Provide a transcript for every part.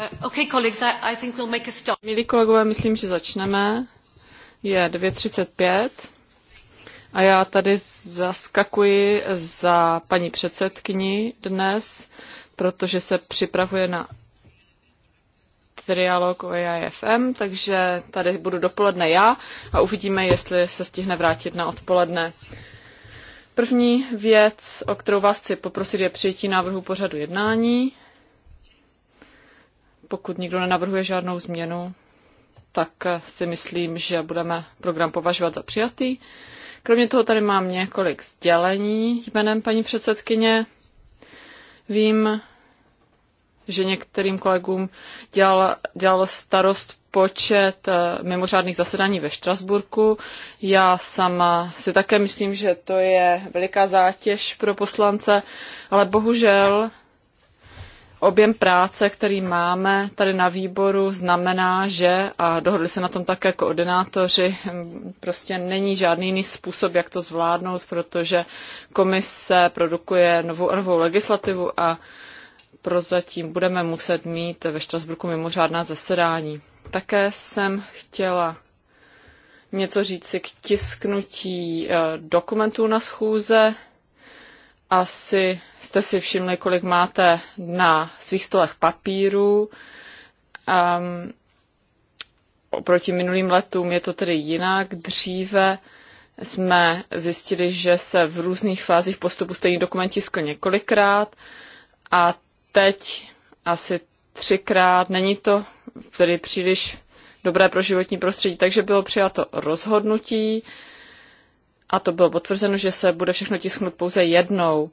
Uh, okay, colleagues, I, I think we'll make a stop. Milí kolegové, myslím, že začneme. Je 2.35 a já tady zaskakuji za paní předsedkyni dnes, protože se připravuje na trialog o AIFM, takže tady budu dopoledne já a uvidíme, jestli se stihne vrátit na odpoledne. První věc, o kterou vás chci poprosit, je přijetí návrhu pořadu jednání. Pokud nikdo nenavrhuje žádnou změnu, tak si myslím, že budeme program považovat za přijatý. Kromě toho tady mám několik sdělení jménem paní předsedkyně. Vím, že některým kolegům dělal, dělal starost počet eh, mimořádných zasedání ve Štrasburku. Já sama si také myslím, že to je veliká zátěž pro poslance, ale bohužel objem práce, který máme tady na výboru, znamená, že, a dohodli se na tom také koordinátoři, prostě není žádný jiný způsob, jak to zvládnout, protože komise produkuje novou a novou legislativu a prozatím budeme muset mít ve Štrasburku mimořádná zasedání. Také jsem chtěla něco říci k tisknutí eh, dokumentů na schůze. Asi jste si všimli, kolik máte na svých stolech papíru. Um, oproti minulým letům je to tedy jinak. Dříve jsme zjistili, že se v různých fázích postupu stejný dokument tiskl několikrát a teď asi třikrát. Není to tedy příliš dobré pro životní prostředí, takže bylo přijato rozhodnutí a to bylo potvrzeno, že se bude všechno tisknout pouze jednou.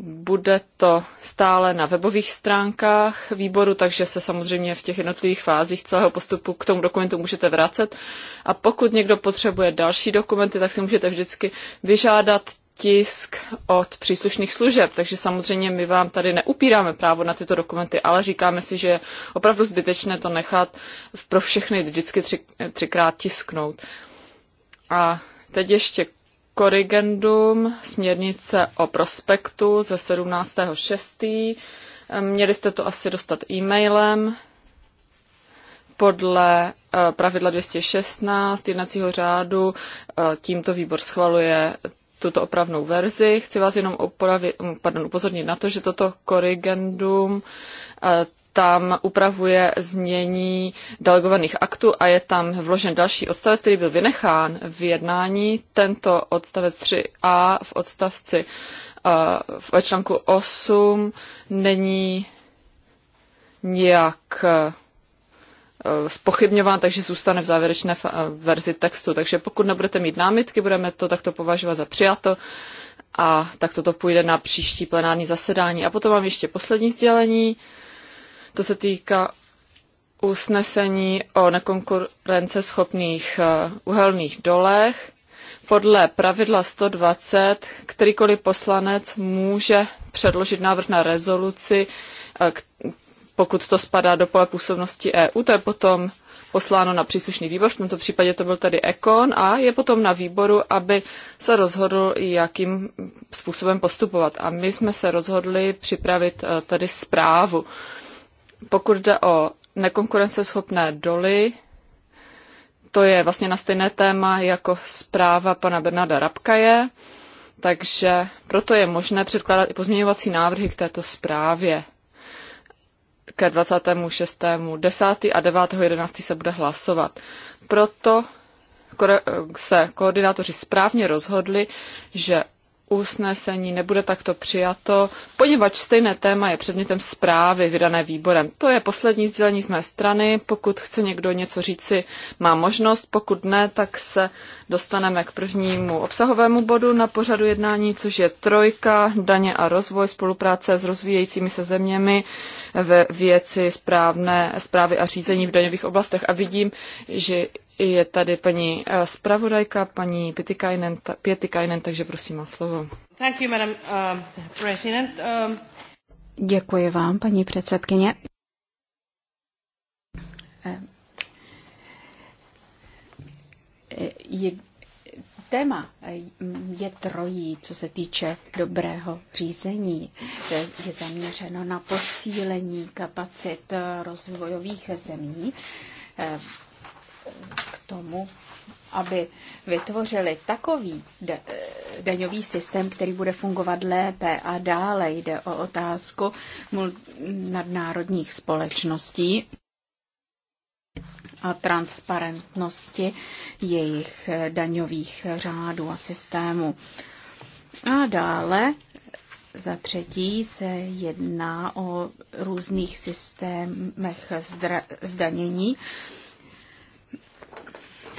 Bude to stále na webových stránkách výboru, takže se samozřejmě v těch jednotlivých fázích celého postupu k tomu dokumentu můžete vracet. A pokud někdo potřebuje další dokumenty, tak si můžete vždycky vyžádat tisk od příslušných služeb, takže samozřejmě my vám tady neupíráme právo na tyto dokumenty, ale říkáme si, že je opravdu zbytečné to nechat pro všechny vždycky tři, třikrát tisknout. A teď ještě korrigendum směrnice o prospektu ze 17.6. Měli jste to asi dostat e-mailem podle eh, pravidla 216 jednacího řádu eh, tímto výbor schvaluje tuto opravnou verzi. Chci vás jenom opravit, pardon, upozornit na to, že toto korrigendum eh, tam upravuje znění delegovaných aktů a je tam vložen další odstavec, který byl vynechán v jednání. Tento odstavec 3a v odstavci eh, v článku 8 není nijak eh, spochybňován, takže zůstane v závěrečné verzi textu. Takže pokud nebudete mít námitky, budeme to takto považovat za přijato a tak toto půjde na příští plenární zasedání. A potom mám ještě poslední sdělení. To se týká usnesení o nekonkurenceschopných eh, uhelných dolech. Podle pravidla 120 kterýkoliv poslanec může předložit návrh na rezoluci, eh, pokud to spadá do pole působnosti EU, to je potom posláno na příslušný výbor, v tomto případě to byl tedy Ekon a je potom na výboru, aby se rozhodl, jakým způsobem postupovat. A my jsme se rozhodli připravit eh, tady zprávu. Pokud jde o nekonkurenceschopné doly, to je vlastně na stejné téma jako zpráva pana Bernarda Rabkaje, takže proto je možné předkládat i pozměňovací návrhy k této zprávě. Ke 26. 10. a 9. 11. se bude hlasovat. Proto se koordinátoři správně rozhodli, že usnesení nebude takto přijato, poněvadž stejné téma je předmětem zprávy vydané výborem. To je poslední sdělení z mé strany. Pokud chce někdo něco říci, má možnost. Pokud ne, tak se dostaneme k prvnímu obsahovému bodu na pořadu jednání, což je trojka, daně a rozvoj, spolupráce s rozvíjejícími se zeměmi ve věci správné zprávy a řízení v daňových oblastech. A vidím, že je tady paní eh, zpravodajka, paní Pietikainen, Pietikainen takže prosím o slovo. Thank you, madam, uh, president. Um, Děkuji vám, paní předsedkyně. Eh, je, téma eh, je trojí, co se týče dobrého řízení. Je zaměřeno na posílení kapacit rozvojových zemí k tomu, aby vytvořili takový de- daňový systém, který bude fungovat lépe. A dále jde o otázku nadnárodních společností a transparentnosti jejich daňových řádů a systémů. A dále za třetí se jedná o různých systémech zdanění,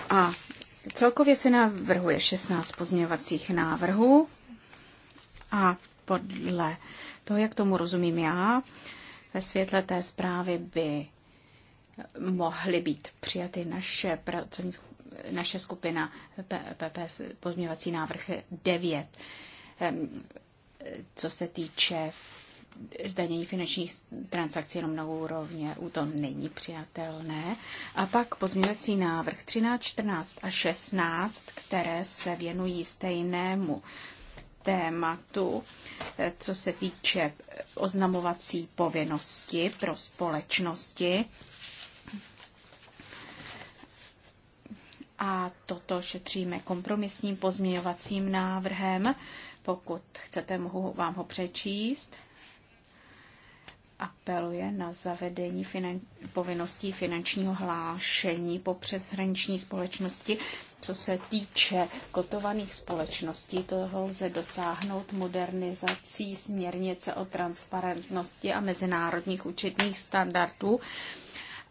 a celkově se navrhuje 16 pozměňovacích návrhů a podle toho, jak tomu rozumím já, ve světle té zprávy by mohly být přijaty naše, pracovní, naše skupina PPP pozměňovací návrh 9. Co se týče zdanění finančních transakcí jenom na úrovně U to není přijatelné. A pak pozměňovací návrh 13, 14 a 16, které se věnují stejnému tématu, eh, co se týče oznamovací povinnosti pro společnosti. A toto šetříme kompromisním pozměňovacím návrhem. Pokud chcete, mohu vám ho přečíst apeluje na zavedení finan- povinností finančního hlášení po přeshraniční společnosti. Co se týče kotovaných společností, toho lze dosáhnout modernizací směrnice o transparentnosti a mezinárodních účetních standardů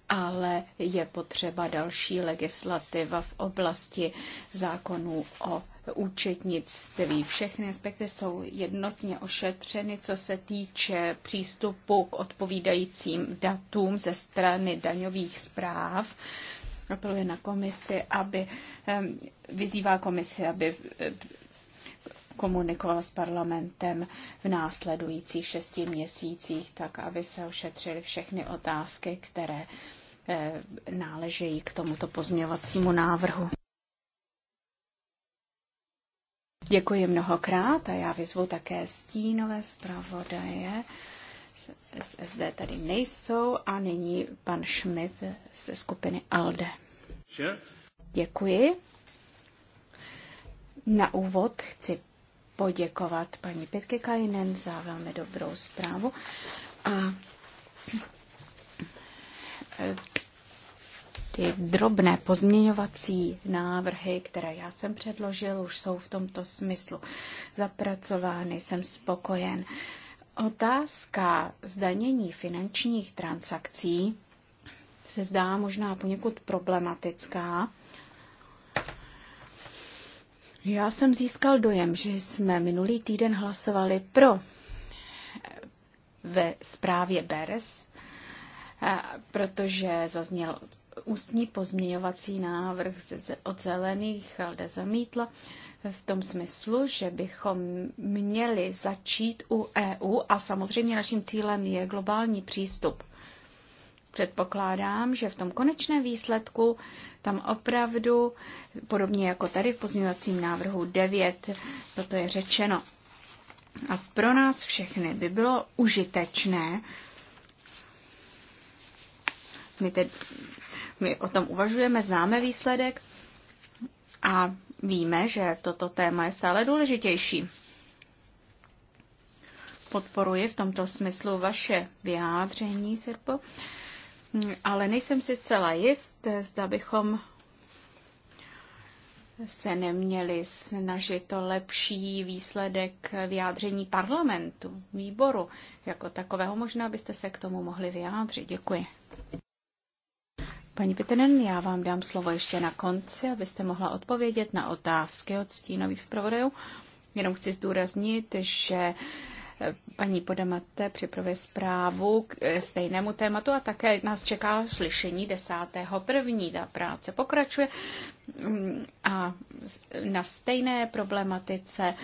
ale je potřeba další legislativa v oblasti zákonů o účetnictví. Všechny aspekty jsou jednotně ošetřeny, co se týče přístupu k odpovídajícím datům ze strany daňových zpráv. Apeluje na komisi, aby vyzývá komisi, aby komunikoval s parlamentem v následujících šesti měsících, tak aby se ošetřily všechny otázky, které náležejí k tomuto pozměvacímu návrhu. Děkuji mnohokrát a já vyzvu také stínové zpravodaje. SSD tady nejsou a nyní pan Schmidt ze skupiny ALDE. Děkuji. Na úvod chci poděkovat paní Pitky Kajinen za velmi dobrou zprávu a ty drobné pozměňovací návrhy, které já jsem předložil, už jsou v tomto smyslu zapracovány. Jsem spokojen. Otázka zdanění finančních transakcí se zdá možná poněkud problematická. Já jsem získal dojem, že jsme minulý týden hlasovali pro ve zprávě BERES, protože zazněl ústní pozměňovací návrh od zelených Alde zamítla v tom smyslu, že bychom měli začít u EU a samozřejmě naším cílem je globální přístup. Předpokládám, že v tom konečném výsledku tam opravdu, podobně jako tady v pozměňovacím návrhu 9, toto je řečeno. A pro nás všechny by bylo užitečné, my tedy my o tom uvažujeme, známe výsledek a víme, že toto téma je stále důležitější. Podporuji v tomto smyslu vaše vyjádření, Sirpo, ale nejsem si zcela jist, zda bychom se neměli snažit o lepší výsledek vyjádření parlamentu, výboru jako takového. Možná byste se k tomu mohli vyjádřit. Děkuji. Paní Pitenen, já vám dám slovo ještě na konci, abyste mohla odpovědět na otázky od stínových zpravodajů. Jenom chci zdůraznit, že Paní Podamate připravuje zprávu k stejnému tématu a také nás čeká slyšení 10. první. Ta práce pokračuje a na stejné problematice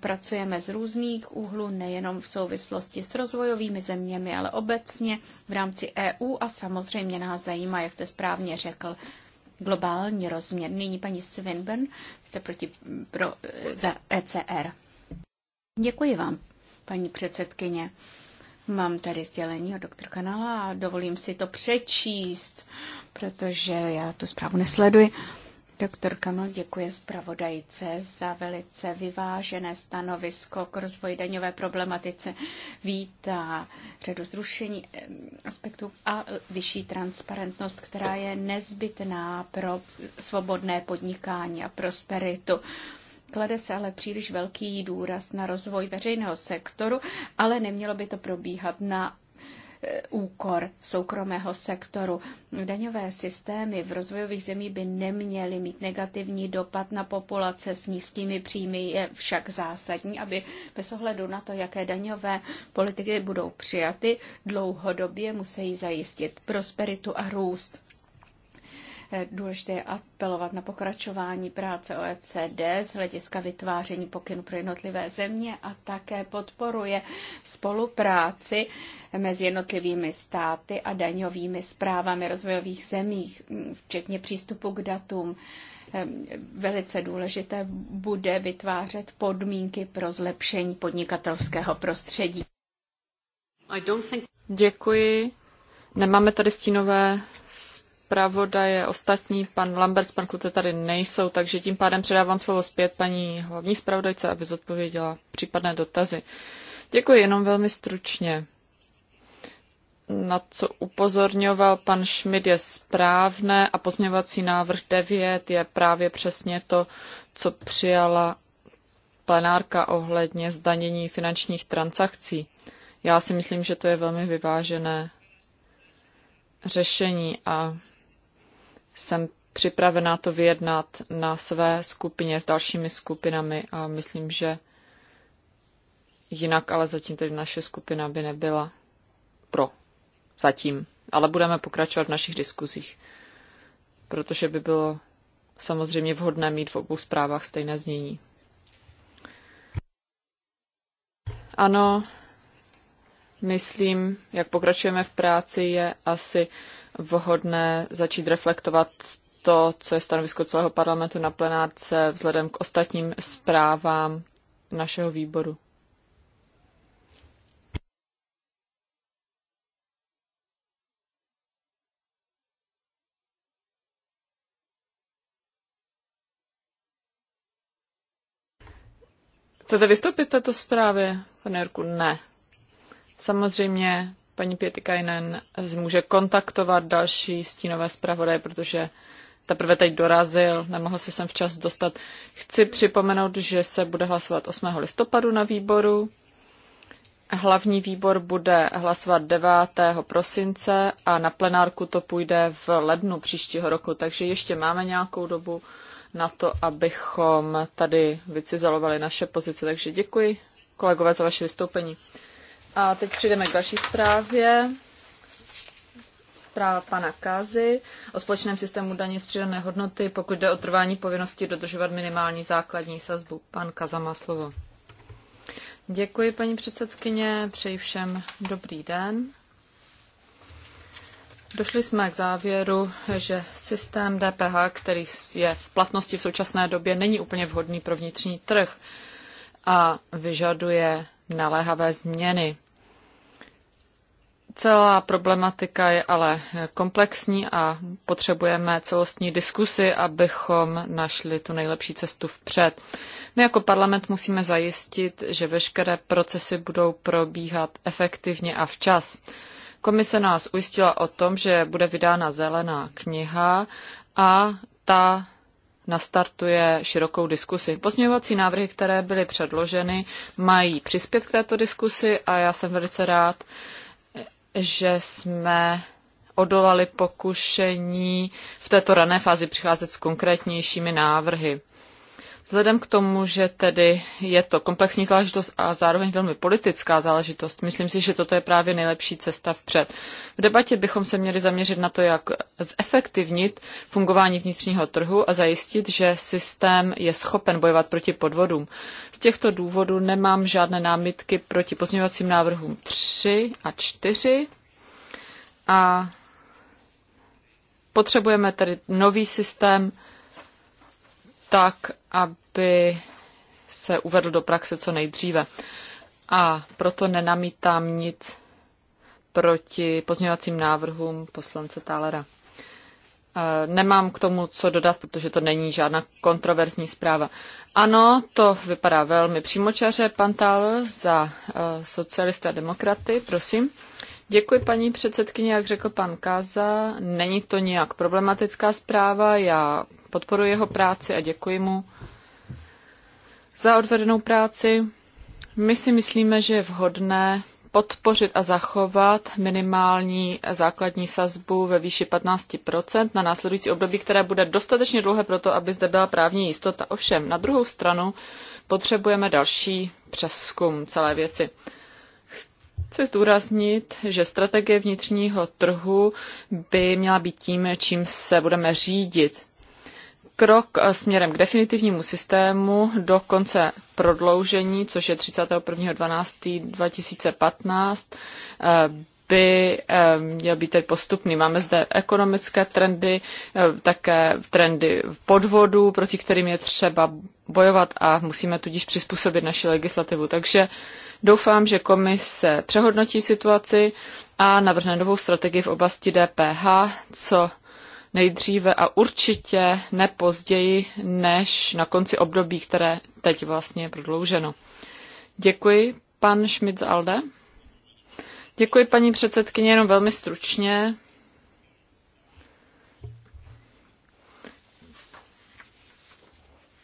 pracujeme z různých úhlů, nejenom v souvislosti s rozvojovými zeměmi, ale obecně v rámci EU a samozřejmě nás zajímá, jak jste správně řekl, globální rozměr. Nyní paní Svinburn, jste proti pro, za ECR. Děkuji vám, paní předsedkyně. Mám tady sdělení od doktor Kanala a dovolím si to přečíst, protože já tu zprávu nesleduji. Doktor Kamal děkuje zpravodajce za velice vyvážené stanovisko k rozvoji daňové problematice. Vítá řadu zrušení eh, aspektů a vyšší transparentnost, která je nezbytná pro svobodné podnikání a prosperitu. Klade se ale příliš velký důraz na rozvoj veřejného sektoru, ale nemělo by to probíhat na eh, úkor soukromého sektoru. Daňové systémy v rozvojových zemích by neměly mít negativní dopad na populace s nízkými příjmy. Je však zásadní, aby bez ohledu na to, jaké daňové politiky budou přijaty, dlouhodobě musí zajistit prosperitu a růst. Důležité apelovat na pokračování práce OECD z hlediska vytváření pokynu pro jednotlivé země a také podporuje spolupráci mezi jednotlivými státy a daňovými zprávami rozvojových zemích, včetně přístupu k datům. Ehm, velice důležité bude vytvářet podmínky pro zlepšení podnikatelského prostředí. Think... Děkuji. Nemáme tady stínové zpravodaje, ostatní, pan Lamberts, pan Klute tady nejsou, takže tím pádem předávám slovo zpět paní hlavní zpravodajce, aby zodpověděla případné dotazy. Děkuji, jenom velmi stručně. Na co upozorňoval pan Schmidt je správné a pozměňovací návrh 9 je právě přesně to, co přijala plenárka ohledně zdanění finančních transakcí. Já si myslím, že to je velmi vyvážené řešení a jsem připravena to vyjednat na své skupině s dalšími skupinami a myslím, že jinak, ale zatím tedy naše skupina by nebyla pro. Zatím. Ale budeme pokračovat v našich diskuzích, protože by bylo samozřejmě vhodné mít v obou zprávách stejné znění. Ano, myslím, jak pokračujeme v práci, je asi vhodné začít reflektovat to, co je stanovisko celého parlamentu na plenárce vzhledem k ostatním zprávám našeho výboru. Chcete vystoupit této zprávě, pane Jirku? Ne. Samozřejmě paní Pietikainen může kontaktovat další stínové zpravodaje, protože teprve teď dorazil, nemohl se sem včas dostat. Chci připomenout, že se bude hlasovat 8. listopadu na výboru. Hlavní výbor bude hlasovat 9. prosince a na plenárku to půjde v lednu příštího roku, takže ještě máme nějakou dobu na to, abychom tady vycizelovali naše pozice. Takže děkuji kolegové za vaše vystoupení. A teď přijdeme k další zprávě. Zpráva pana Kázy o společném systému daně z přidané hodnoty, pokud jde o trvání povinnosti dodržovat minimální základní sazbu. Pan Kaza má slovo. Děkuji, paní předsedkyně, přeji všem dobrý den. Došli jsme k závěru, že systém DPH, který je v platnosti v současné době, není úplně vhodný pro vnitřní trh a vyžaduje naléhavé změny. Celá problematika je ale komplexní a potřebujeme celostní diskusy, abychom našli tu nejlepší cestu vpřed. My jako parlament musíme zajistit, že veškeré procesy budou probíhat efektivně a včas. Komise nás ujistila o tom, že bude vydána zelená kniha a ta nastartuje širokou diskusi. Pozměňovací návrhy, které byly předloženy, mají přispět k této diskusi a já jsem velice rád, že jsme odolali pokušení v této rané fázi přicházet s konkrétnějšími návrhy. Vzhledem k tomu, že tedy je to komplexní záležitost a zároveň velmi politická záležitost, myslím si, že toto je právě nejlepší cesta vpřed. V debatě bychom se měli zaměřit na to, jak zefektivnit fungování vnitřního trhu a zajistit, že systém je schopen bojovat proti podvodům. Z těchto důvodů nemám žádné námitky proti pozměňovacím návrhům 3 a 4 a potřebujeme tedy nový systém tak, aby se uvedl do praxe co nejdříve. A proto nenamítám nic proti pozměňovacím návrhům poslance Tálera. E, nemám k tomu co dodat, protože to není žádná kontroverzní zpráva. Ano, to vypadá velmi přímočaře. Pan Táler za e, socialista a demokraty, prosím. Děkuji, paní předsedkyně, jak řekl pan Kaza. Není to nějak problematická zpráva, já podporuji jeho práci a děkuji mu za odvedenou práci. My si myslíme, že je vhodné podpořit a zachovat minimální základní sazbu ve výši 15 na následující období, které bude dostatečně dlouhé pro to, aby zde byla právní jistota. Ovšem, na druhou stranu potřebujeme další přeskum celé věci. Chci zdůraznit, že strategie vnitřního trhu by měla být tím, čím se budeme řídit krok eh, směrem k definitivnímu systému do konce prodloužení, což je 31.12.2015, eh, by eh, měl být teď postupný. Máme zde ekonomické trendy, také trendy podvodů, proti kterým je třeba bojovat a musíme tudíž přizpůsobit naši legislativu. Takže doufám, že komise přehodnotí situaci a navrhne novou strategii v oblasti DPH, co nejdříve a určitě ne později než na konci období, které teď vlastně je prodlouženo. Děkuji, pan Schmidt Alde. Děkuji, paní předsedkyně, jenom velmi stručně.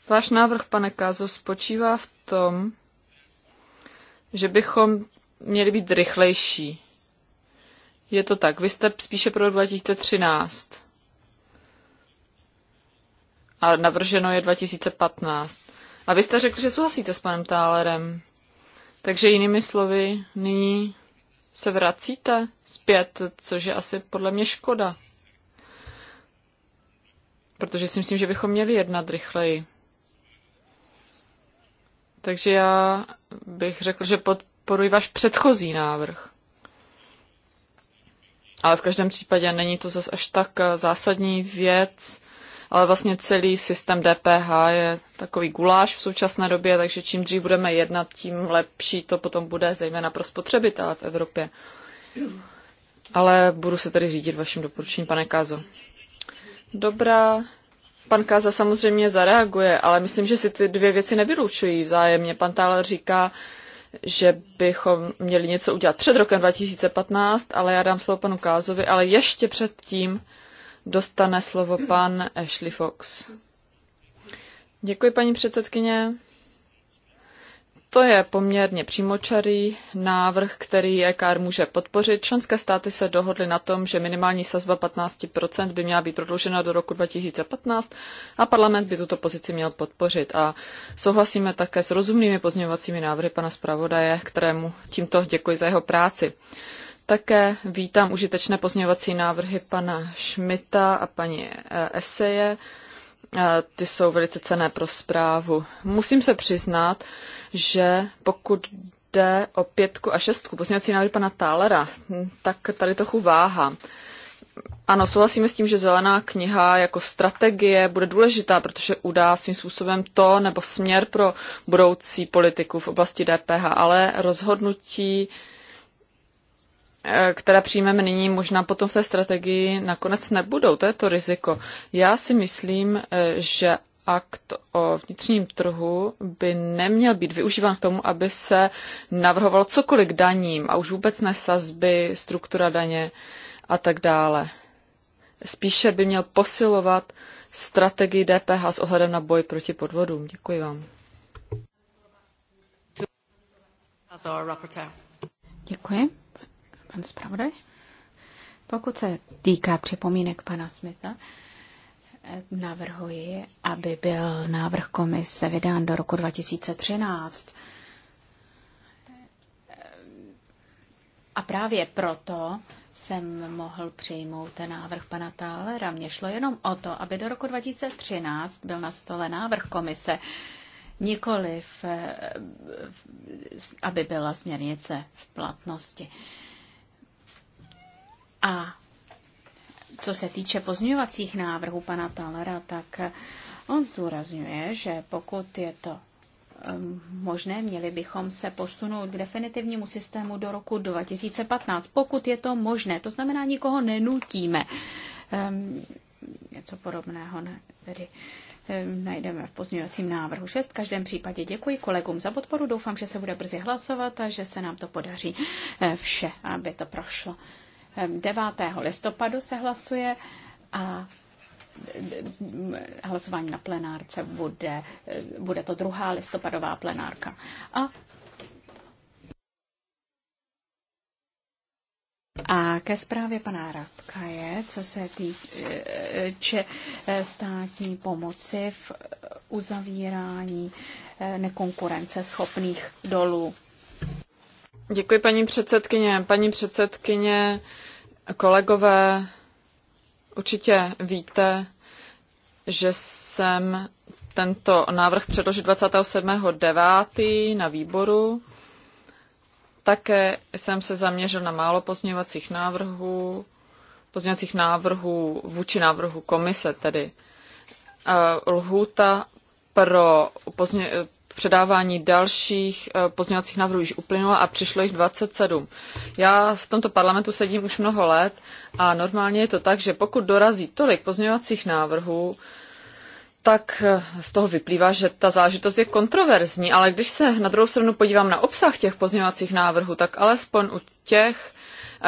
Váš návrh, pane Kázo, spočívá v tom, že bychom měli být rychlejší. Je to tak, vy jste spíše pro 2013 a navrženo je 2015. A vy jste řekl, že souhlasíte s panem Tálerem. Takže jinými slovy, nyní se vracíte zpět, což je asi podle mě škoda. Protože si myslím, že bychom měli jednat rychleji. Takže já bych řekl, že podporuji váš předchozí návrh. Ale v každém případě není to zase až tak zásadní věc, ale vlastně celý systém DPH je takový guláš v současné době, takže čím dřív budeme jednat, tím lepší to potom bude, zejména pro spotřebitele v Evropě. Ale budu se tady řídit vaším doporučením, pane Kazo. Dobrá, Pan Káza samozřejmě zareaguje, ale myslím, že si ty dvě věci nevylučují vzájemně. Pan Táler říká, že bychom měli něco udělat před rokem 2015, ale já dám slovo panu Kázovi, ale ještě předtím dostane slovo pan Ashley Fox. Děkuji, paní předsedkyně. To je poměrně přímočarý návrh, který EKR může podpořit. Členské státy se dohodly na tom, že minimální sazba 15% by měla být prodloužena do roku 2015 a parlament by tuto pozici měl podpořit. A souhlasíme také s rozumnými pozměňovacími návrhy pana zpravodaje, kterému tímto děkuji za jeho práci. Také vítám užitečné pozměňovací návrhy pana Šmita a paní eh, Eseje. Eh, ty jsou velice cené pro zprávu. Musím se přiznat, že pokud jde o pětku a šestku, pozměňovací návrhy pana Tálera, hm, tak tady trochu váha. Ano, souhlasíme s tím, že zelená kniha jako strategie bude důležitá, protože udá svým způsobem to nebo směr pro budoucí politiku v oblasti DPH, ale rozhodnutí Eh, která přijmeme nyní, možná potom v té strategii nakonec nebudou. To je to riziko. Já si myslím, eh, že akt o vnitřním trhu by neměl být využíván k tomu, aby se navrhovalo cokoliv k daním a už vůbec ne sazby, struktura daně a tak dále. Spíše by měl posilovat strategii DPH s ohledem na boj proti podvodům. Děkuji vám. Děkuji. Pan zpravodaj? Pokud se týká připomínek pana Smita, navrhuji, aby byl návrh komise vydán do roku 2013. A právě proto jsem mohl přijmout ten návrh pana Tálera. Mně šlo jenom o to, aby do roku 2013 byl na stole návrh komise, nikoliv eh, aby byla směrnice v platnosti. A co se týče pozměňovacích návrhů pana Talera, tak eh, on zdůrazňuje, že pokud je to ehm, možné, měli bychom se posunout k definitivnímu systému do roku 2015, pokud je to možné. To znamená, nikoho nenutíme. Ehm, něco podobného tedy ehm, najdeme v pozměňovacím návrhu 6. V každém případě děkuji kolegům za podporu. Doufám, že se bude brzy hlasovat a že se nám to podaří eh, vše, aby to prošlo. 9. Ehm, listopadu se hlasuje a hlasování na plenárce bude, eh, bude to druhá listopadová plenárka. A A ke zprávě pana Radka je, co se týče eh, státní pomoci v uzavírání eh, schopných dolů. Děkuji paní předsedkyně. Paní předsedkyně, Kolegové, určitě víte, že jsem tento návrh předložil 27.9. na výboru. Také jsem se zaměřil na málo pozměňovacích návrhů, pozměňovacích návrhů vůči návrhu komise, tedy eh, lhůta pro pozmě, předávání dalších eh, pozměňovacích návrhů již uplynula a přišlo jich 27. Já v tomto parlamentu sedím už mnoho let a normálně je to tak, že pokud dorazí tolik pozměňovacích návrhů, tak eh, z toho vyplývá, že ta zážitost je kontroverzní, ale když se na druhou stranu podívám na obsah těch pozměňovacích návrhů, tak alespoň u těch,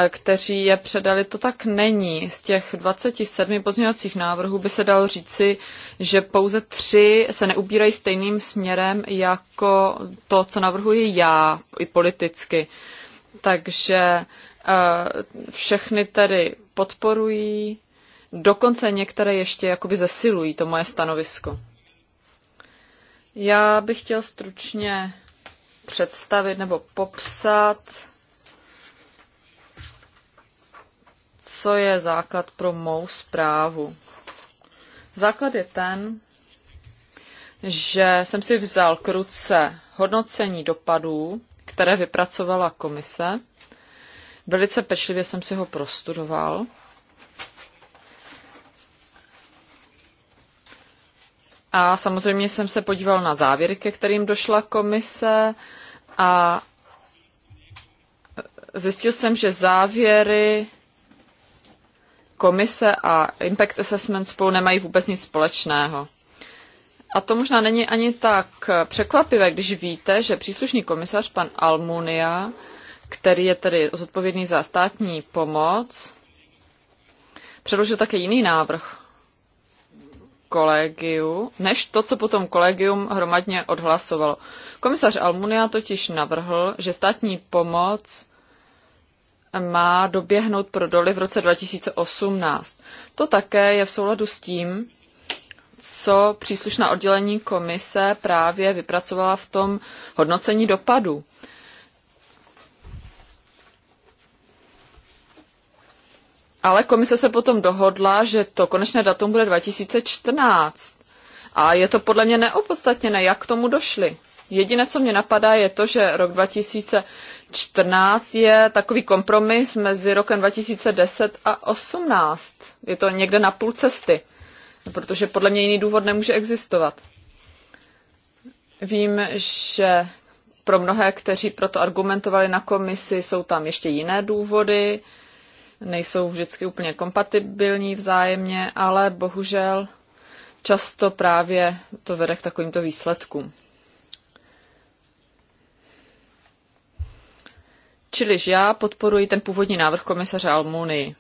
kteří je předali, to tak není. Z těch 27 pozměňovacích návrhů by se dalo říci, že pouze tři se neubírají stejným směrem jako to, co navrhuji já i politicky. Takže eh, všechny tedy podporují, dokonce některé ještě jakoby zesilují to moje stanovisko. Já bych chtěl stručně představit nebo popsat co je základ pro mou zprávu. Základ je ten, že jsem si vzal k ruce hodnocení dopadů, které vypracovala komise. Velice pečlivě jsem si ho prostudoval. A samozřejmě jsem se podíval na závěry, ke kterým došla komise a zjistil jsem, že závěry komise a impact assessment spolu nemají vůbec nic společného. A to možná není ani tak překvapivé, když víte, že příslušný komisař pan Almunia, který je tedy zodpovědný za státní pomoc, předložil také jiný návrh kolegiu, než to, co potom kolegium hromadně odhlasovalo. Komisař Almunia totiž navrhl, že státní pomoc má doběhnout pro doly v roce 2018. To také je v souladu s tím, co příslušná oddělení komise právě vypracovala v tom hodnocení dopadu. Ale komise se potom dohodla, že to konečné datum bude 2014. A je to podle mě neopodstatněné, jak k tomu došli. Jediné, co mě napadá, je to, že rok 2000 14 je takový kompromis mezi rokem 2010 a 18. Je to někde na půl cesty, protože podle mě jiný důvod nemůže existovat. Vím, že pro mnohé, kteří proto argumentovali na komisi, jsou tam ještě jiné důvody, nejsou vždycky úplně kompatibilní vzájemně, ale bohužel často právě to vede k takovýmto výsledkům. Čiliž já podporuji ten původní návrh komisaře Almuny.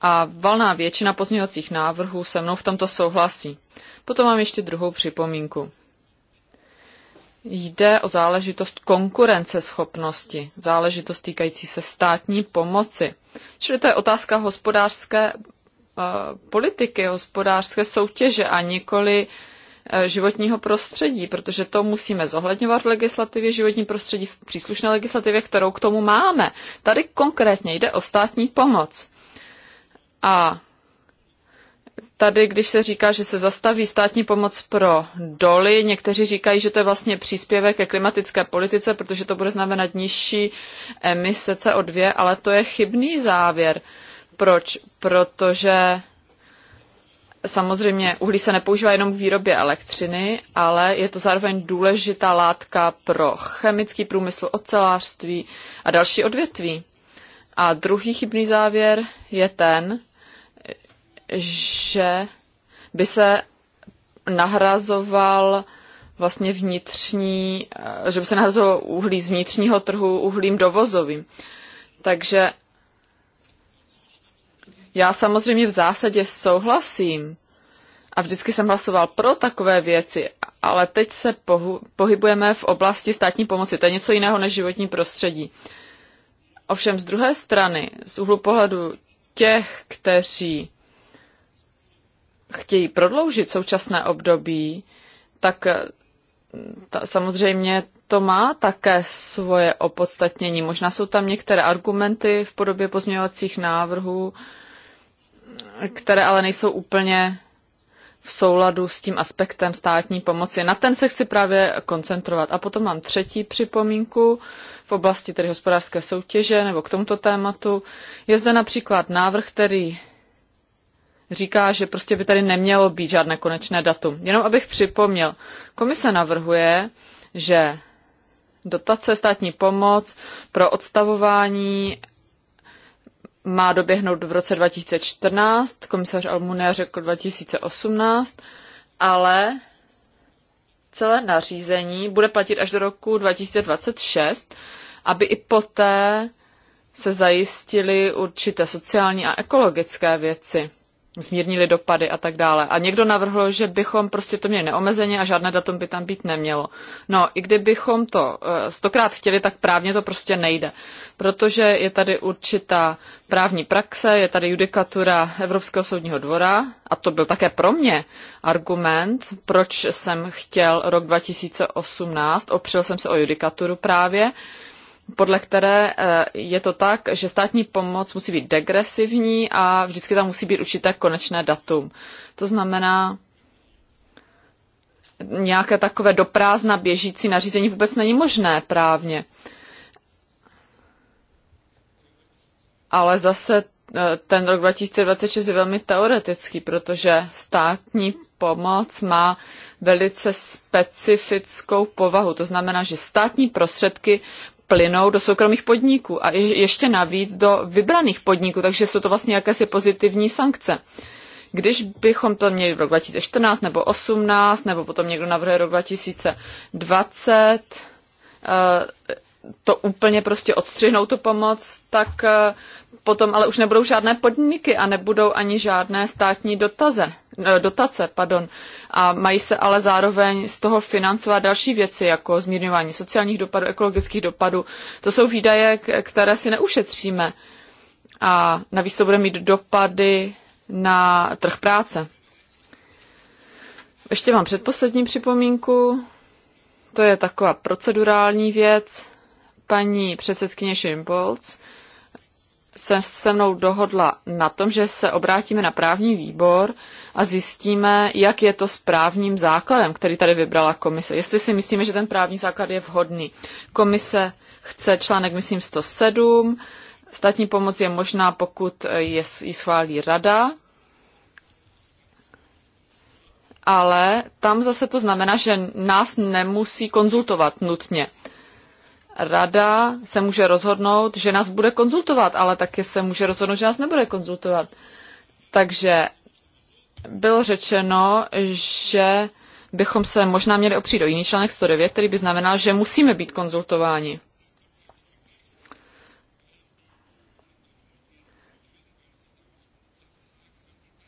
A valná většina pozměňovacích návrhů se mnou v tomto souhlasí. Potom mám ještě druhou připomínku. Jde o záležitost konkurenceschopnosti, záležitost týkající se státní pomoci. Čili to je otázka hospodářské uh, politiky, hospodářské soutěže a nikoli uh, Eh, životního prostředí, protože to musíme zohledňovat v legislativě životní prostředí, v příslušné legislativě, kterou k tomu máme. Tady konkrétně jde o státní pomoc. A tady, když se říká, že se zastaví státní pomoc pro doly, někteří říkají, že to je vlastně příspěvek ke klimatické politice, protože to bude znamenat nižší emise CO2, ale to je chybný závěr. Proč? Protože Samozřejmě uhlí se nepoužívá jenom k výrobě elektřiny, ale je to zároveň důležitá látka pro chemický průmysl, ocelářství a další odvětví. A druhý chybný závěr je ten, že by se nahrazoval vlastně vnitřní, eh, že by se nahrazoval uhlí z vnitřního trhu uhlím dovozovým. Takže já samozřejmě v zásadě souhlasím a vždycky jsem hlasoval pro takové věci, ale teď se pohu- pohybujeme v oblasti státní pomoci. To je něco jiného než životní prostředí. Ovšem z druhé strany, z úhlu pohledu těch, kteří chtějí prodloužit současné období, tak eh, ta, samozřejmě to má také svoje opodstatnění. Možná jsou tam některé argumenty v podobě pozměňovacích návrhů, které ale nejsou úplně v souladu s tím aspektem státní pomoci. Na ten se chci právě koncentrovat. A potom mám třetí připomínku v oblasti tedy hospodářské soutěže nebo k tomuto tématu. Je zde například návrh, který říká, že prostě by tady nemělo být žádné konečné datum. Jenom abych připomněl, komise navrhuje, že dotace, státní pomoc pro odstavování má doběhnout v roce 2014, komisař Almunia řekl 2018, ale celé nařízení bude platit až do roku 2026, aby i poté se zajistily určité sociální a ekologické věci zmírnili dopady a tak dále. A někdo navrhl, že bychom prostě to měli neomezeně a žádné datum by tam být nemělo. No, i kdybychom to eh, stokrát chtěli, tak právně to prostě nejde, protože je tady určitá právní praxe, je tady judikatura Evropského soudního dvora a to byl také pro mě argument, proč jsem chtěl rok 2018, opřel jsem se o judikaturu právě, podle které eh, je to tak, že státní pomoc musí být degresivní a vždycky tam musí být určité konečné datum. To znamená, nějaké takové doprázna běžící nařízení vůbec není možné právně. Ale zase eh, ten rok 2026 je velmi teoretický, protože státní pomoc má velice specifickou povahu. To znamená, že státní prostředky plynou do soukromých podniků a ještě navíc do vybraných podniků, takže jsou to vlastně jakési pozitivní sankce. Když bychom to měli v rok 2014 nebo 2018, nebo potom někdo navrhuje rok 2020, eh, to úplně prostě odstřihnou tu pomoc, tak eh, potom ale už nebudou žádné podmínky a nebudou ani žádné státní dotaze. Eh, dotace, pardon, a mají se ale zároveň z toho financovat další věci, jako zmírňování sociálních dopadů, ekologických dopadů. To jsou výdaje, které si neušetříme. A navíc to bude mít dopady na trh práce. Ještě mám předposlední připomínku. To je taková procedurální věc. Paní předsedkyně Šimbolc se se mnou dohodla na tom, že se obrátíme na právní výbor a zjistíme, jak je to s právním základem, který tady vybrala komise. Jestli si myslíme, že ten právní základ je vhodný. Komise chce článek, myslím, 107. Státní pomoc je možná, pokud je, ji schválí rada. Ale tam zase to znamená, že nás nemusí konzultovat nutně rada se může rozhodnout, že nás bude konzultovat, ale taky se může rozhodnout, že nás nebude konzultovat. Takže bylo řečeno, že bychom se možná měli opřít o jiný článek 109, který by znamenal, že musíme být konzultováni.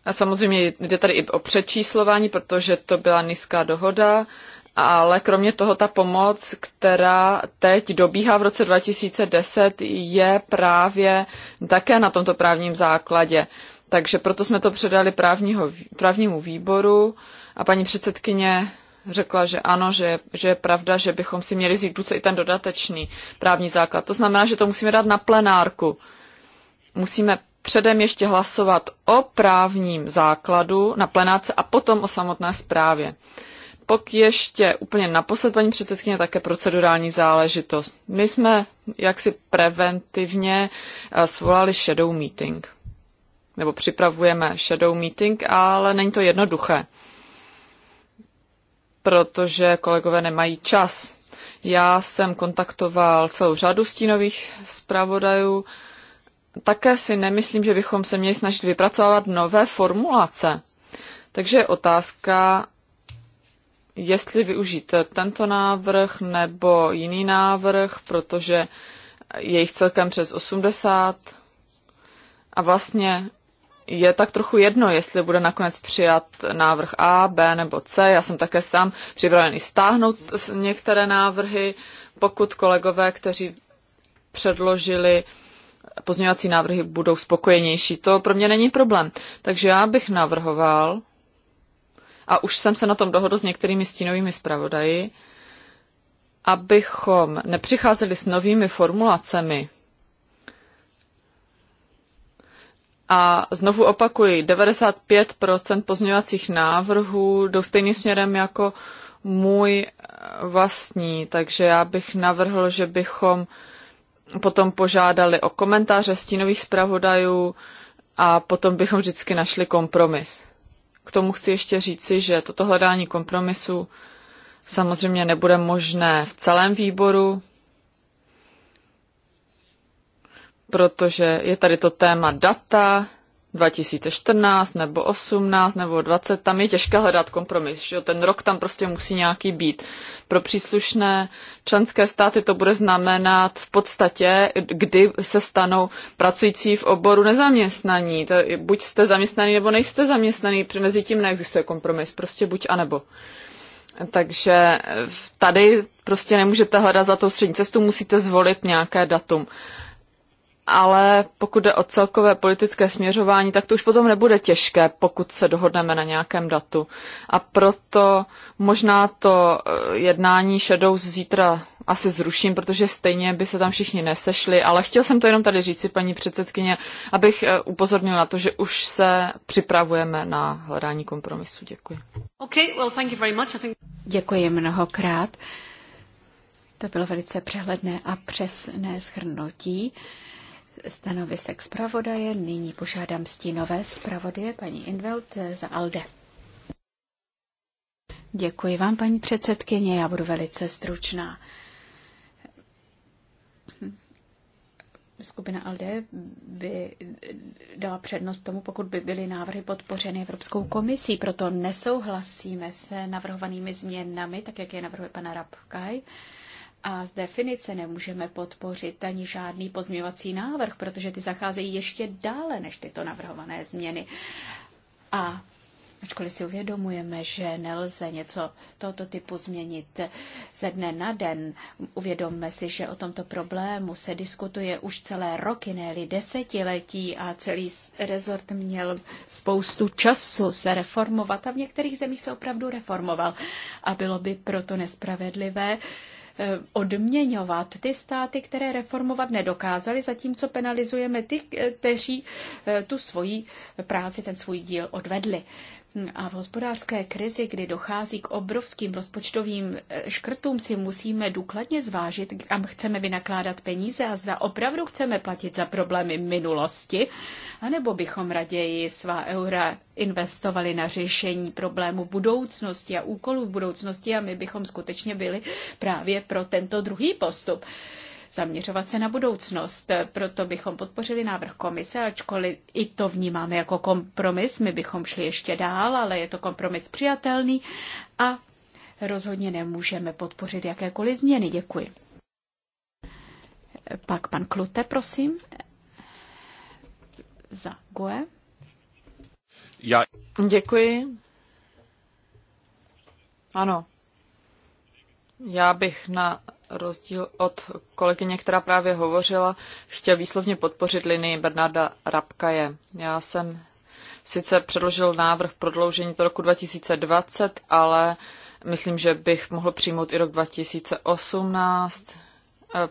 A samozřejmě jde tady i o přečíslování, protože to byla nízká dohoda ale kromě toho ta pomoc, která teď dobíhá v roce 2010, je právě také na tomto právním základě. Takže proto jsme to předali právního, právnímu výboru a paní předsedkyně řekla, že ano, že, že je pravda, že bychom si měli vzít i ten dodatečný právní základ. To znamená, že to musíme dát na plenárku. Musíme předem ještě hlasovat o právním základu na plenáce a potom o samotné zprávě pak ještě úplně naposled, paní předsedkyně, také procedurální záležitost. My jsme jaksi preventivně eh, svolali shadow meeting. Nebo připravujeme shadow meeting, ale není to jednoduché. Protože kolegové nemají čas. Já jsem kontaktoval celou řadu stínových zpravodajů. Také si nemyslím, že bychom se měli snažit vypracovat nové formulace. Takže je otázka, jestli využít tento návrh nebo jiný návrh, protože je jich celkem přes 80 a vlastně je tak trochu jedno, jestli bude nakonec přijat návrh A, B nebo C. Já jsem také sám připravený stáhnout některé návrhy, pokud kolegové, kteří předložili pozměňovací návrhy, budou spokojenější. To pro mě není problém. Takže já bych navrhoval, a už jsem se na tom dohodl s některými stínovými zpravodaji, abychom nepřicházeli s novými formulacemi. A znovu opakuji, 95% pozměňovacích návrhů jdou stejným směrem jako můj vlastní, takže já bych navrhl, že bychom potom požádali o komentáře stínových zpravodajů a potom bychom vždycky našli kompromis. K tomu chci ještě říci, že toto hledání kompromisu samozřejmě nebude možné v celém výboru, protože je tady to téma data, 2014 nebo 18 nebo 20, tam je těžké hledat kompromis, že ten rok tam prostě musí nějaký být. Pro příslušné členské státy to bude znamenat v podstatě, kdy se stanou pracující v oboru nezaměstnaní. To je, buď jste zaměstnaný nebo nejste zaměstnaný, mezi tím neexistuje kompromis, prostě buď a nebo. Takže eh, tady prostě nemůžete hledat za tou střední cestu, musíte zvolit nějaké datum ale pokud jde o celkové politické směřování, tak to už potom nebude těžké, pokud se dohodneme na nějakém datu. A proto možná to eh, jednání šedou zítra asi zruším, protože stejně by se tam všichni nesešli, ale chtěl jsem to jenom tady říci, paní předsedkyně, abych eh, upozornil na to, že už se připravujeme na hledání kompromisu. Děkuji. Okay, well, thank you very much. I think... Děkuji mnohokrát. To bylo velice přehledné a přesné shrnutí stanovisek zpravodaje. Nyní požádám stínové zpravodaje paní Invelt za ALDE. Děkuji vám, paní předsedkyně, já budu velice stručná. skupina ALDE by dala přednost tomu, pokud by byly návrhy podpořeny Evropskou komisí. Proto nesouhlasíme se navrhovanými změnami, tak jak je navrhuje pana Rabkaj. A z definice nemůžeme podpořit ani žádný pozměňovací návrh, protože ty zacházejí ještě dále než tyto navrhované změny. A Ačkoliv si uvědomujeme, že nelze něco tohoto typu změnit ze dne na den, uvědomme si, že o tomto problému se diskutuje už celé roky, ne desetiletí a celý rezort měl spoustu času se reformovat a v některých zemích se opravdu reformoval. A bylo by proto nespravedlivé Eh, odměňovat ty státy, které reformovat nedokázaly, zatímco penalizujeme ty, eh, kteří eh, tu svoji práci, ten svůj díl odvedli. Mm, a v hospodářské krizi, kdy dochází k obrovským rozpočtovým eh, škrtům, si musíme důkladně zvážit, kam chceme vynakládat peníze a zda opravdu chceme platit za problémy minulosti, anebo bychom raději svá eura investovali na řešení problému budoucnosti a úkolů budoucnosti a my bychom skutečně byli právě pro tento druhý postup zaměřovat se na budoucnost. Proto bychom podpořili návrh komise, ačkoliv i to vnímáme jako kompromis. My bychom šli ještě dál, ale je to kompromis přijatelný a rozhodně nemůžeme podpořit jakékoliv změny. Děkuji. Pak pan Klute, prosím. Za Goe. Já... Děkuji. Ano. Já bych na rozdíl od kolegyně, která právě hovořila, chtěl výslovně podpořit linii Bernarda Rabkaje. Já jsem sice předložil návrh prodloužení do roku 2020, ale myslím, že bych mohl přijmout i rok 2018.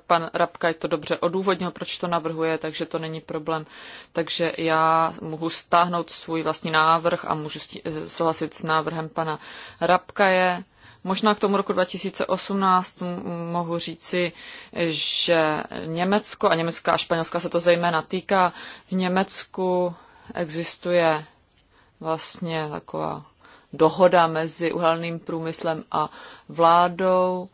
Pan Rabkaj to dobře odůvodnil, proč to navrhuje, takže to není problém. Takže já mohu stáhnout svůj vlastní návrh a můžu eh, souhlasit s návrhem pana Rabkaje. Možná k tomu roku 2018 mohu říci, že Německo a německá a Španělska se to zejména týká. V Německu existuje vlastně taková dohoda mezi uhelným průmyslem a vládou,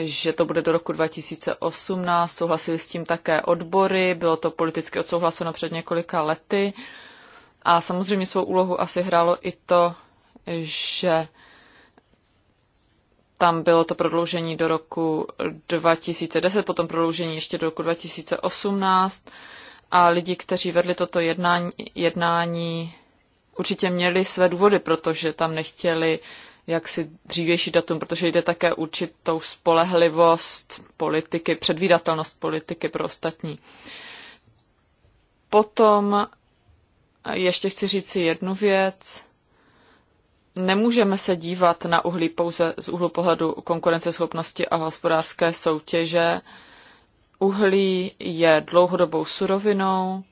že to bude do roku 2018. Souhlasili s tím také odbory, bylo to politicky odsouhlaseno před několika lety. A samozřejmě svou úlohu asi hrálo i to, že tam bylo to prodloužení do roku 2010, potom prodloužení ještě do roku 2018 a lidi, kteří vedli toto jednání, jednání určitě měli své důvody, protože tam nechtěli jaksi dřívější datum, protože jde také určitou spolehlivost politiky, předvídatelnost politiky pro ostatní. Potom ještě chci říct si jednu věc. Nemůžeme se dívat na uhlí pouze z úhlu pohledu konkurenceschopnosti a hospodářské soutěže. Uhlí je dlouhodobou surovinou,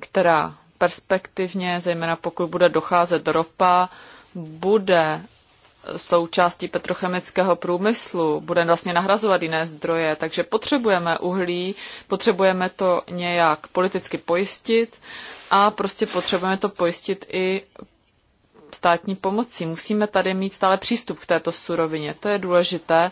která perspektivně, zejména pokud bude docházet ropa, bude součástí petrochemického průmyslu, bude vlastně nahrazovat jiné zdroje, takže potřebujeme uhlí, potřebujeme to nějak politicky pojistit a prostě potřebujeme to pojistit i státní pomocí. Musíme tady mít stále přístup k této surovině, to je důležité.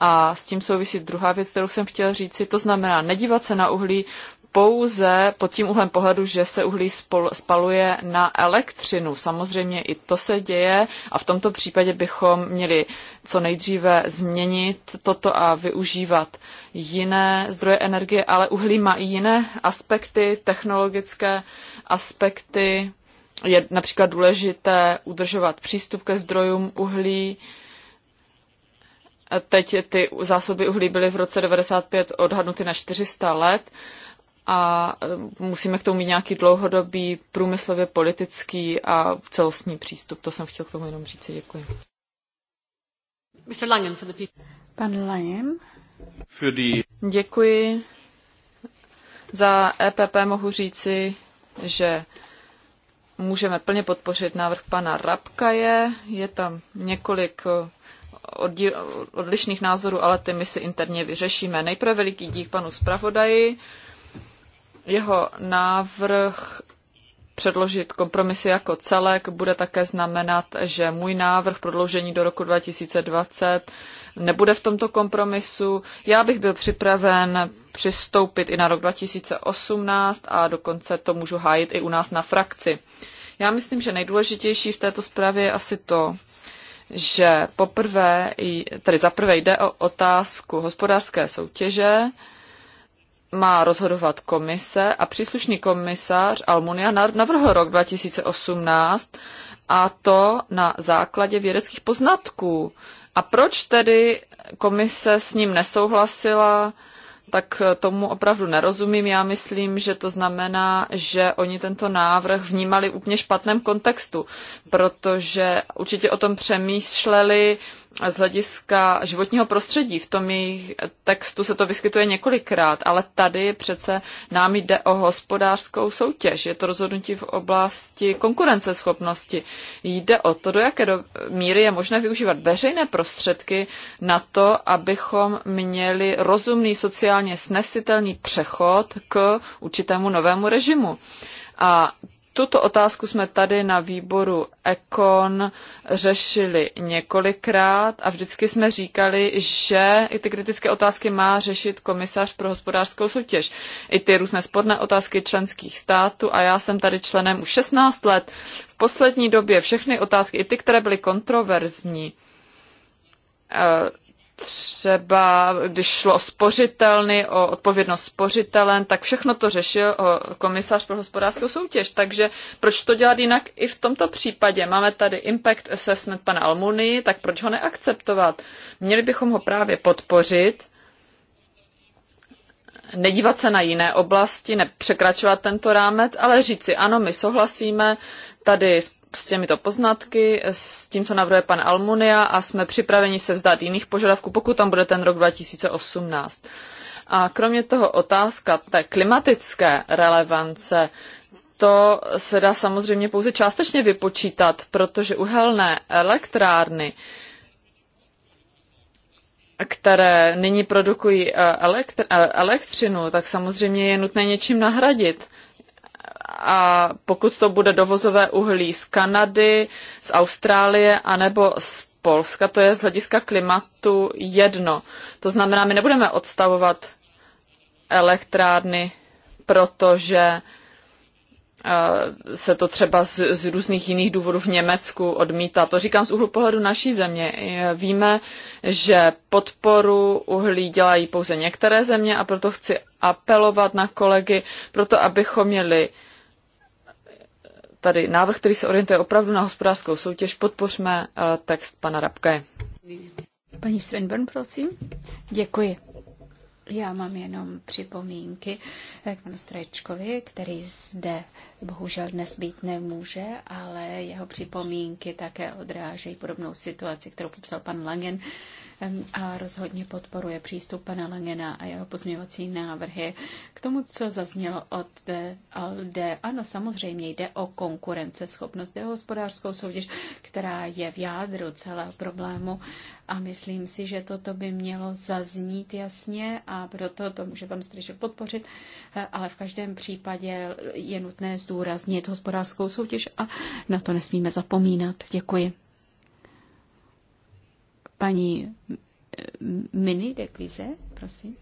A s tím souvisí druhá věc, kterou jsem chtěla říci, to znamená nedívat se na uhlí pouze pod tím úhlem pohledu, že se uhlí spaluje na elektřinu. Samozřejmě i to se děje a v tomto případě bychom měli co nejdříve změnit toto a využívat jiné zdroje energie, ale uhlí má i jiné aspekty, technologické aspekty, je například důležité udržovat přístup ke zdrojům uhlí. Teď ty zásoby uhlí byly v roce 95 odhadnuty na 400 let a e, musíme k tomu mít nějaký dlouhodobý průmyslově politický a celostní přístup. To jsem chtěl k tomu jenom říct. Děkuji. Pan Langen. Děkuji. Za EPP mohu říci, že můžeme plně podpořit návrh pana Rabkaje. Je tam několik eh, odlišných názorů, ale ty my si interně vyřešíme. Nejprve veliký dík panu zpravodaji. Jeho návrh předložit kompromisy jako celek bude také znamenat, že můj návrh prodloužení do roku 2020 nebude v tomto kompromisu. Já bych byl připraven přistoupit i na rok 2018 a dokonce to můžu hájit i u nás na frakci. Já myslím, že nejdůležitější v této zprávě je asi to, že poprvé, tedy zaprvé jde o otázku hospodářské soutěže, má rozhodovat komise a příslušný komisař Almunia navrhl rok 2018 a to na základě vědeckých poznatků. A proč tedy komise s ním nesouhlasila, tak tomu opravdu nerozumím. Já myslím, že to znamená, že oni tento návrh vnímali v úplně špatném kontextu, protože určitě o tom přemýšleli z hlediska životního prostředí. V tom jejich textu se to vyskytuje několikrát, ale tady přece nám jde o hospodářskou soutěž. Je to rozhodnutí v oblasti konkurenceschopnosti. Jde o to, do jaké do míry je možné využívat veřejné prostředky na to, abychom měli rozumný sociálně snesitelný přechod k určitému novému režimu. A tuto otázku jsme tady na výboru Econ řešili několikrát a vždycky jsme říkali, že i ty kritické otázky má řešit komisař pro hospodářskou soutěž. I ty různé sporné otázky členských států a já jsem tady členem už 16 let. V poslední době všechny otázky, i ty, které byly kontroverzní, eh, třeba když šlo o spořitelny, o odpovědnost spořitelen, tak všechno to řešil komisař pro hospodářskou soutěž. Takže proč to dělat jinak i v tomto případě? Máme tady impact assessment pana Almuny, tak proč ho neakceptovat? Měli bychom ho právě podpořit nedívat se na jiné oblasti, nepřekračovat tento rámec, ale říci ano, my souhlasíme tady s, těmito poznatky, s tím, co navrhuje pan Almunia a jsme připraveni se vzdát jiných požadavků, pokud tam bude ten rok 2018. A kromě toho otázka té klimatické relevance, to se dá samozřejmě pouze částečně vypočítat, protože uhelné elektrárny uh, které nyní produkují eh, eh, elektřinu, tak samozřejmě je nutné něčím nahradit. A pokud to bude dovozové uhlí z Kanady, z Austrálie anebo z Polska, to je z hlediska klimatu jedno. To znamená, my nebudeme odstavovat elektrárny, protože uh, se to třeba z, z různých jiných důvodů v Německu odmítá. To říkám z úhlu pohledu naší země. E, víme, že podporu uhlí dělají pouze některé země a proto chci apelovat na kolegy, proto abychom měli e, tady návrh, který se orientuje opravdu na hospodářskou soutěž. Podpořme e, text pana Rabke. Paní Svinburn, prosím. Děkuji. Já mám jenom připomínky k panu Strečkovi, který zde bohužel dnes být nemůže, ale jeho připomínky také odrážejí podobnou situaci, kterou popsal pan Langen a rozhodně podporuje přístup pana Langena a jeho pozměňovací návrhy k tomu, co zaznělo od ALDE. Ano, samozřejmě jde o konkurenceschopnost, jde o hospodářskou soutěž, která je v jádru celého problému a myslím si, že toto by mělo zaznít jasně a proto to může pan Střešek podpořit, e, ale v každém případě je nutné zdůraznit hospodářskou soutěž a na to nesmíme zapomínat. Děkuji. Paní eh, Mini de Klize, prosím.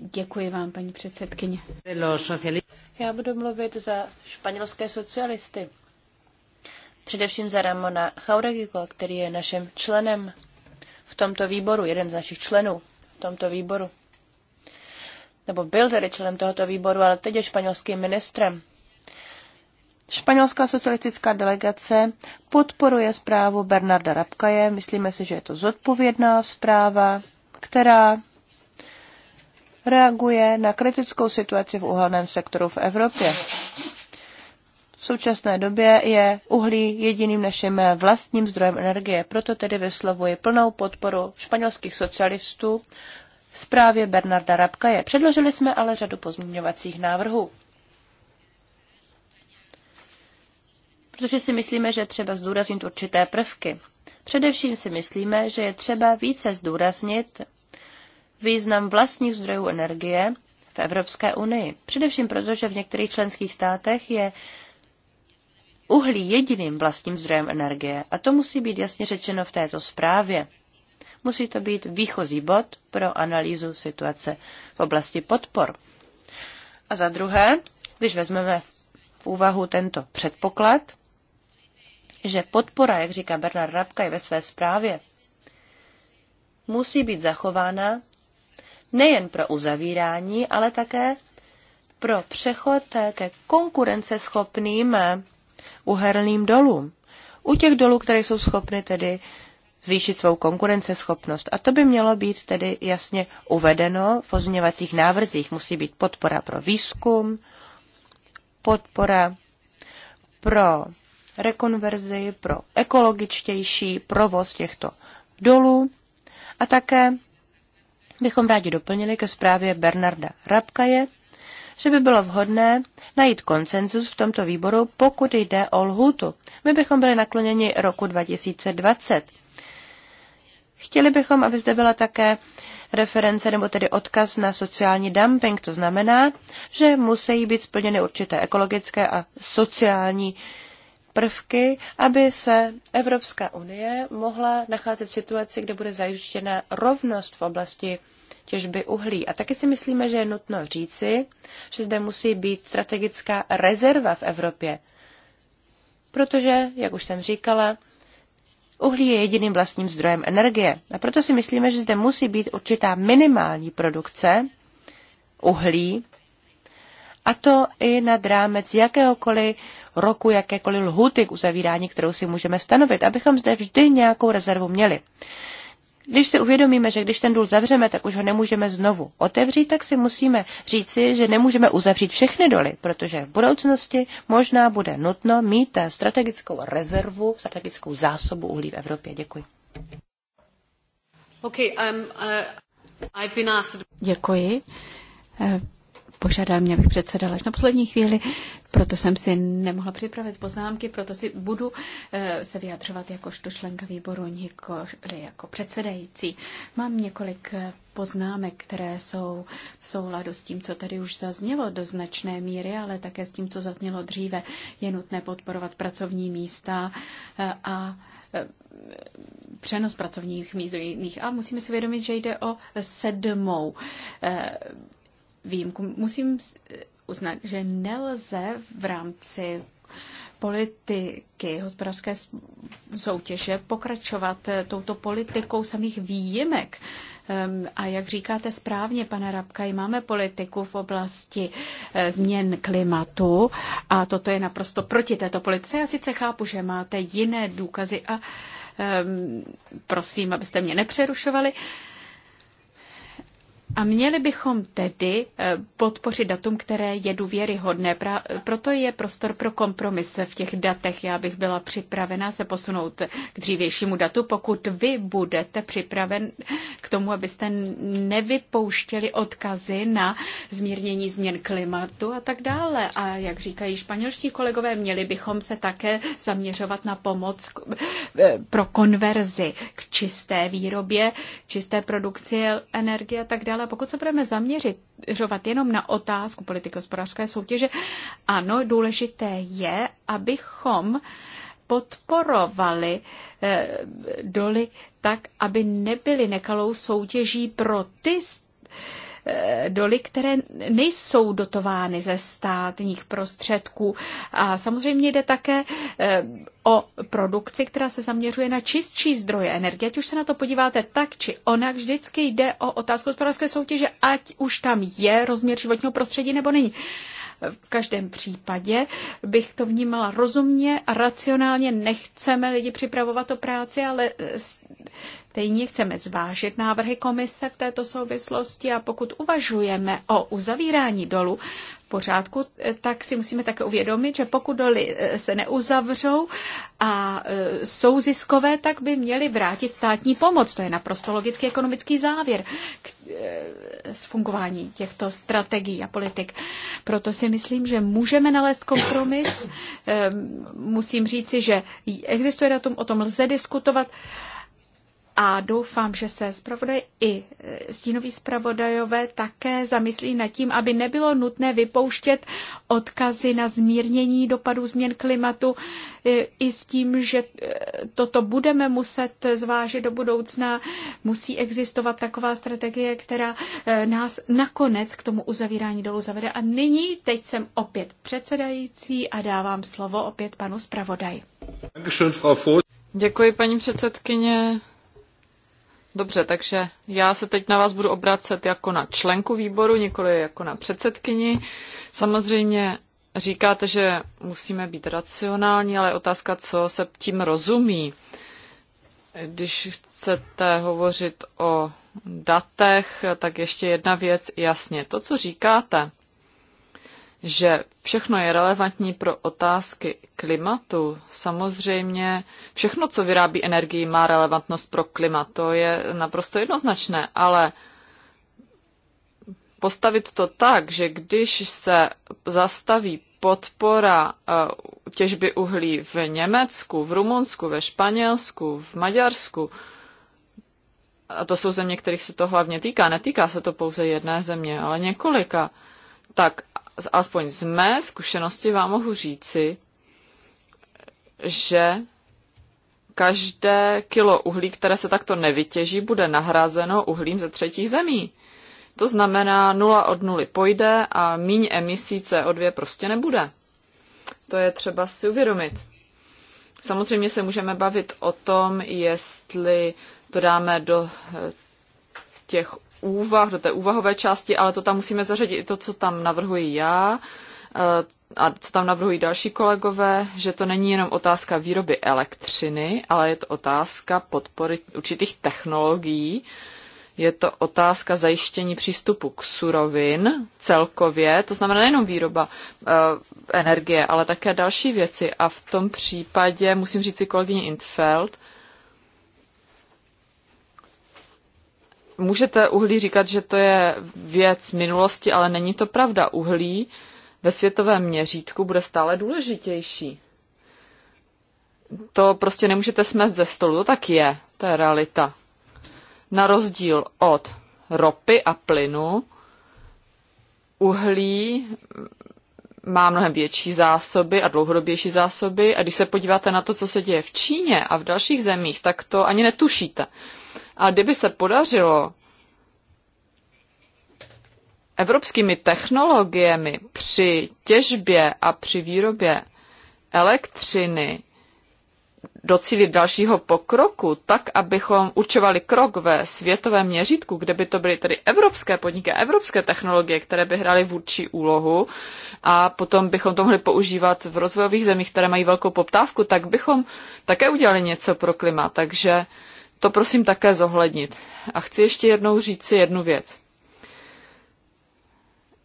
Děkuji vám, paní předsedkyně. Já budu mluvit za španělské socialisty. Především za Ramona Chauregico, který je naším členem v tomto výboru, jeden z našich členů v tomto výboru. Nebo byl tedy členem tohoto výboru, ale teď je španělským ministrem. Španělská socialistická delegace podporuje zprávu Bernarda Rabkaje. Myslíme si, že je to zodpovědná zpráva, která reaguje na kritickou situaci v uhelném sektoru v Evropě. V současné době je uhlí jediným naším vlastním zdrojem energie, proto tedy vyslovuji plnou podporu španělských socialistů zprávě Bernarda Rabkaje. Předložili jsme ale řadu pozměňovacích návrhů. protože si myslíme, že je třeba zdůraznit určité prvky. Především si myslíme, že je třeba více zdůraznit význam vlastních zdrojů energie v Evropské unii. Především proto, že v některých členských státech je uhlí jediným vlastním zdrojem energie a to musí být jasně řečeno v této zprávě. Musí to být výchozí bod pro analýzu situace v oblasti podpor. A za druhé, když vezmeme v úvahu tento předpoklad, že podpora, jak říká Bernard Rabka i ve své zprávě, musí být zachována nejen pro uzavírání, ale také pro přechod ke konkurenceschopným uherlným dolům. U těch dolů, které jsou schopny tedy zvýšit svou konkurenceschopnost. A to by mělo být tedy jasně uvedeno v pozměňovacích návrzích. Musí být podpora pro výzkum, podpora pro rekonverzi, pro ekologičtější provoz těchto dolů a také bychom rádi doplnili ke zprávě Bernarda Rabkaje, že by bylo vhodné najít konsenzus v tomto výboru, pokud jde o lhutu. My bychom byli nakloněni roku 2020. Chtěli bychom, aby zde byla také reference nebo tedy odkaz na sociální dumping. To znamená, že musí být splněny určité ekologické a sociální uh, prvky, aby se Evropská unie mohla nacházet v situaci, kde bude zajištěna rovnost v oblasti těžby uhlí. A taky si myslíme, že je nutno říci, že zde musí být strategická rezerva v Evropě. Protože, jak už jsem říkala, uhlí je jediným vlastním zdrojem energie. A proto si myslíme, že zde musí být určitá minimální produkce uhlí a to i nad rámec jakéhokoliv roku, jakékoliv lhuty k uzavírání, kterou si můžeme stanovit, abychom zde vždy nějakou rezervu měli. Když si uvědomíme, že když ten důl zavřeme, tak už ho nemůžeme znovu otevřít, tak si musíme říci, že nemůžeme uzavřít všechny doly, protože v budoucnosti možná bude nutno mít strategickou rezervu, strategickou zásobu uhlí v Evropě. Děkuji. Okay, um, uh, I've been asked... Děkuji. Eh, požádal mě, abych předsedala až na poslední chvíli, proto jsem si nemohla připravit poznámky, proto si budu eh, se vyjadřovat jakožto členka výboru, nikoli jako předsedající. Mám několik eh, poznámek, které jsou v souladu s tím, co tady už zaznělo do značné míry, ale také s tím, co zaznělo dříve. Je nutné podporovat pracovní místa eh, a přenos pracovních míst do jiných. A musíme si vědomit, že jde o sedmou výjimku. Musím uznat, že nelze v rámci politiky hospodářské soutěže pokračovat eh, touto politikou samých výjimek. Ehm, a jak říkáte správně, pane Rabkaj, máme politiku v oblasti eh, změn klimatu a toto je naprosto proti této politice. Já sice chápu, že máte jiné důkazy a ehm, prosím, abyste mě nepřerušovali. A měli bychom tedy eh, podpořit datum, které je důvěryhodné. Proto je prostor pro kompromis v těch datech. Já bych byla připravena se posunout k dřívějšímu datu, pokud vy budete připraven k tomu, abyste nevypouštěli odkazy na zmírnění změn klimatu a tak dále. A jak říkají španělští kolegové, měli bychom se také zaměřovat na pomoc eh, pro konverzi k čisté výrobě, čisté produkci energie a tak dále pokud se budeme zaměřovat jenom na otázku politiky hospodářské soutěže, ano, důležité je, abychom podporovali eh, doly tak, aby nebyly nekalou soutěží pro ty Eh, doly, které nejsou dotovány ze státních prostředků. A samozřejmě jde také eh, o produkci, která se zaměřuje na čistší zdroje energie. Ať už se na to podíváte tak či onak, vždycky jde o otázku hospodářské soutěže, ať už tam je rozměr životního prostředí nebo není. V každém případě bych to vnímala rozumně a racionálně. Nechceme lidi připravovat o práci, ale Stejně chceme zvážit návrhy komise v této souvislosti a pokud uvažujeme o uzavírání dolu, pořádku, eh, tak si musíme také uvědomit, že pokud doly eh, se neuzavřou a eh, jsou ziskové, tak by měly vrátit státní pomoc. To je naprosto logický ekonomický závěr k, z fungování těchto strategií a politik. Proto si myslím, že můžeme nalézt kompromis. Musím říci, že existuje datum, o tom lze diskutovat a doufám, že se zpravodaj i e, stínoví zpravodajové také zamyslí nad tím, aby nebylo nutné vypouštět odkazy na zmírnění dopadů změn klimatu e, i s tím, že e, toto budeme muset zvážit do budoucna. Musí existovat taková strategie, která nás nakonec k tomu uzavírání dolů zavede. A nyní, teď jsem opět předsedající a dávám slovo opět panu zpravodaj. Děkuji, paní předsedkyně. Dobře, takže já se teď na vás budu obracet jako na členku výboru, nikoli jako na předsedkyni. Samozřejmě říkáte, že musíme být racionální, ale otázka, co se tím rozumí. Když chcete hovořit o datech, tak ještě jedna věc, jasně, to, co říkáte, že všechno je relevantní pro otázky klimatu. Samozřejmě všechno, co vyrábí energii, má relevantnost pro klima. To je naprosto jednoznačné, ale postavit to tak, že když se zastaví podpora eh, těžby uhlí v Německu, v Rumunsku, ve Španělsku, v Maďarsku, a to jsou země, kterých se to hlavně týká, netýká se to pouze jedné země, ale několika, tak aspoň z mé zkušenosti vám mohu říci, že každé kilo uhlí, které se takto nevytěží, bude nahrazeno uhlím ze třetích zemí. To znamená, nula od nuly pojde a míň emisí CO2 prostě nebude. To je třeba si uvědomit. Samozřejmě se můžeme bavit o tom, jestli to dáme do eh, těch úvah, do té úvahové části, ale to tam musíme zařadit i to, co tam navrhuji já eh, a co tam navrhují další kolegové, že to není jenom otázka výroby elektřiny, ale je to otázka podpory určitých technologií, je to otázka zajištění přístupu k surovin celkově, to znamená nejenom výroba e, energie, ale také další věci. A v tom případě musím říct si kolegyně Intfeld, můžete uhlí říkat, že to je věc minulosti, ale není to pravda. Uhlí ve světovém měřítku bude stále důležitější. To prostě nemůžete smést ze stolu, to tak je, to je realita. Na rozdíl od ropy a plynu, uhlí má mnohem větší zásoby a dlouhodobější zásoby. A když se podíváte na to, co se děje v Číně a v dalších zemích, tak to ani netušíte. A kdyby se podařilo evropskými technologiemi při těžbě a při výrobě elektřiny docílit dalšího pokroku, tak abychom určovali krok ve světovém měřítku, kde by to byly tedy evropské podniky evropské technologie, které by hrály vůdčí úlohu a potom bychom to mohli používat v rozvojových zemích, které mají velkou poptávku, tak bychom také udělali něco pro klima. Takže to prosím také zohlednit. A chci ještě jednou říct si jednu věc.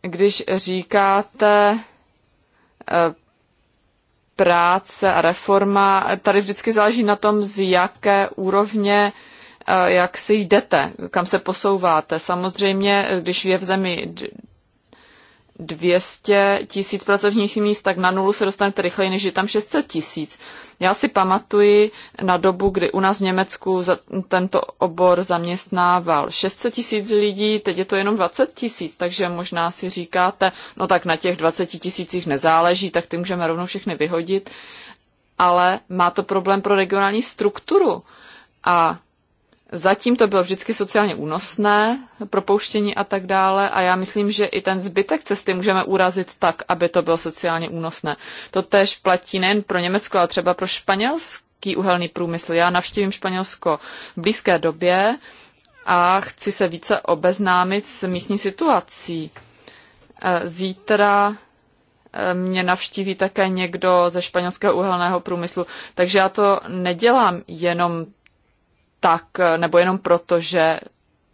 Když říkáte eh, práce a reforma, tady vždycky záleží na tom, z jaké úrovně eh, jak si jdete, kam se posouváte. Samozřejmě, eh, když je v zemi 200 tisíc pracovních míst, tak na nulu se dostanete rychleji, než je tam 600 tisíc. Já si pamatuji na dobu, kdy u nás v Německu za tento obor zaměstnával 600 tisíc lidí, teď je to jenom 20 tisíc, takže možná si říkáte, no tak na těch 20 tisících nezáleží, tak ty můžeme rovnou všechny vyhodit, ale má to problém pro regionální strukturu. A Zatím to bylo vždycky sociálně únosné, propouštění a tak dále a já myslím, že i ten zbytek cesty můžeme urazit tak, aby to bylo sociálně únosné. To tež platí nejen pro Německo, ale třeba pro španělský uhelný průmysl. Já navštívím Španělsko v blízké době a chci se více obeznámit s místní situací. E, zítra e, mě navštíví také někdo ze španělského uhelného průmyslu. Takže já to nedělám jenom tak, eh, nebo jenom proto, že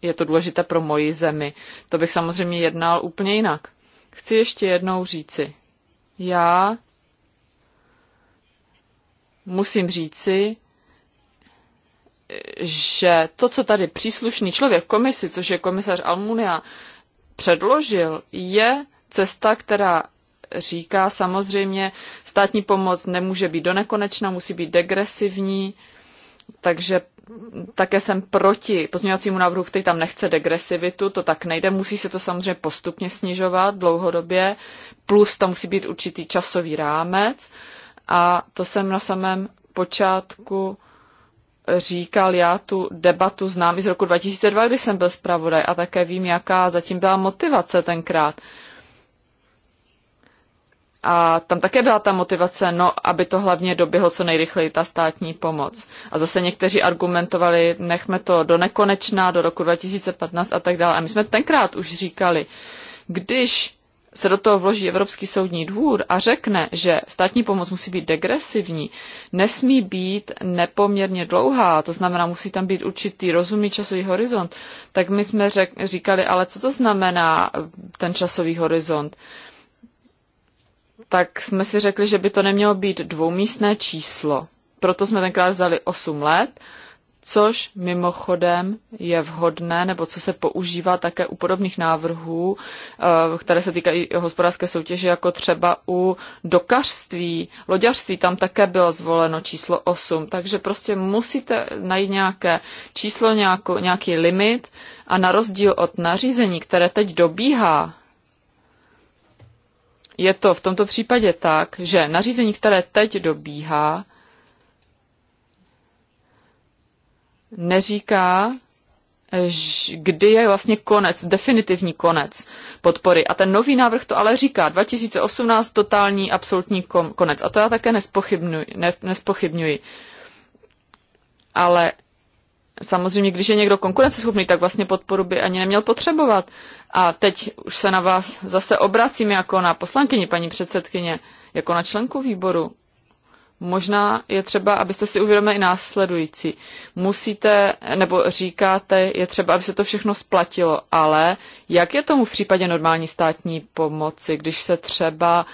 je to důležité pro moji zemi. To bych samozřejmě jednal úplně jinak. Chci ještě jednou říci. Já musím říci, že to, co tady příslušný člověk v komisi, což je komisař Almunia, předložil, je cesta, která říká samozřejmě, státní pomoc nemůže být do nekonečna, musí být degresivní, takže také jsem proti pozměňovacímu návrhu, který tam nechce degresivitu, to tak nejde, musí se to samozřejmě postupně snižovat dlouhodobě, plus tam musí být určitý časový rámec a to jsem na samém počátku říkal, já tu debatu znám i z roku 2002, kdy jsem byl zpravodaj a také vím, jaká zatím byla motivace tenkrát. A tam také byla ta motivace, no, aby to hlavně doběhlo co nejrychleji, ta státní pomoc. A zase někteří argumentovali, nechme to do nekonečna, do roku 2015 a tak dále. A my jsme tenkrát už říkali, když se do toho vloží Evropský soudní dvůr a řekne, že státní pomoc musí být degresivní, nesmí být nepoměrně dlouhá, to znamená, musí tam být určitý rozumný časový horizont, tak my jsme řek, říkali, ale co to znamená ten časový horizont? tak jsme si řekli, že by to nemělo být dvoumístné číslo. Proto jsme tenkrát vzali 8 let, což mimochodem je vhodné, nebo co se používá také u podobných návrhů, eh, které se týkají hospodářské soutěže, jako třeba u dokařství, loďařství, tam také bylo zvoleno číslo 8, takže prostě musíte najít nějaké číslo, nějaký limit a na rozdíl od nařízení, které teď dobíhá je to v tomto případě tak, že nařízení, které teď dobíhá, neříká, kdy je vlastně konec, definitivní konec podpory. A ten nový návrh to ale říká, 2018 totální absolutní konec. A to já také nespochybnuji. Ne, nespochybnuji. Ale Samozřejmě, když je někdo konkurenceschopný, tak vlastně podporu by ani neměl potřebovat. A teď už se na vás zase obracím jako na poslankyni, paní předsedkyně, jako na členku výboru. Možná je třeba, abyste si uvědomili i následující. Musíte, nebo říkáte, je třeba, aby se to všechno splatilo, ale jak je tomu v případě normální státní pomoci, když se třeba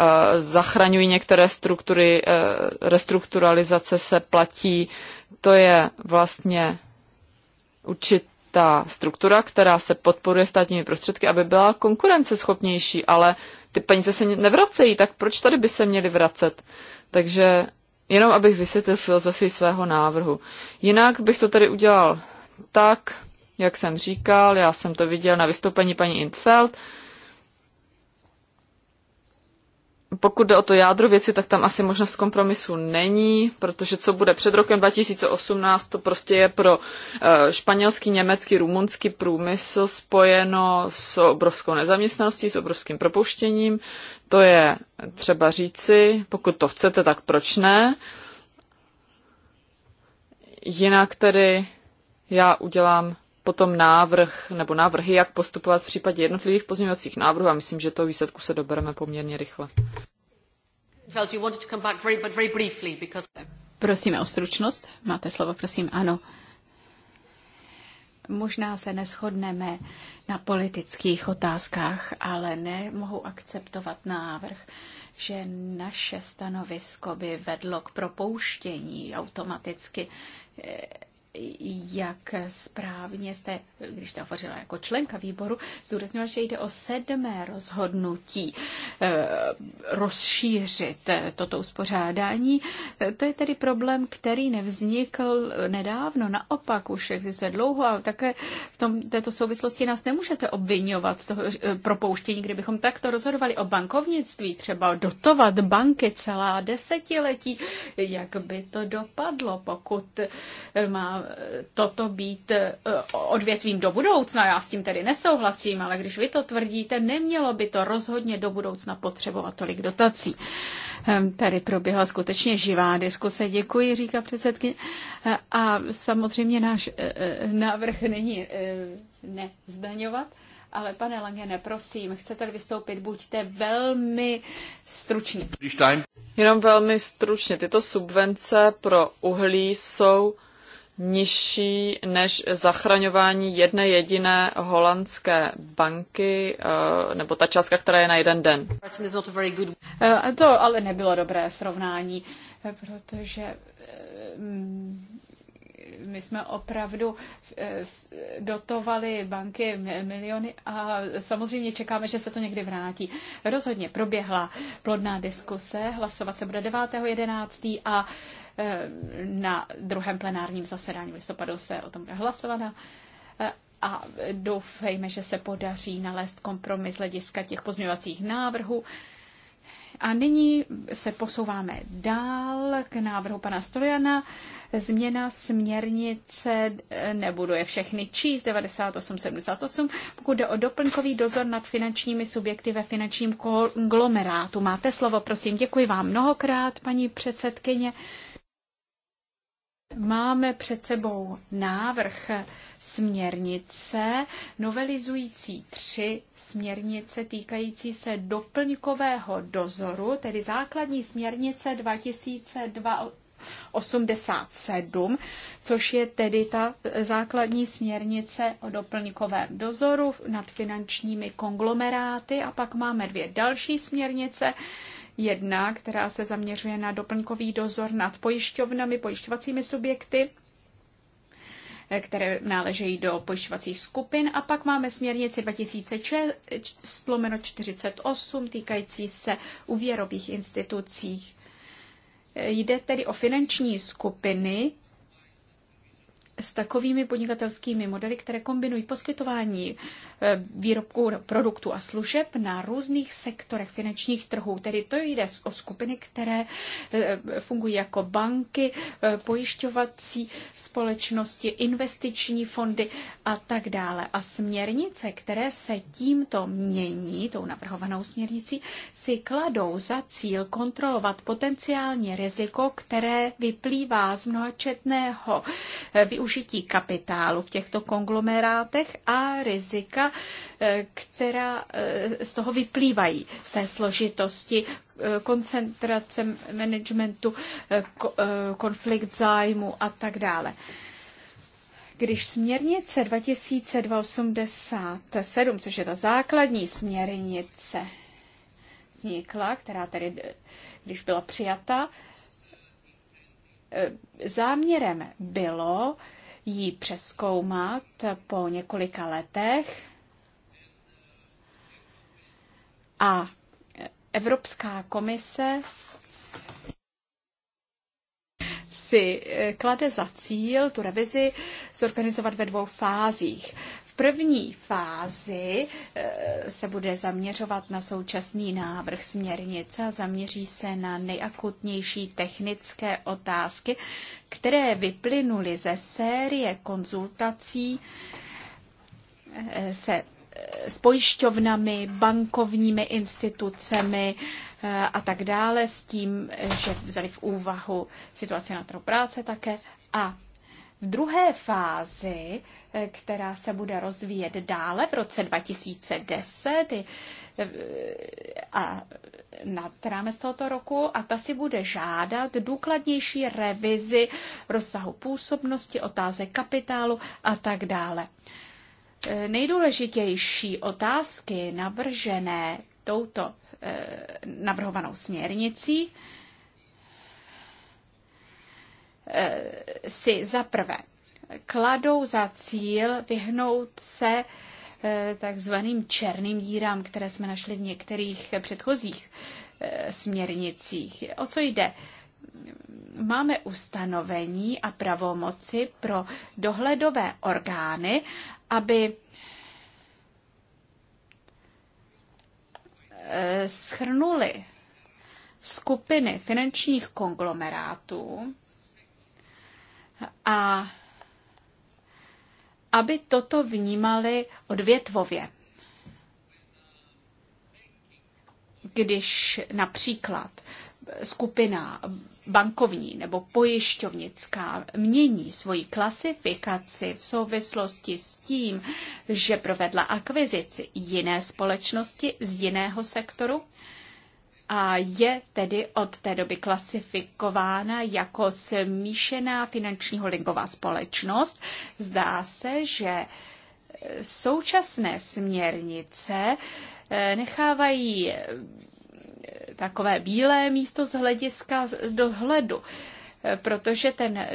uh, zachraňují některé struktury, uh, restrukturalizace se platí to je vlastně určitá struktura, která se podporuje státními prostředky, aby byla konkurenceschopnější, ale ty peníze se nevracejí, tak proč tady by se měly vracet? Takže jenom abych vysvětlil filozofii svého návrhu. Jinak bych to tady udělal tak, jak jsem říkal, já jsem to viděl na vystoupení paní Intfeld, pokud jde o to jádro věci, tak tam asi možnost kompromisu není, protože co bude před rokem 2018, to prostě je pro eh, španělský, německý, rumunský průmysl spojeno s obrovskou nezaměstnaností, s obrovským propuštěním. To je třeba říci, pokud to chcete, tak proč ne? Jinak tedy já udělám potom návrh nebo návrhy, jak postupovat v případě jednotlivých pozměňovacích návrhů a myslím, že to výsledku se dobereme poměrně rychle. Prosíme o stručnost. Máte slovo, prosím. Ano. Možná se neschodneme na politických otázkách, ale nemohu akceptovat návrh, že naše stanovisko by vedlo k propouštění automaticky eh, jak správně jste, když jste hovořila jako členka výboru, zúraznila, že jde o sedmé rozhodnutí eh, rozšířit toto uspořádání. To je tedy problém, který nevznikl nedávno, naopak už existuje dlouho a také v tom, této souvislosti nás nemůžete obvinovat z toho eh, propouštění, kdybychom takto rozhodovali o bankovnictví, třeba dotovat banky celá desetiletí, jak by to dopadlo, pokud má toto být eh, odvětvím do budoucna. Já s tím tedy nesouhlasím, ale když vy to tvrdíte, nemělo by to rozhodně do budoucna potřebovat tolik dotací. Ehm, tady proběhla skutečně živá diskuse. Děkuji, říká předsedkyně. Eh, a samozřejmě náš eh, návrh není nezdaňovat. Ale pane Lange, neprosím, chcete vystoupit, buďte velmi stručně. Jenom velmi stručně. Tyto subvence pro uhlí jsou nižší než zachraňování jedné jediné holandské banky, eh, nebo ta částka, která je na jeden den. Eh, to ale nebylo dobré srovnání, eh, protože mm, my jsme opravdu dotovali banky miliony a samozřejmě čekáme, že se to někdy vrátí. Rozhodně proběhla plodná diskuse, hlasovat se bude 9.11. a Eh, na druhém plenárním zasedání v listopadu se o tom bude hlasovat a doufejme, že se podaří nalézt kompromis hlediska těch pozměňovacích návrhů. A nyní se posouváme dál k návrhu pana Stoliana. Změna směrnice, nebudu je všechny číst, 9878, pokud jde o doplňkový dozor nad finančními subjekty ve finančním konglomerátu. Máte slovo, prosím. Děkuji vám mnohokrát, paní předsedkyně. Máme před sebou návrh směrnice novelizující tři směrnice týkající se doplňkového dozoru, tedy základní směrnice 2002 87, což je tedy ta základní směrnice o doplňkovém dozoru nad finančními konglomeráty. A pak máme dvě další směrnice, jedna, která se zaměřuje na doplňkový dozor nad pojišťovnami, pojišťovacími subjekty, eh, které náležejí do pojišťovacích skupin. A pak máme směrnici 2006-48 týkající se úvěrových institucí. Eh, jde tedy o finanční skupiny s takovými podnikatelskými modely, které kombinují poskytování výrobků, produktů a služeb na různých sektorech finančních trhů. Tedy to jde o skupiny, které eh, fungují jako banky, eh, pojišťovací společnosti, investiční fondy a tak dále. A směrnice, které se tímto mění, tou navrhovanou směrnicí, si kladou za cíl kontrolovat potenciální riziko, které vyplývá z mnohačetného eh, využití kapitálu v těchto konglomerátech a rizika rizika, eh, která eh, z toho vyplývají, z té složitosti, eh, koncentrace managementu, konflikt zájmu a tak dále. Když směrnice 2287, což je ta základní směrnice, vznikla, která tedy, když byla přijata, záměrem bylo ji přeskoumat po několika letech a Evropská komise si eh, klade za cíl tu revizi zorganizovat ve dvou fázích. V první fázi eh, se bude zaměřovat na současný návrh směrnice a zaměří se na nejakutnější technické otázky, které vyplynuly ze série konzultací eh, se s pojišťovnami, bankovními institucemi eh, a tak dále, s tím, že vzali v úvahu situaci na trhu práce také. A v druhé fázi, eh, která se bude rozvíjet dále v roce 2010 eh, a nad rámec tohoto roku, a ta si bude žádat důkladnější revizi rozsahu působnosti, otázek kapitálu a tak dále. Eh, nejdůležitější otázky navržené touto eh, navrhovanou směrnicí eh, si zaprvé kladou za cíl vyhnout se takzvaným černým dírám, které jsme našli v některých předchozích směrnicích. O co jde? Máme ustanovení a pravomoci pro dohledové orgány, aby eh, schrnuli skupiny finančních konglomerátů a aby toto vnímali odvětvově. Když například skupina bankovní nebo pojišťovnická mění svoji klasifikaci v souvislosti s tím, že provedla akvizici jiné společnosti z jiného sektoru a je tedy od té doby klasifikována jako smíšená finanční holdingová společnost. Zdá se, že současné směrnice eh, nechávají takové bílé místo z hlediska dohledu protože ten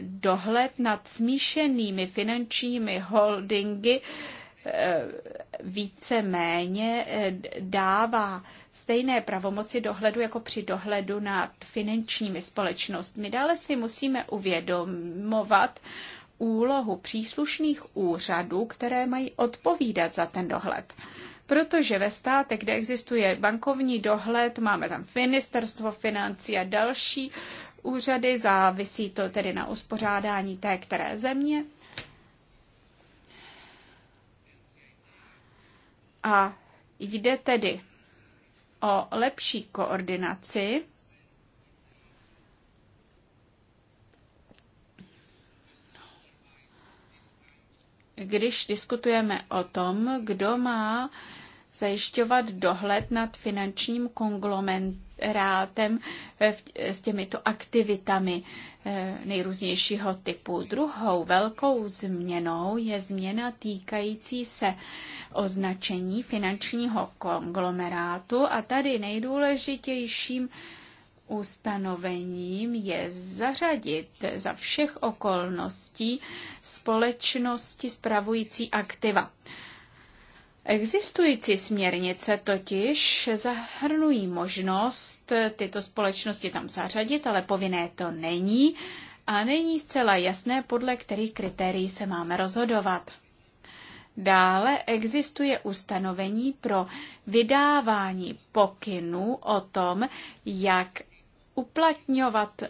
dohled nad smíšenými finančními holdingy eh, více-méně eh, dává stejné pravomoci dohledu jako při dohledu nad finančními společnostmi. Dále si musíme uvědomovat úlohu příslušných úřadů, které mají odpovídat za ten dohled. Protože ve státech, kde existuje bankovní dohled, máme tam ministerstvo financí a další úřady, závisí to tedy na uspořádání té které země. A jde tedy o lepší koordinaci když diskutujeme o tom, kdo má zajišťovat dohled nad finančním konglomerátem eh, s těmito aktivitami eh, nejrůznějšího typu. Druhou velkou změnou je změna týkající se označení finančního konglomerátu a tady nejdůležitějším ustanovením je zařadit za všech okolností společnosti spravující aktiva. Existující směrnice totiž zahrnují možnost tyto společnosti tam zařadit, ale povinné to není a není zcela jasné, podle kterých kritérií se máme rozhodovat. Dále existuje ustanovení pro vydávání pokynů o tom, jak uplatňovat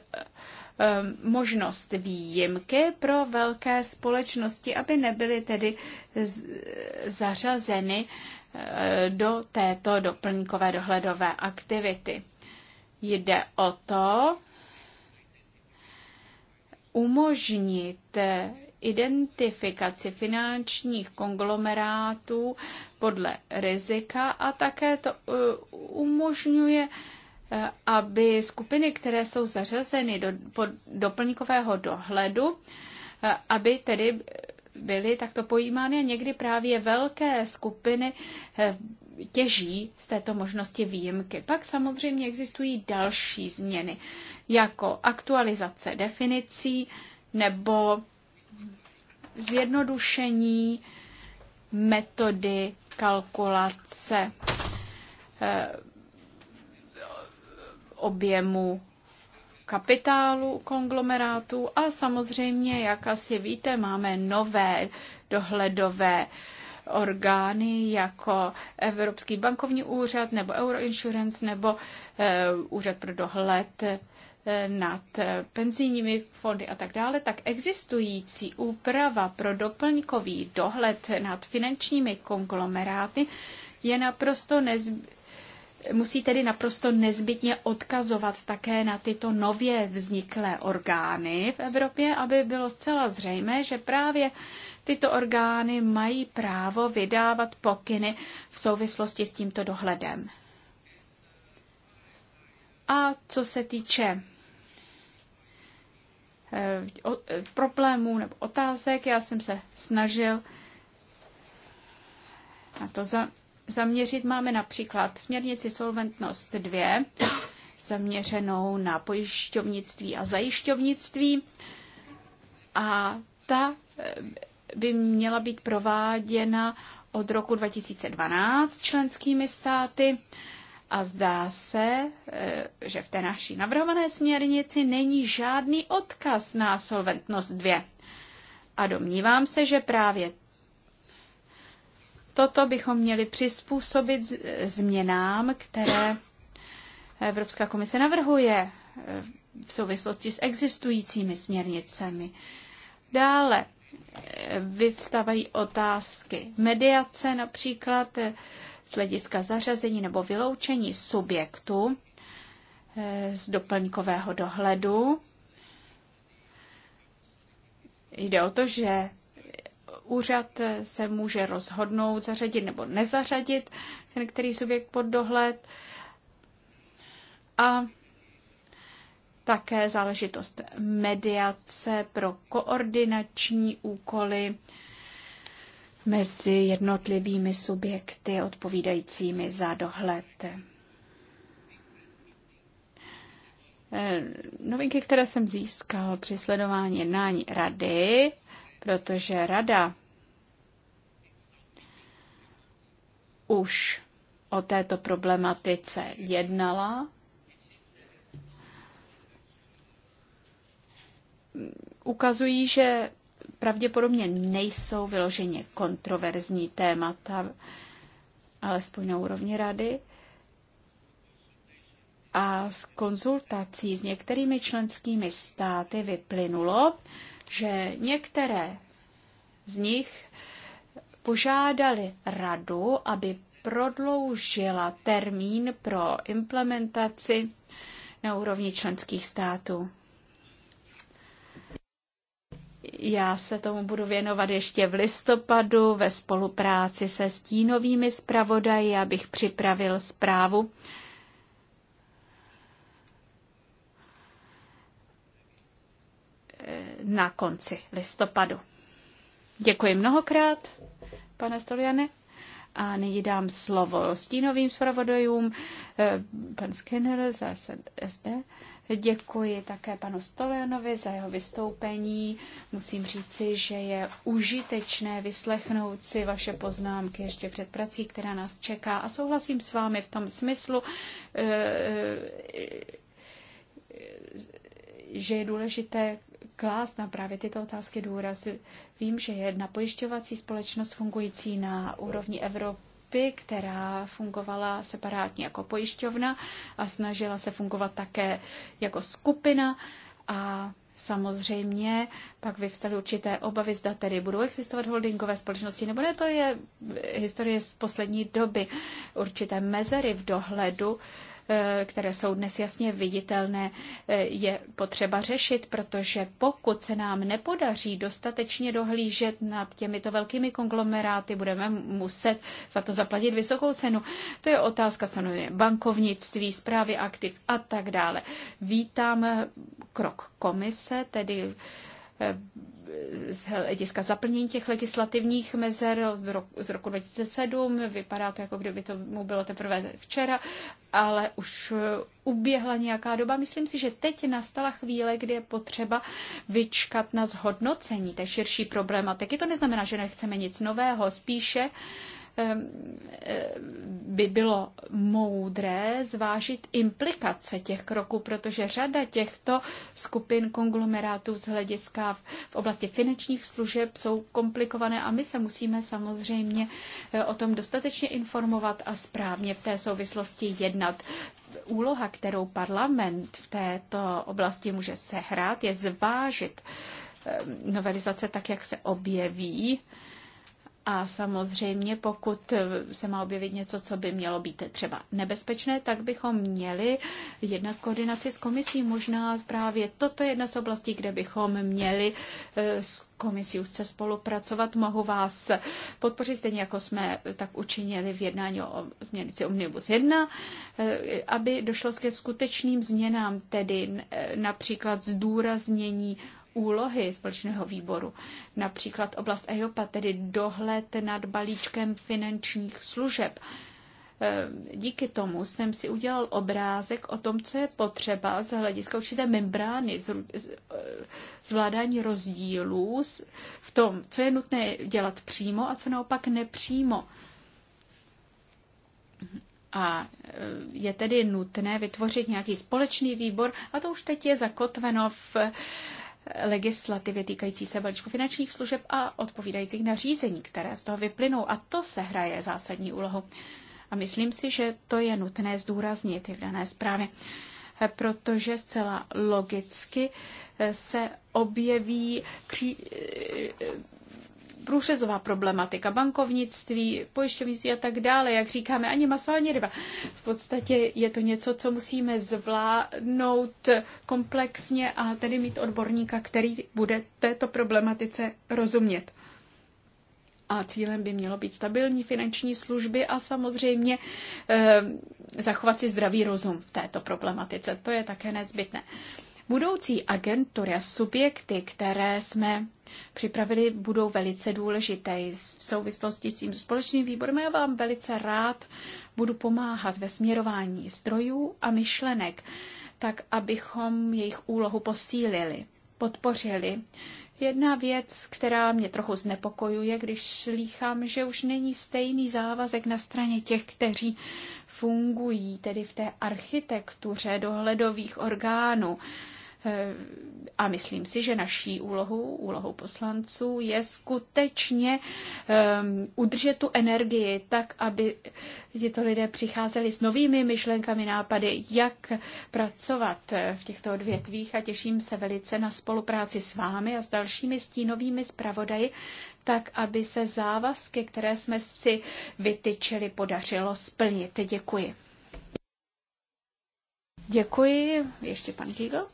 Um, možnost výjimky pro velké společnosti, aby nebyly tedy zařazeny uh, do této doplňkové dohledové aktivity. Jde o to umožnit identifikaci finančních konglomerátů podle rizika a také to uh, umožňuje Eh, aby skupiny, které jsou zařazeny do pod doplňkového dohledu, eh, aby tedy byly takto pojímány a někdy právě velké skupiny eh, těží z této možnosti výjimky. Pak samozřejmě existují další změny, jako aktualizace definicí nebo zjednodušení metody kalkulace objemu kapitálu konglomerátu a samozřejmě, jak asi víte, máme nové dohledové orgány jako Evropský bankovní úřad nebo Euroinsurance nebo e, úřad pro dohled eh, nad eh, penzijními fondy a tak dále, tak existující úprava pro doplňkový dohled nad finančními konglomeráty je naprosto nezbytná musí tedy naprosto nezbytně odkazovat také na tyto nově vzniklé orgány v Evropě, aby bylo zcela zřejmé, že právě tyto orgány mají právo vydávat pokyny v souvislosti s tímto dohledem. A co se týče eh, eh, problémů nebo otázek, já jsem se snažil na to za zaměřit, máme například směrnici Solventnost 2, zaměřenou na pojišťovnictví a zajišťovnictví. A ta eh, by měla být prováděna od roku 2012 členskými státy. A zdá se, eh, že v té naší navrhované směrnici není žádný odkaz na solventnost 2. A domnívám se, že právě Toto bychom měli přizpůsobit změnám, které Evropská komise navrhuje eh, v souvislosti s existujícími směrnicemi. Dále eh, vyvstávají otázky mediace například eh, z hlediska zařazení nebo vyloučení subjektu z doplňkového dohledu. Jde o to, že úřad se může rozhodnout zařadit nebo nezařadit ten který subjekt pod dohled. A také záležitost mediace pro koordinační úkoly mezi jednotlivými subjekty odpovídajícími za dohled. Novinky, které jsem získal při sledování jednání rady, protože rada už o této problematice jednala. Ukazují, že pravděpodobně nejsou vyloženě kontroverzní témata, alespoň na úrovni rady. A z konzultací s některými členskými státy vyplynulo, že některé z nich požádali radu, aby prodloužila termín pro implementaci na úrovni členských států. Já se tomu budu věnovat ještě v listopadu ve spolupráci se stínovými zpravodaji, abych připravil zprávu. na konci listopadu. Děkuji mnohokrát, pane Stoliane. A nyní dám slovo stínovým zpravodajům, eh, pan Skinner za SD. Děkuji také panu Stolianovi za jeho vystoupení. Musím říci, že je užitečné vyslechnout si vaše poznámky ještě před prací, která nás čeká. A souhlasím s vámi v tom smyslu, eh, eh, že je důležité klást na právě tyto otázky důraz. Vím, že je jedna pojišťovací společnost fungující na úrovni Evropy, která fungovala separátně jako pojišťovna a snažila se fungovat také jako skupina a Samozřejmě pak vyvstaly určité obavy, zda tedy budou existovat holdingové společnosti, nebo ne, to je historie z poslední doby. Určité mezery v dohledu Eh, které jsou dnes jasně viditelné, eh, je potřeba řešit, protože pokud se nám nepodaří dostatečně dohlížet nad těmito velkými konglomeráty, budeme muset za to zaplatit vysokou cenu. To je otázka samozřejmě bankovnictví, zprávy aktiv a tak dále. Vítám krok komise, tedy Eh, z hlediska zaplnění těch legislativních mezer z roku, z roku 2007. Vypadá to, jako kdyby to mu bylo teprve včera, ale už eh, uběhla nějaká doba. Myslím si, že teď nastala chvíle, kdy je potřeba vyčkat na zhodnocení té širší problematiky. To neznamená, že nechceme nic nového, spíše uh, Ehm, ehm, by bylo moudré zvážit implikace těch kroků, protože řada těchto skupin konglomerátů z hlediska v oblasti finančních služeb jsou komplikované a my se musíme samozřejmě eh, o tom dostatečně informovat a správně v té souvislosti jednat. Úloha, kterou parlament v této oblasti může sehrát, je zvážit ehm, novelizace tak, jak se objeví a samozřejmě, pokud se má objevit něco, co by mělo být třeba nebezpečné, tak bychom měli jednat koordinaci s komisí. Možná právě toto je jedna z oblastí, kde bychom měli eh, s komisí se spolupracovat. Mohu vás podpořit, stejně jako jsme tak učinili v jednání o změnici Omnibus 1, eh, aby došlo ke skutečným změnám, tedy eh, například zdůraznění úlohy společného výboru, například oblast EIOPA, tedy dohled nad balíčkem finančních služeb. Eh, díky tomu jsem si udělal obrázek o tom, co je potřeba z hlediska určité membrány, eh, zvládání rozdílů v tom, co je nutné dělat přímo a co naopak nepřímo. A eh, je tedy nutné vytvořit nějaký společný výbor a to už teď je zakotveno v legislativy týkající se balíčku finančních služeb a odpovídajících nařízení, které z toho vyplynou. A to se hraje zásadní úlohu. A myslím si, že to je nutné zdůraznit v dané zprávě, protože zcela logicky se objeví kří, průřezová problematika, bankovnictví, pojišťovnictví a tak dále, jak říkáme, ani maso, ani ryba. V podstatě je to něco, co musíme zvládnout komplexně a tedy mít odborníka, který bude této problematice rozumět. A cílem by mělo být stabilní finanční služby a samozřejmě e, zachovat si zdravý rozum v této problematice. To je také nezbytné. Budoucí agentury a subjekty, které jsme připravili, budou velice důležité. V souvislosti s tím společným výborem já vám velice rád budu pomáhat ve směrování zdrojů a myšlenek, tak abychom jejich úlohu posílili, podpořili. Jedna věc, která mě trochu znepokojuje, když slýchám, že už není stejný závazek na straně těch, kteří fungují, tedy v té architektuře dohledových orgánů. Eh, a myslím si, že naší úlohou, úlohou poslanců, je skutečně um, udržet tu energii tak, aby tyto lidé přicházeli s novými myšlenkami, nápady, jak pracovat eh, v těchto odvětvích. A těším se velice na spolupráci s vámi a s dalšími stínovými zpravodaji, tak, aby se závazky, které jsme si vytyčili, podařilo splnit. Děkuji. Děkuji. Ještě pan Kigl?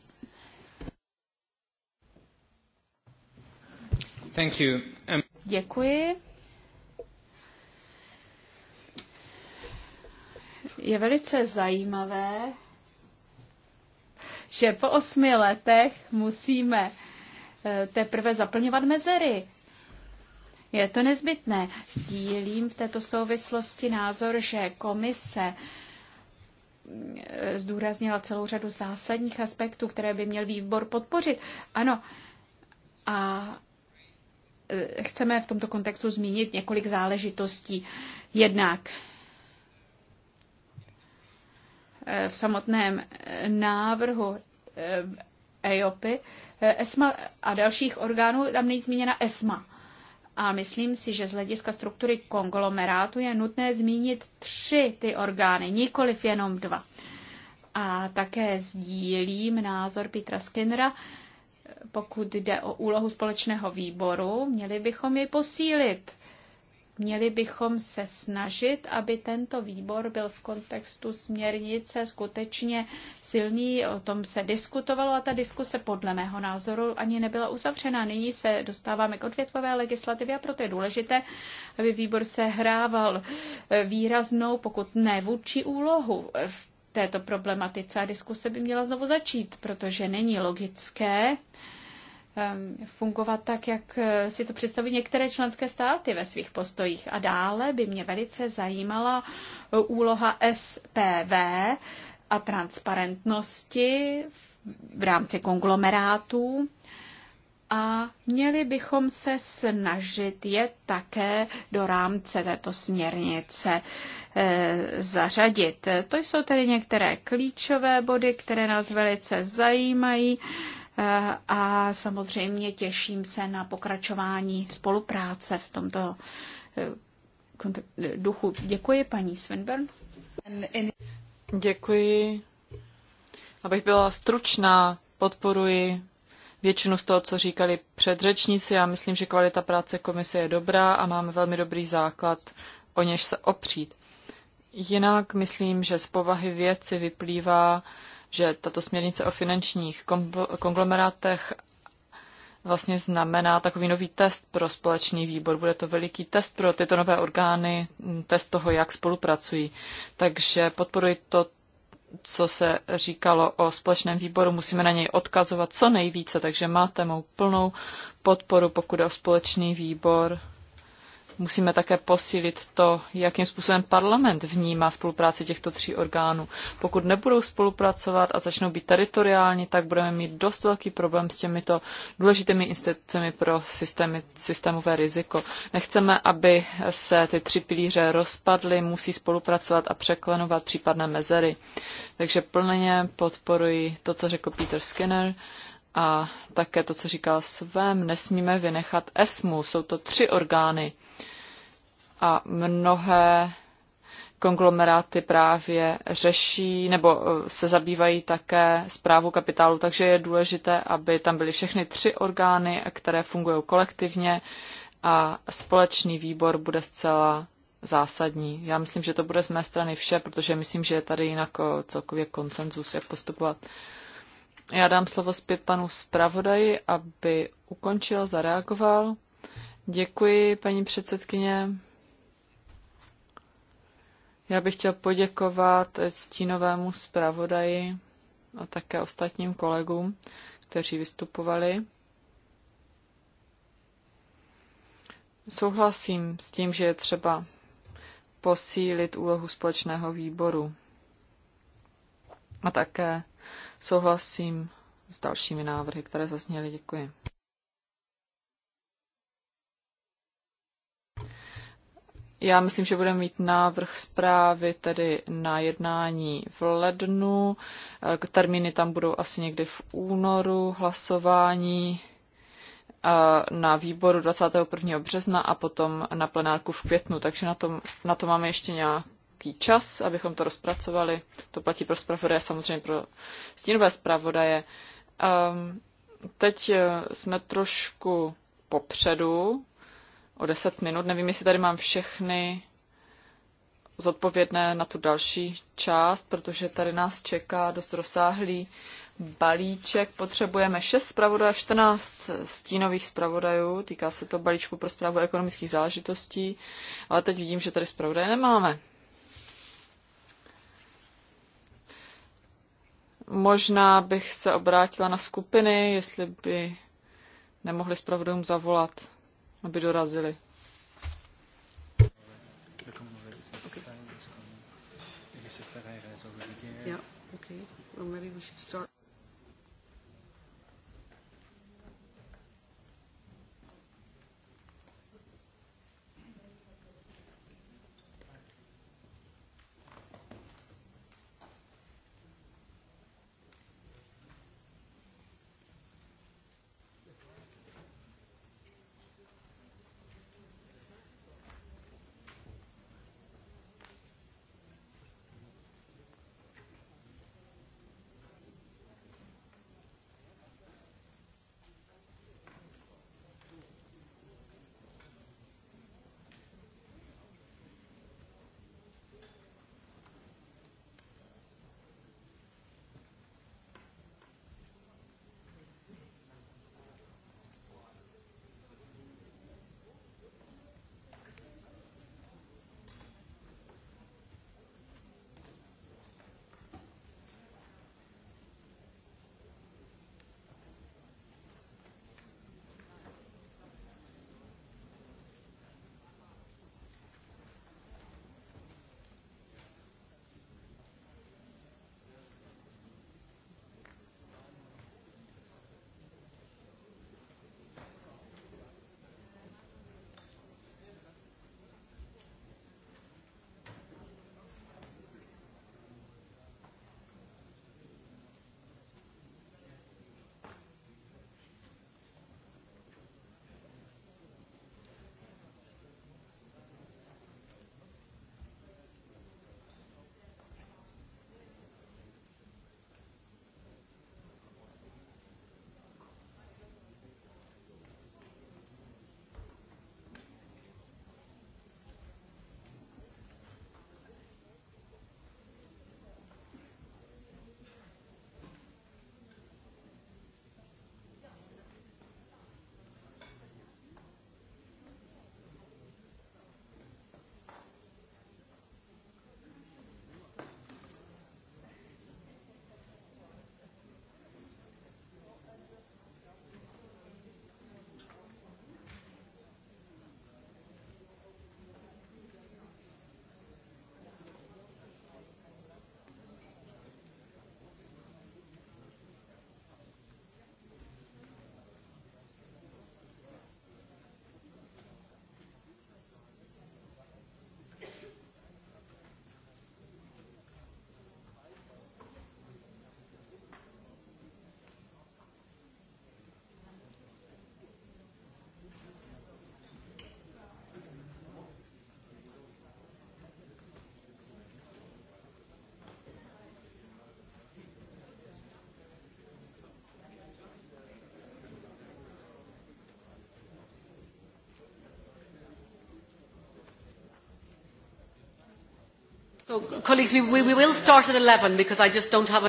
Um, Je velice zajímavé, že po osmi letech musíme eh, teprve zaplňovat mezery. Je to nezbytné. Sdílím v této souvislosti názor, že komise eh, zdůraznila celou řadu zásadních aspektů, které by měl výbor podpořit. Ano, a Eh, chceme v tomto kontextu zmínit několik záležitostí. Jednak eh, v samotném eh, návrhu EIOPy, ESMA a dalších orgánů, tam není zmíněna ESMA. A myslím si, že z hlediska struktury konglomerátu je nutné zmínit tři ty orgány, nikoliv jenom dva. A také sdílím názor Petra Skinnera, pokud jde o úlohu společného výboru, měli bychom ji posílit. Měli bychom se snažit, aby tento výbor byl v kontextu směrnice skutečně silný. O tom se diskutovalo a ta diskuse podle mého názoru ani nebyla uzavřena. Nyní se dostáváme k odvětvové legislativě a proto je důležité, aby výbor se hrával výraznou, pokud ne vůči úlohu v této problematice a diskuse by měla znovu začít, protože není logické ehm, fungovat tak, jak eh, si to představují některé členské státy ve svých postojích. A dále by mě velice zajímala eh, úloha SPV a transparentnosti v rámci konglomerátů a měli bychom se snažit je také do rámce této směrnice Eh, zařadit. To jsou tedy některé klíčové body, které nás velice zajímají eh, a samozřejmě těším se na pokračování spolupráce v tomto eh, duchu. Děkuji, paní Swinburne. Děkuji. Abych byla stručná, podporuji většinu z toho, co říkali předřečníci. Já myslím, že kvalita práce komise je dobrá a máme velmi dobrý základ, o něž se opřít. Jinak myslím, že z povahy věci vyplývá, že tato směrnice o finančních konglomerátech vlastně znamená takový nový test pro společný výbor. Bude to veliký test pro tyto nové orgány, test toho, jak spolupracují. Takže podporuji to, co se říkalo o společném výboru, musíme na něj odkazovat co nejvíce, takže máte mou plnou podporu, pokud je o společný výbor Musíme také posílit to, jakým způsobem parlament vnímá spolupráci těchto tří orgánů. Pokud nebudou spolupracovat a začnou být teritoriální, tak budeme mít dost velký problém s těmito důležitými institucemi pro systémy, systémové riziko. Nechceme, aby se ty tři pilíře rozpadly, musí spolupracovat a překlenovat případné mezery. Takže plně podporuji to, co řekl Peter Skinner a také to, co říkal Svém, nesmíme vynechat ESMU. Jsou to tři orgány, a mnohé konglomeráty právě řeší nebo eh, se zabývají také zprávou kapitálu, takže je důležité, aby tam byly všechny tři orgány, které fungují kolektivně a společný výbor bude zcela zásadní. Já myslím, že to bude z mé strany vše, protože myslím, že je tady jinak eh, celkově konsenzus, jak postupovat. Já dám slovo zpět panu zpravodaji, aby ukončil, zareagoval. Děkuji, paní předsedkyně. Já bych chtěl poděkovat stínovému zpravodaji a také ostatním kolegům, kteří vystupovali. Souhlasím s tím, že je třeba posílit úlohu společného výboru. A také souhlasím s dalšími návrhy, které zazněly. Děkuji. Já myslím, že budeme mít návrh zprávy tedy na jednání v lednu. Eh, termíny tam budou asi někdy v únoru, hlasování eh, na výboru 21. března a potom na plenárku v květnu, takže na, tom, na to máme ještě nějaký čas, abychom to rozpracovali. To platí pro zpravodaje, samozřejmě pro stínové zpravodaje. Ehm, teď eh, jsme trošku popředu, o 10 minut. Nevím, jestli tady mám všechny zodpovědné na tu další část, protože tady nás čeká dost rozsáhlý balíček. Potřebujeme 6 zpravodajů, 14 stínových zpravodajů. Týká se to balíčku pro zprávu ekonomických záležitostí, ale teď vidím, že tady zpravodaje nemáme. Možná bych se obrátila na skupiny, jestli by nemohli zpravodajům zavolat aby dorazili. Yeah, okay. Well, maybe we should start.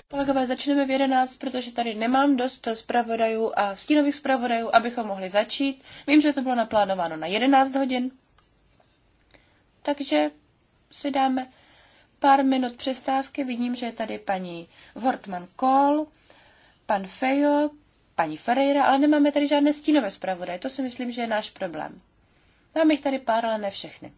Kolegové, začneme v 11, protože tady nemám dost zpravodajů a stínových zpravodajů, abychom mohli začít. Vím, že to bylo naplánováno na 11 hodin, takže si dáme pár minut přestávky. Vidím, že je tady paní Hortman Kohl, pan Fejo, paní Ferreira, ale nemáme tady žádné stínové zpravodaje. To si myslím, že je náš problém. Mám jich tady pár, ale ne všechny.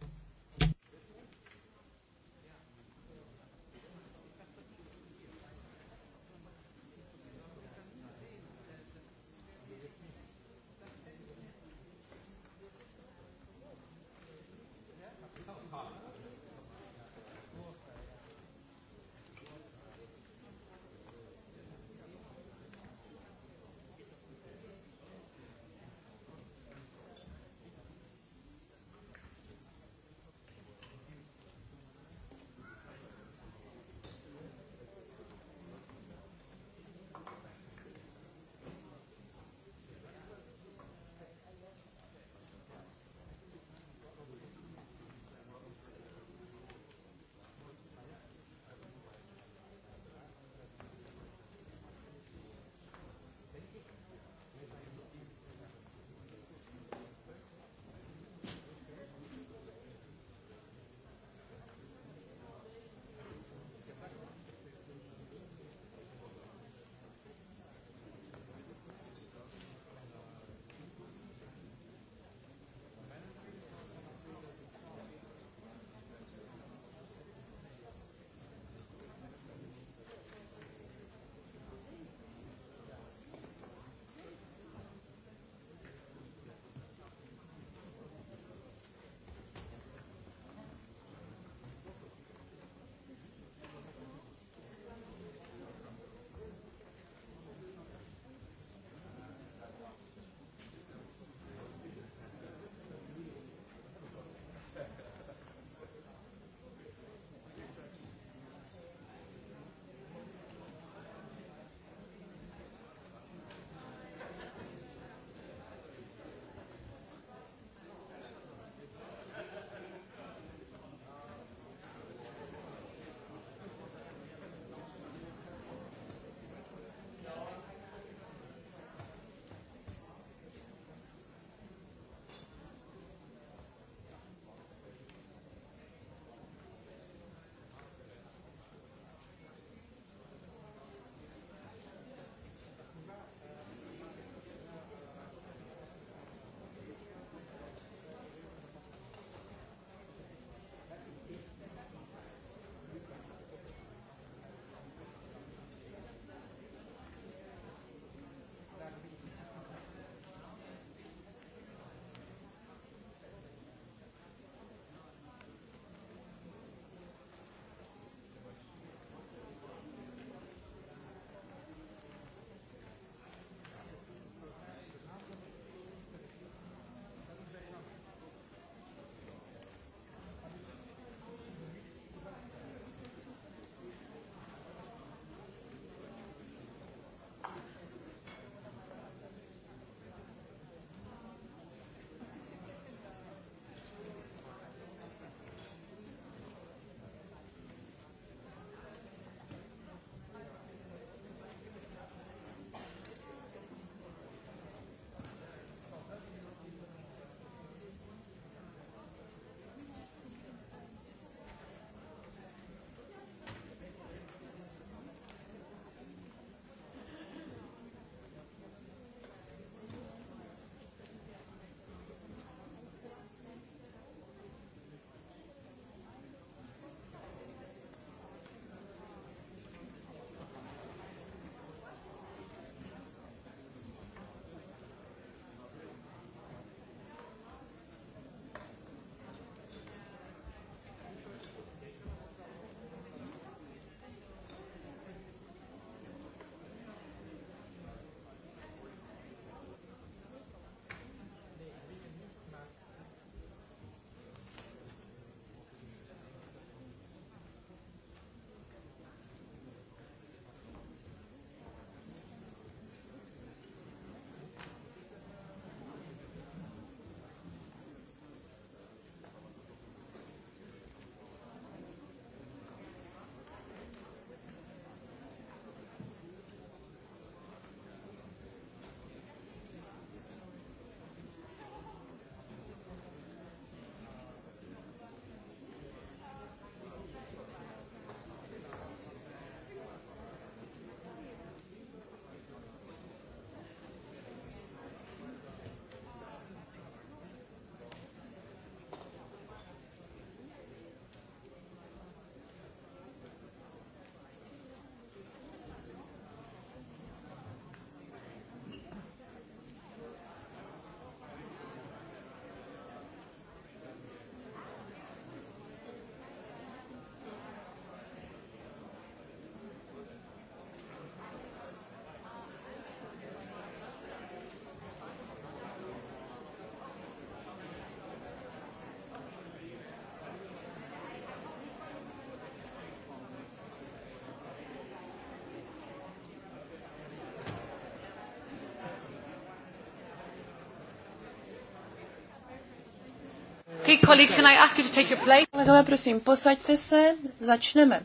Kolegové, prosím, posaďte se, začneme.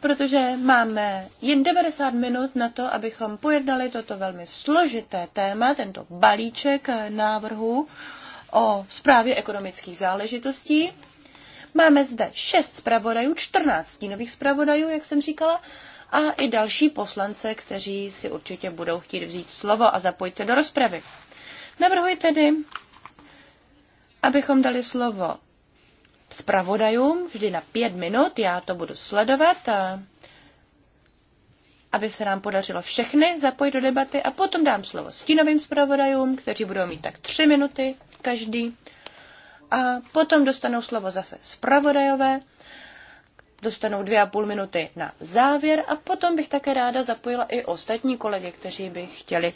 Protože máme jen 90 minut na to, abychom pojednali toto velmi složité téma, tento balíček návrhu o zprávě ekonomických záležitostí. Máme zde šest zpravodajů, 14 nových zpravodajů, jak jsem říkala, a i další poslance, kteří si určitě budou chtít vzít slovo a zapojit se do rozpravy. Navrhuji tedy, abychom dali slovo zpravodajům vždy na pět minut. Já to budu sledovat, a aby se nám podařilo všechny zapojit do debaty a potom dám slovo stínovým zpravodajům, kteří budou mít tak tři minuty každý. A potom dostanou slovo zase zpravodajové, dostanou dvě a půl minuty na závěr a potom bych také ráda zapojila i ostatní kolegy, kteří by chtěli uh,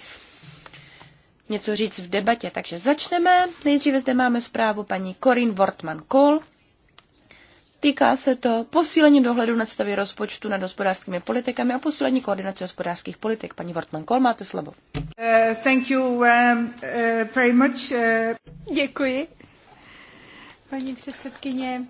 něco říct v debatě. Takže začneme. Nejdříve zde máme zprávu paní Corin wortmann kohl Týká se to posílení dohledu nad stavy rozpočtu nad hospodářskými politikami a posílení koordinace hospodářských politik. Paní wortmann kohl máte slovo. Uh, thank you um, uh, very much. Uh... Děkuji. Paní předsedkyně,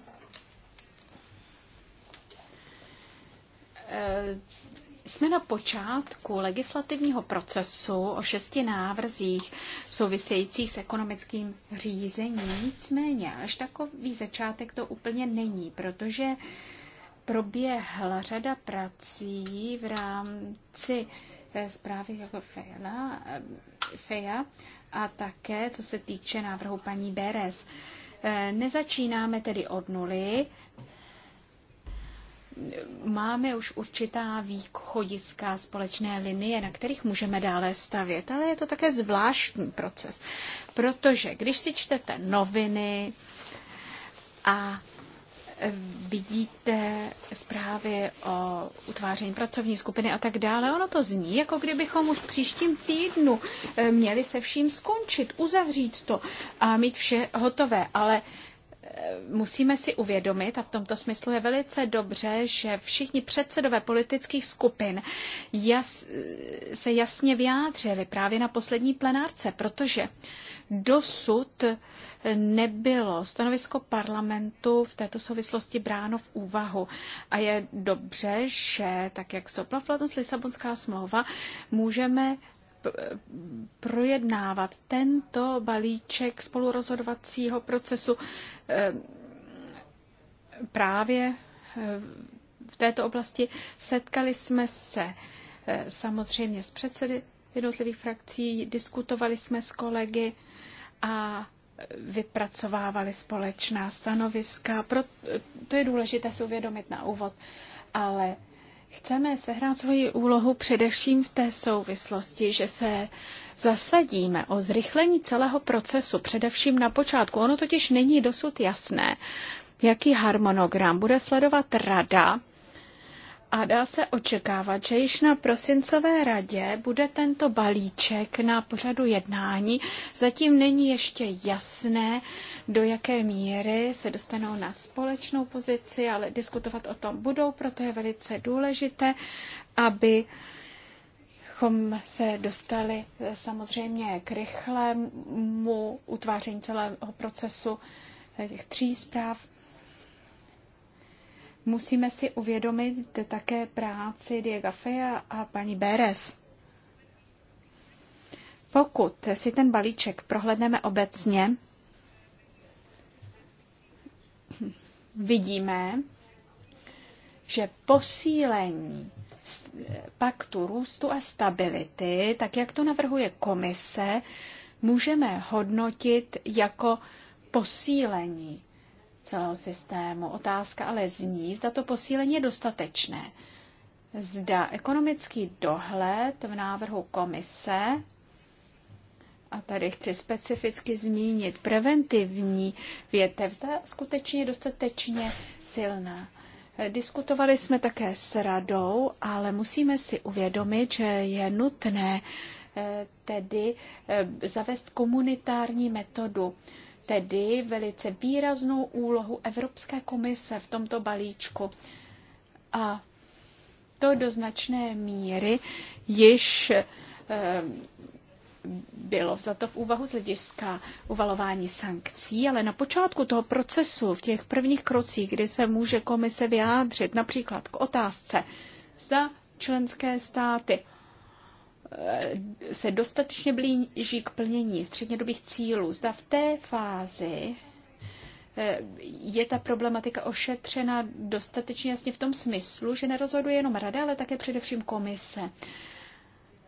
jsme na počátku legislativního procesu o šesti návrzích souvisejících s ekonomickým řízením. Nicméně až takový začátek to úplně není, protože proběhla řada prací v rámci eh, zprávy jako fea eh, Feja a také co se týče návrhu paní Beres. Eh, nezačínáme tedy od nuly, máme už určitá východiska společné linie, na kterých můžeme dále stavět, ale je to také zvláštní proces, protože když si čtete noviny a vidíte zprávy o utváření pracovní skupiny a tak dále. Ono to zní, jako kdybychom už příštím týdnu eh, měli se vším skončit, uzavřít to a mít vše hotové, ale musíme si uvědomit, a v tomto smyslu je velice dobře, že všichni předsedové politických skupin jas, se jasně vyjádřili právě na poslední plenárce, protože dosud nebylo stanovisko parlamentu v této souvislosti bráno v úvahu. A je dobře, že tak, jak vstoupila v platnost Lisabonská smlouva, můžeme projednávat tento balíček spolurozhodovacího procesu eh, právě eh, v této oblasti. Setkali jsme se eh, samozřejmě s předsedy jednotlivých frakcí, diskutovali jsme s kolegy a vypracovávali společná stanoviska. Pro, to je důležité si uvědomit na úvod, ale Chceme sehrát svoji úlohu především v té souvislosti, že se zasadíme o zrychlení celého procesu, především na počátku. Ono totiž není dosud jasné, jaký harmonogram bude sledovat rada a dá se očekávat, že již na prosincové radě bude tento balíček na pořadu jednání. Zatím není ještě jasné, do jaké míry se dostanou na společnou pozici, ale diskutovat o tom budou, proto je velice důležité, aby chom se dostali eh, samozřejmě k rychlému utváření celého procesu eh, těch tří zpráv Musíme si uvědomit také práci Diego Feja a paní Beres. Pokud si ten balíček prohledneme obecně, vidíme, že posílení paktu růstu a stability, tak jak to navrhuje komise, můžeme hodnotit jako posílení celého systému. Otázka ale zní, zda to posílení je dostatečné. Zda ekonomický dohled v návrhu komise, a tady chci specificky zmínit preventivní větev, zda skutečně dostatečně silná. Diskutovali jsme také s radou, ale musíme si uvědomit, že je nutné eh, tedy eh, zavést komunitární metodu tedy velice výraznou úlohu Evropské komise v tomto balíčku. A to do značné míry již eh, bylo vzato v úvahu z hlediska uvalování sankcí, ale na počátku toho procesu, v těch prvních krocích, kdy se může komise vyjádřit například k otázce, zda členské státy Eh, se dostatečně blíží k plnění střednědobých cílů. Zda v té fázi eh, je ta problematika ošetřena dostatečně jasně v tom smyslu, že nerozhoduje jenom rada, ale také především komise.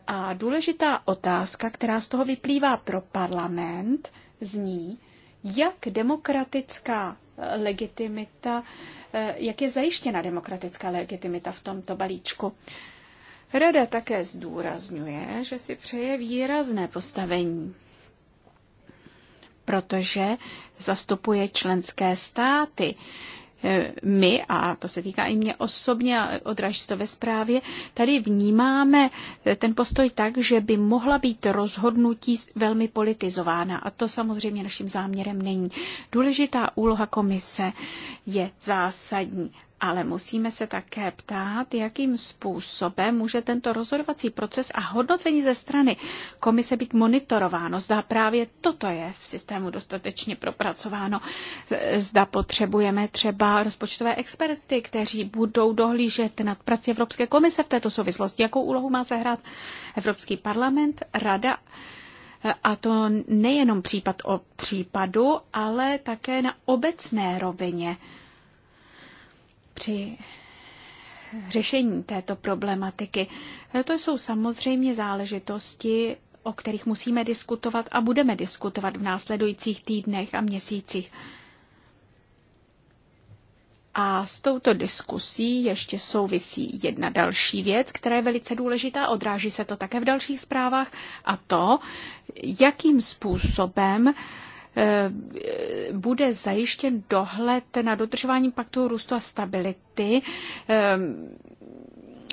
A důležitá otázka, která z toho vyplývá pro parlament, zní, jak demokratická legitimita, eh, jak je zajištěna demokratická legitimita v tomto balíčku. Rada také zdůrazňuje, že si přeje výrazné postavení, protože zastupuje členské státy. E, my, a to se týká i mě osobně, odraží to ve zprávě, tady vnímáme e, ten postoj tak, že by mohla být rozhodnutí velmi politizována. A to samozřejmě naším záměrem není. Důležitá úloha komise je zásadní ale musíme se také ptát, jakým způsobem může tento rozhodovací proces a hodnocení ze strany komise být monitorováno. zda právě toto je v systému dostatečně propracováno. Zda potřebujeme třeba rozpočtové experty, kteří budou dohlížet nad prací Evropské komise v této souvislosti. Jakou úlohu má sehrát Evropský parlament, rada? A to nejenom případ o případu, ale také na obecné rovině při řešení této problematiky. To jsou samozřejmě záležitosti, o kterých musíme diskutovat a budeme diskutovat v následujících týdnech a měsících. A s touto diskusí ještě souvisí jedna další věc, která je velice důležitá, odráží se to také v dalších zprávách, a to, jakým způsobem Eh, bude zajištěn dohled na dodržování paktu růstu a stability eh,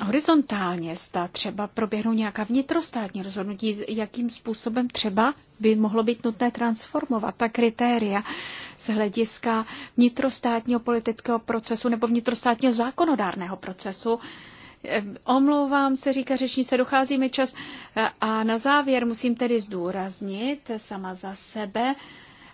horizontálně, zda třeba proběhnou nějaká vnitrostátní rozhodnutí, jakým způsobem třeba by mohlo být nutné transformovat ta kritéria z hlediska vnitrostátního politického procesu nebo vnitrostátního zákonodárného procesu. Eh, omlouvám se, říká řečnice, dochází mi čas. A na závěr musím tedy zdůraznit sama za sebe,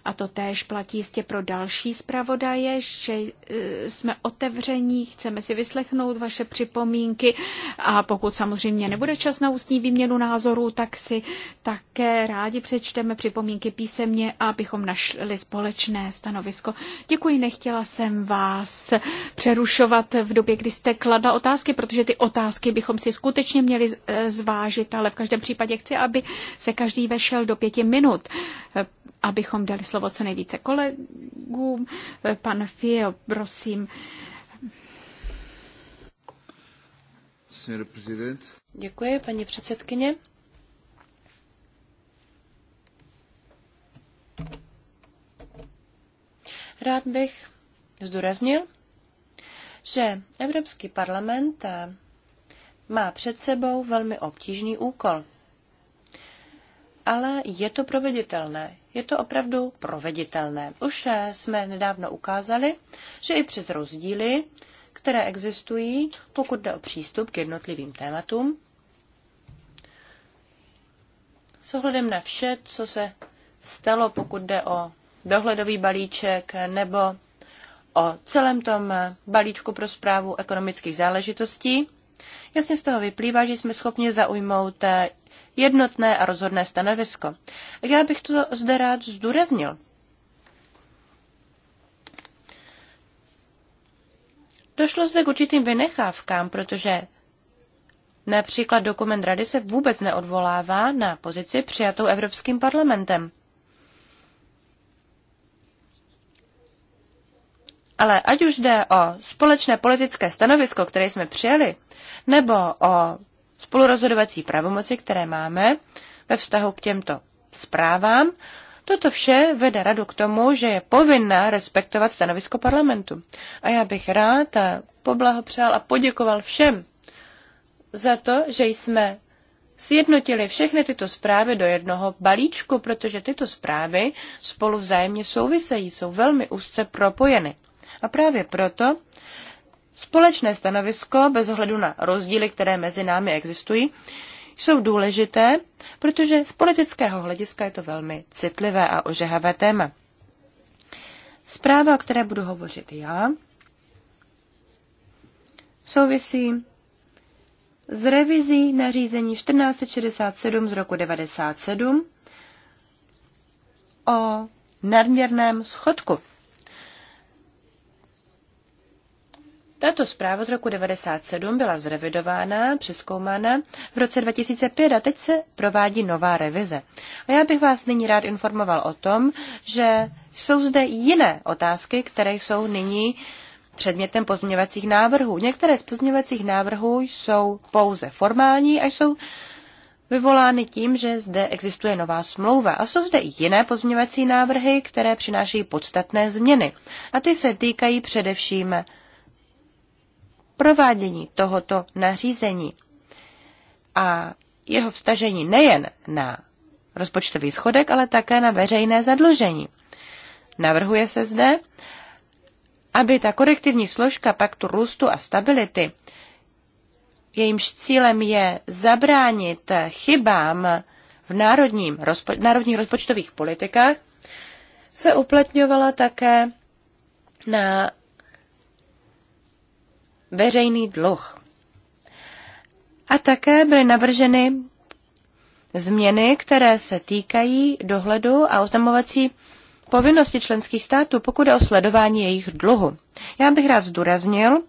a to též platí jistě pro další zpravodaje, že e, jsme otevření, chceme si vyslechnout vaše připomínky a pokud samozřejmě nebude čas na ústní výměnu názorů, tak si také rádi přečteme připomínky písemně, abychom našli společné stanovisko. Děkuji, nechtěla jsem vás přerušovat v době, kdy jste kladla otázky, protože ty otázky bychom si skutečně měli e, zvážit, ale v každém případě chci, aby se každý vešel do pěti minut abychom dali slovo co nejvíce kolegům. Eh, Pan Fio, prosím. Děkuji, paní předsedkyně. Rád bych zdůraznil, že Evropský parlament eh, má před sebou velmi obtížný úkol – ale je to proveditelné. Je to opravdu proveditelné. Už jsme nedávno ukázali, že i přes rozdíly, které existují, pokud jde o přístup k jednotlivým tématům, s ohledem na vše, co se stalo, pokud jde o dohledový balíček nebo o celém tom balíčku pro zprávu ekonomických záležitostí. Jasně z toho vyplývá, že jsme schopni zaujmout jednotné a rozhodné stanovisko. Já bych to zde rád zdůraznil. Došlo zde k určitým vynechávkám, protože například dokument Rady se vůbec neodvolává na pozici přijatou Evropským parlamentem. Ale ať už jde o společné politické stanovisko, které jsme přijali, nebo o spolurozhodovací pravomoci, které máme ve vztahu k těmto zprávám, Toto vše vede radu k tomu, že je povinna respektovat stanovisko parlamentu. A já bych rád a poblahopřál a poděkoval všem za to, že jsme sjednotili všechny tyto zprávy do jednoho balíčku, protože tyto zprávy spolu vzájemně souvisejí, jsou velmi úzce propojeny. A právě proto společné stanovisko, bez ohledu na rozdíly, které mezi námi existují, jsou důležité, protože z politického hlediska je to velmi citlivé a ožehavé téma. Zpráva, o které budu hovořit já, souvisí s revizí nařízení 1467 z roku 1997 o nadměrném schodku. Tato zpráva z roku 1997 byla zrevidována, přeskoumána v roce 2005 a teď se provádí nová revize. A já bych vás nyní rád informoval o tom, že jsou zde jiné otázky, které jsou nyní předmětem pozměňovacích návrhů. Některé z pozměňovacích návrhů jsou pouze formální a jsou vyvolány tím, že zde existuje nová smlouva a jsou zde i jiné pozměňovací návrhy, které přinášejí podstatné změny. A ty se týkají především provádění tohoto nařízení a jeho vstažení nejen na rozpočtový schodek, ale také na veřejné zadlužení. Navrhuje se zde, aby ta korektivní složka paktu růstu a stability, jejímž cílem je zabránit chybám v národním, rozpo, národních rozpočtových politikách, se uplatňovala také na veřejný dluh. A také byly navrženy změny, které se týkají dohledu a oznamovací povinnosti členských států, pokud je o sledování jejich dluhu. Já bych rád zdůraznil,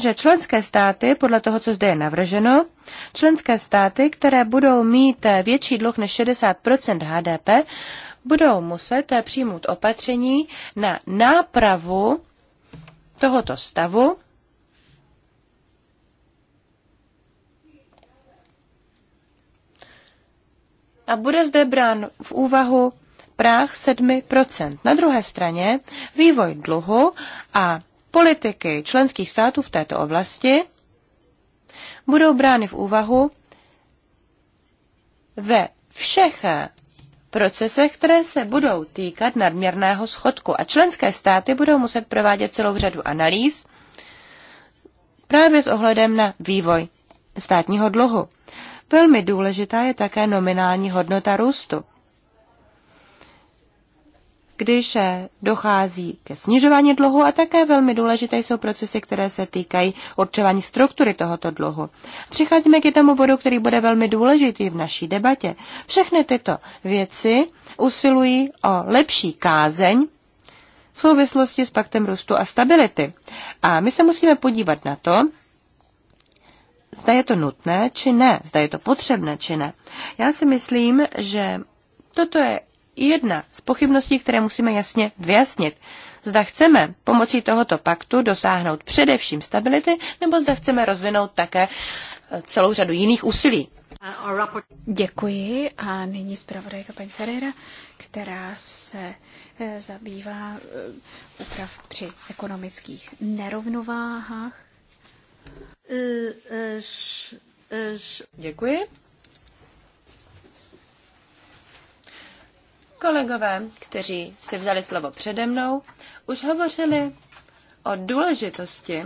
že členské státy, podle toho, co zde je navrženo, členské státy, které budou mít větší dluh než 60 HDP, budou muset přijmout opatření na nápravu tohoto stavu a bude zde brán v úvahu práh 7%. Na druhé straně vývoj dluhu a politiky členských států v této oblasti budou brány v úvahu ve všech procesech, které se budou týkat nadměrného schodku a členské státy budou muset provádět celou řadu analýz právě s ohledem na vývoj státního dluhu. Velmi důležitá je také nominální hodnota růstu. Když dochází ke snižování dluhu a také velmi důležité jsou procesy, které se týkají určování struktury tohoto dluhu. Přicházíme k jednomu bodu, který bude velmi důležitý v naší debatě. Všechny tyto věci usilují o lepší kázeň v souvislosti s paktem růstu a stability. A my se musíme podívat na to, zda je to nutné či ne, zda je to potřebné či ne. Já si myslím, že toto je jedna z pochybností, které musíme jasně vyjasnit. Zda chceme pomocí tohoto paktu dosáhnout především stability, nebo zda chceme rozvinout také eh, celou řadu jiných úsilí. Děkuji a nyní zpravodajka paní Ferreira, která se eh, zabývá eh, úprav při ekonomických nerovnováhách Děkuji. Kolegové, kteří si vzali slovo přede mnou, už hovořili o důležitosti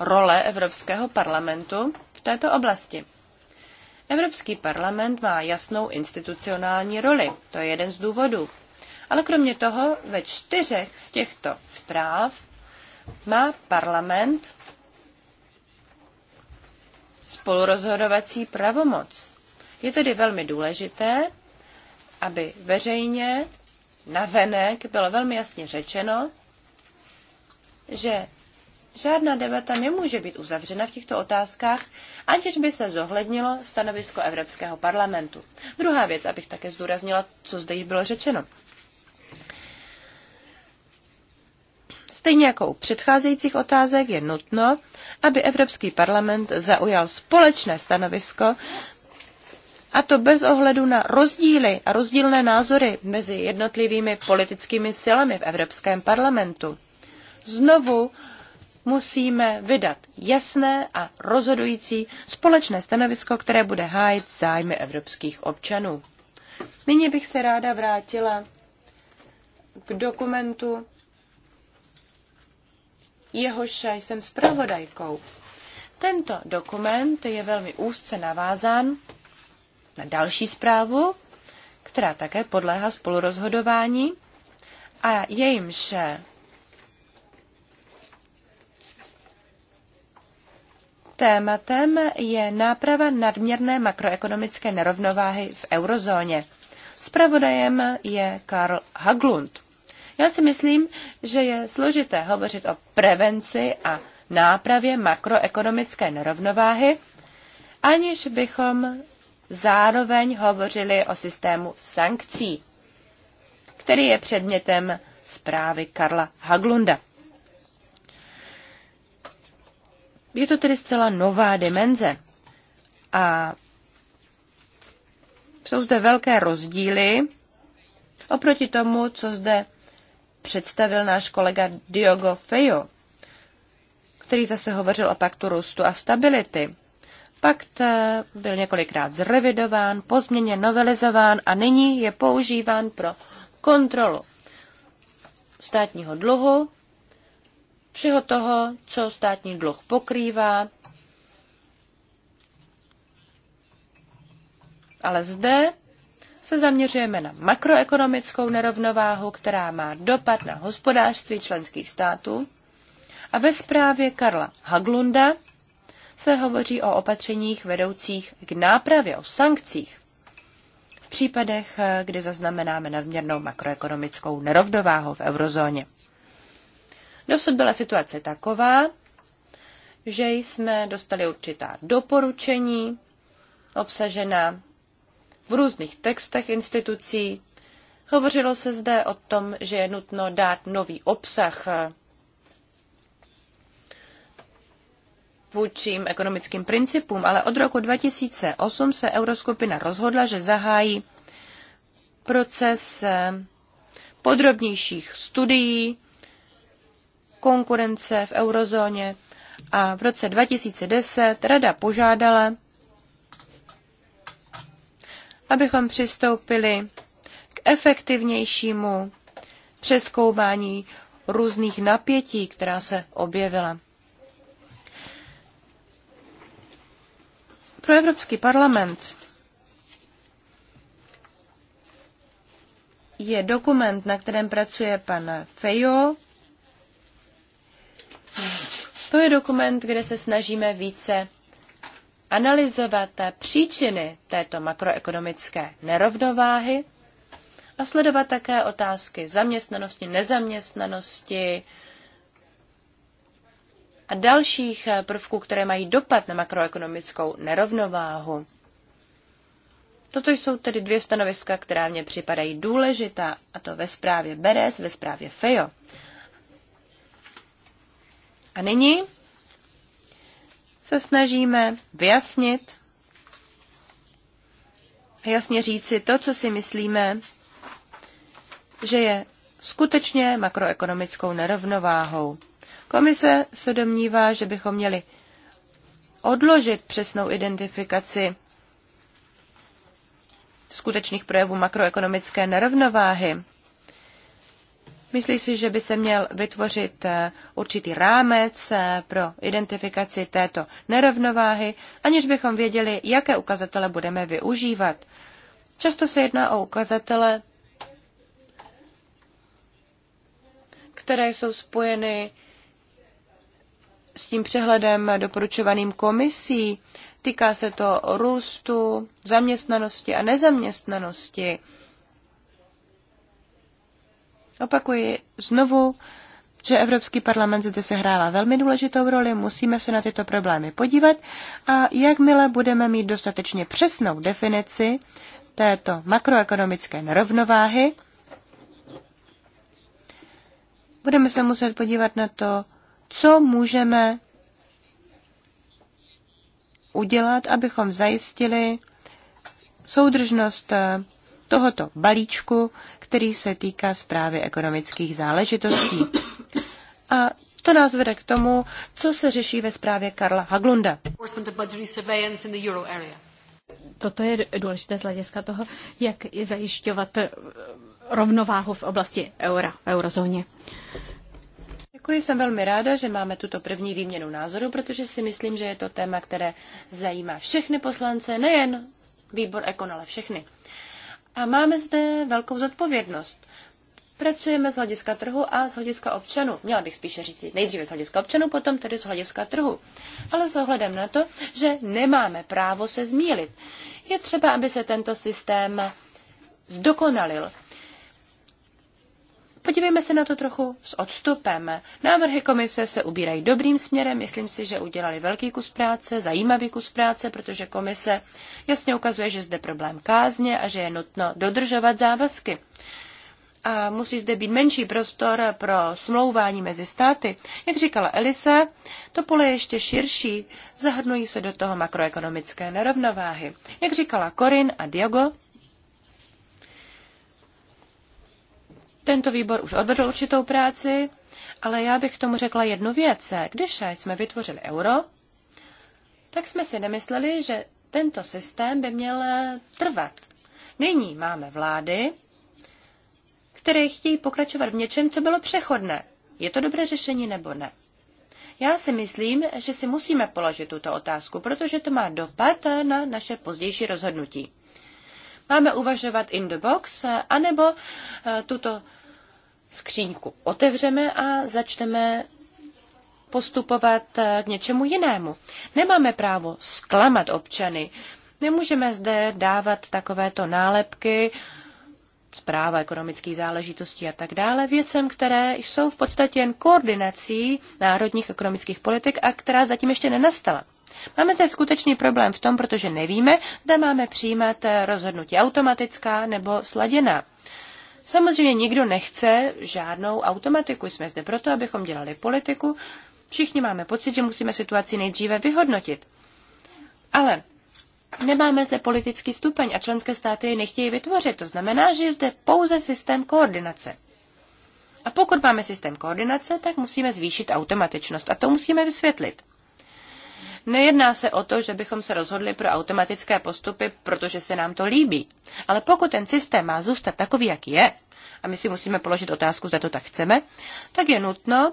role Evropského parlamentu v této oblasti. Evropský parlament má jasnou institucionální roli. To je jeden z důvodů, ale kromě toho ve čtyřech z těchto zpráv má parlament spolurozhodovací pravomoc. Je tedy velmi důležité, aby veřejně navenek bylo velmi jasně řečeno, že žádná debata nemůže být uzavřena v těchto otázkách, aniž by se zohlednilo stanovisko Evropského parlamentu. Druhá věc, abych také zdůraznila, co zde již bylo řečeno. Stejně jako u předcházejících otázek je nutno, aby Evropský parlament zaujal společné stanovisko, a to bez ohledu na rozdíly a rozdílné názory mezi jednotlivými politickými silami v Evropském parlamentu. Znovu musíme vydat jasné a rozhodující společné stanovisko, které bude hájit zájmy evropských občanů. Nyní bych se ráda vrátila k dokumentu jehož jsem zpravodajkou. Tento dokument je velmi úzce navázán na další zprávu, která také podléhá spolurozhodování a jejímž tématem je náprava nadměrné makroekonomické nerovnováhy v eurozóně. Spravodajem je Karl Haglund. Já si myslím, že je složité hovořit o prevenci a nápravě makroekonomické nerovnováhy, aniž bychom zároveň hovořili o systému sankcí, který je předmětem zprávy Karla Haglunda. Je to tedy zcela nová dimenze a jsou zde velké rozdíly oproti tomu, co zde představil náš kolega Diogo Feio, který zase hovořil o paktu růstu a stability. Pakt eh, byl několikrát zrevidován, pozměně novelizován a nyní je používán pro kontrolu státního dluhu, všeho toho, co státní dluh pokrývá. Ale zde se zaměřujeme na makroekonomickou nerovnováhu, která má dopad na hospodářství členských států. A ve zprávě Karla Haglunda se hovoří o opatřeních vedoucích k nápravě, o sankcích v případech, kdy zaznamenáme nadměrnou makroekonomickou nerovnováhu v eurozóně. Dosud byla situace taková, že jsme dostali určitá doporučení obsažená v různých textech institucí. Hovořilo se zde o tom, že je nutno dát nový obsah vůčím ekonomickým principům, ale od roku 2008 se Euroskupina rozhodla, že zahájí proces eh, podrobnějších studií konkurence v eurozóně a v roce 2010 Rada požádala abychom přistoupili k efektivnějšímu přeskoumání různých napětí, která se objevila. Pro Evropský parlament je dokument, na kterém pracuje pan Fejo. To je dokument, kde se snažíme více analyzovat příčiny této makroekonomické nerovnováhy a sledovat také otázky zaměstnanosti, nezaměstnanosti a dalších prvků, které mají dopad na makroekonomickou nerovnováhu. Toto jsou tedy dvě stanoviska, která mě připadají důležitá, a to ve zprávě Beres, ve zprávě FEO. A nyní se snažíme vyjasnit a jasně říci to, co si myslíme, že je skutečně makroekonomickou nerovnováhou. Komise se domnívá, že bychom měli odložit přesnou identifikaci skutečných projevů makroekonomické nerovnováhy Myslí si, že by se měl vytvořit eh, určitý rámec eh, pro identifikaci této nerovnováhy, aniž bychom věděli, jaké ukazatele budeme využívat. Často se jedná o ukazatele, které jsou spojeny s tím přehledem doporučovaným komisí. Týká se to růstu, zaměstnanosti a nezaměstnanosti Opakuji znovu, že Evropský parlament zde sehrává velmi důležitou roli, musíme se na tyto problémy podívat a jakmile budeme mít dostatečně přesnou definici této makroekonomické nerovnováhy, budeme se muset podívat na to, co můžeme udělat, abychom zajistili soudržnost tohoto balíčku, který se týká zprávy ekonomických záležitostí. A to nás vede k tomu, co se řeší ve zprávě Karla Haglunda. Toto je důležité z hlediska toho, jak je zajišťovat eh, rovnováhu v oblasti eura, v eurozóně. Děkuji, jsem velmi ráda, že máme tuto první výměnu názoru, protože si myslím, že je to téma, které zajímá všechny poslance, nejen výbor Ekon, ale všechny. A máme zde velkou zodpovědnost. Pracujeme z hlediska trhu a z hlediska občanů. Měla bych spíše říct nejdříve z hlediska občanů, potom tedy z hlediska trhu. Ale s ohledem na to, že nemáme právo se zmílit. Je třeba, aby se tento systém zdokonalil. Podívejme se na to trochu s odstupem. Návrhy komise se ubírají dobrým směrem, myslím si, že udělali velký kus práce, zajímavý kus práce, protože komise jasně ukazuje, že zde problém kázně a že je nutno dodržovat závazky. A musí zde být menší prostor pro smlouvání mezi státy. Jak říkala Elisa, to pole je ještě širší, zahrnují se do toho makroekonomické nerovnováhy. Jak říkala Corin a Diogo, Tento výbor už odvedl určitou práci, ale já bych tomu řekla jednu věc. Když jsme vytvořili euro, tak jsme si nemysleli, že tento systém by měl trvat. Nyní máme vlády, které chtějí pokračovat v něčem, co bylo přechodné. Je to dobré řešení nebo ne? Já si myslím, že si musíme položit tuto otázku, protože to má dopad na naše pozdější rozhodnutí. Máme uvažovat in the box, eh, anebo eh, tuto skříňku otevřeme a začneme postupovat eh, k něčemu jinému. Nemáme právo zklamat občany. Nemůžeme zde dávat takovéto nálepky, zpráva ekonomických záležitostí a tak dále, věcem, které jsou v podstatě jen koordinací národních ekonomických politik a která zatím ještě nenastala. Máme zde skutečný problém v tom, protože nevíme, zda máme přijímat eh, rozhodnutí automatická nebo sladěná. Samozřejmě nikdo nechce žádnou automatiku. Jsme zde proto, abychom dělali politiku. Všichni máme pocit, že musíme situaci nejdříve vyhodnotit. Ale nemáme zde politický stupeň a členské státy ji nechtějí vytvořit. To znamená, že je zde pouze systém koordinace. A pokud máme systém koordinace, tak musíme zvýšit automatičnost. A to musíme vysvětlit. Nejedná se o to, že bychom se rozhodli pro automatické postupy, protože se nám to líbí. Ale pokud ten systém má zůstat takový, jak je, a my si musíme položit otázku, zda to tak chceme, tak je nutno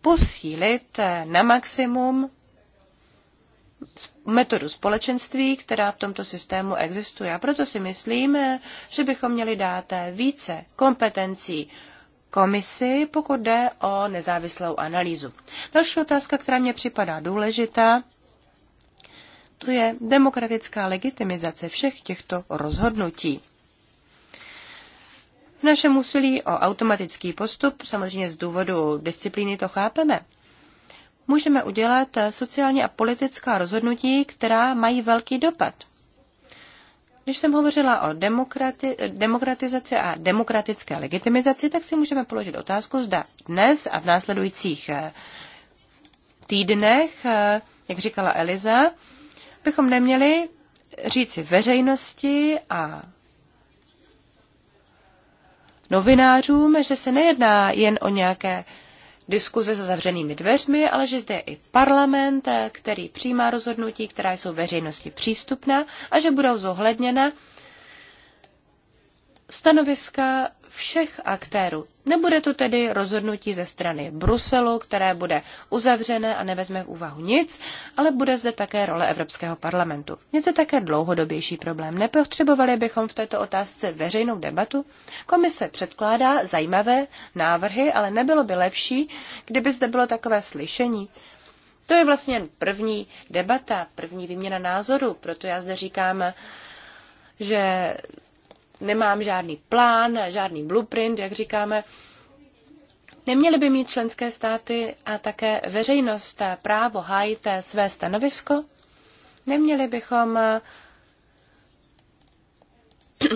posílit eh, na maximum metodu společenství, která v tomto systému existuje. A proto si myslíme, eh, že bychom měli dát eh, více kompetencí komisi, pokud jde o nezávislou analýzu. Další otázka, která mě připadá důležitá, to je demokratická legitimizace všech těchto rozhodnutí. V našem úsilí o automatický postup, samozřejmě z důvodu disciplíny to chápeme, můžeme udělat sociálně a politická rozhodnutí, která mají velký dopad. Když jsem hovořila o demokrati- demokratizaci a demokratické legitimizaci, tak si můžeme položit otázku, zda dnes a v následujících eh, týdnech, eh, jak říkala Eliza, bychom neměli říci veřejnosti a novinářům, že se nejedná jen o nějaké diskuze za zavřenými dveřmi, ale že zde je i parlament, eh, který přijímá rozhodnutí, která jsou veřejnosti přístupná a že budou zohledněna stanoviska všech aktérů. Nebude to tedy rozhodnutí ze strany Bruselu, které bude uzavřené a nevezme v úvahu nic, ale bude zde také role Evropského parlamentu. Je zde také dlouhodobější problém. Nepotřebovali bychom v této otázce veřejnou debatu? Komise předkládá zajímavé návrhy, ale nebylo by lepší, kdyby zde bylo takové slyšení. To je vlastně první debata, první výměna názoru, proto já zde říkám, že nemám žádný plán, žádný blueprint, jak říkáme. Neměly by mít členské státy a také veřejnost právo hájit své stanovisko? Neměli bychom eh,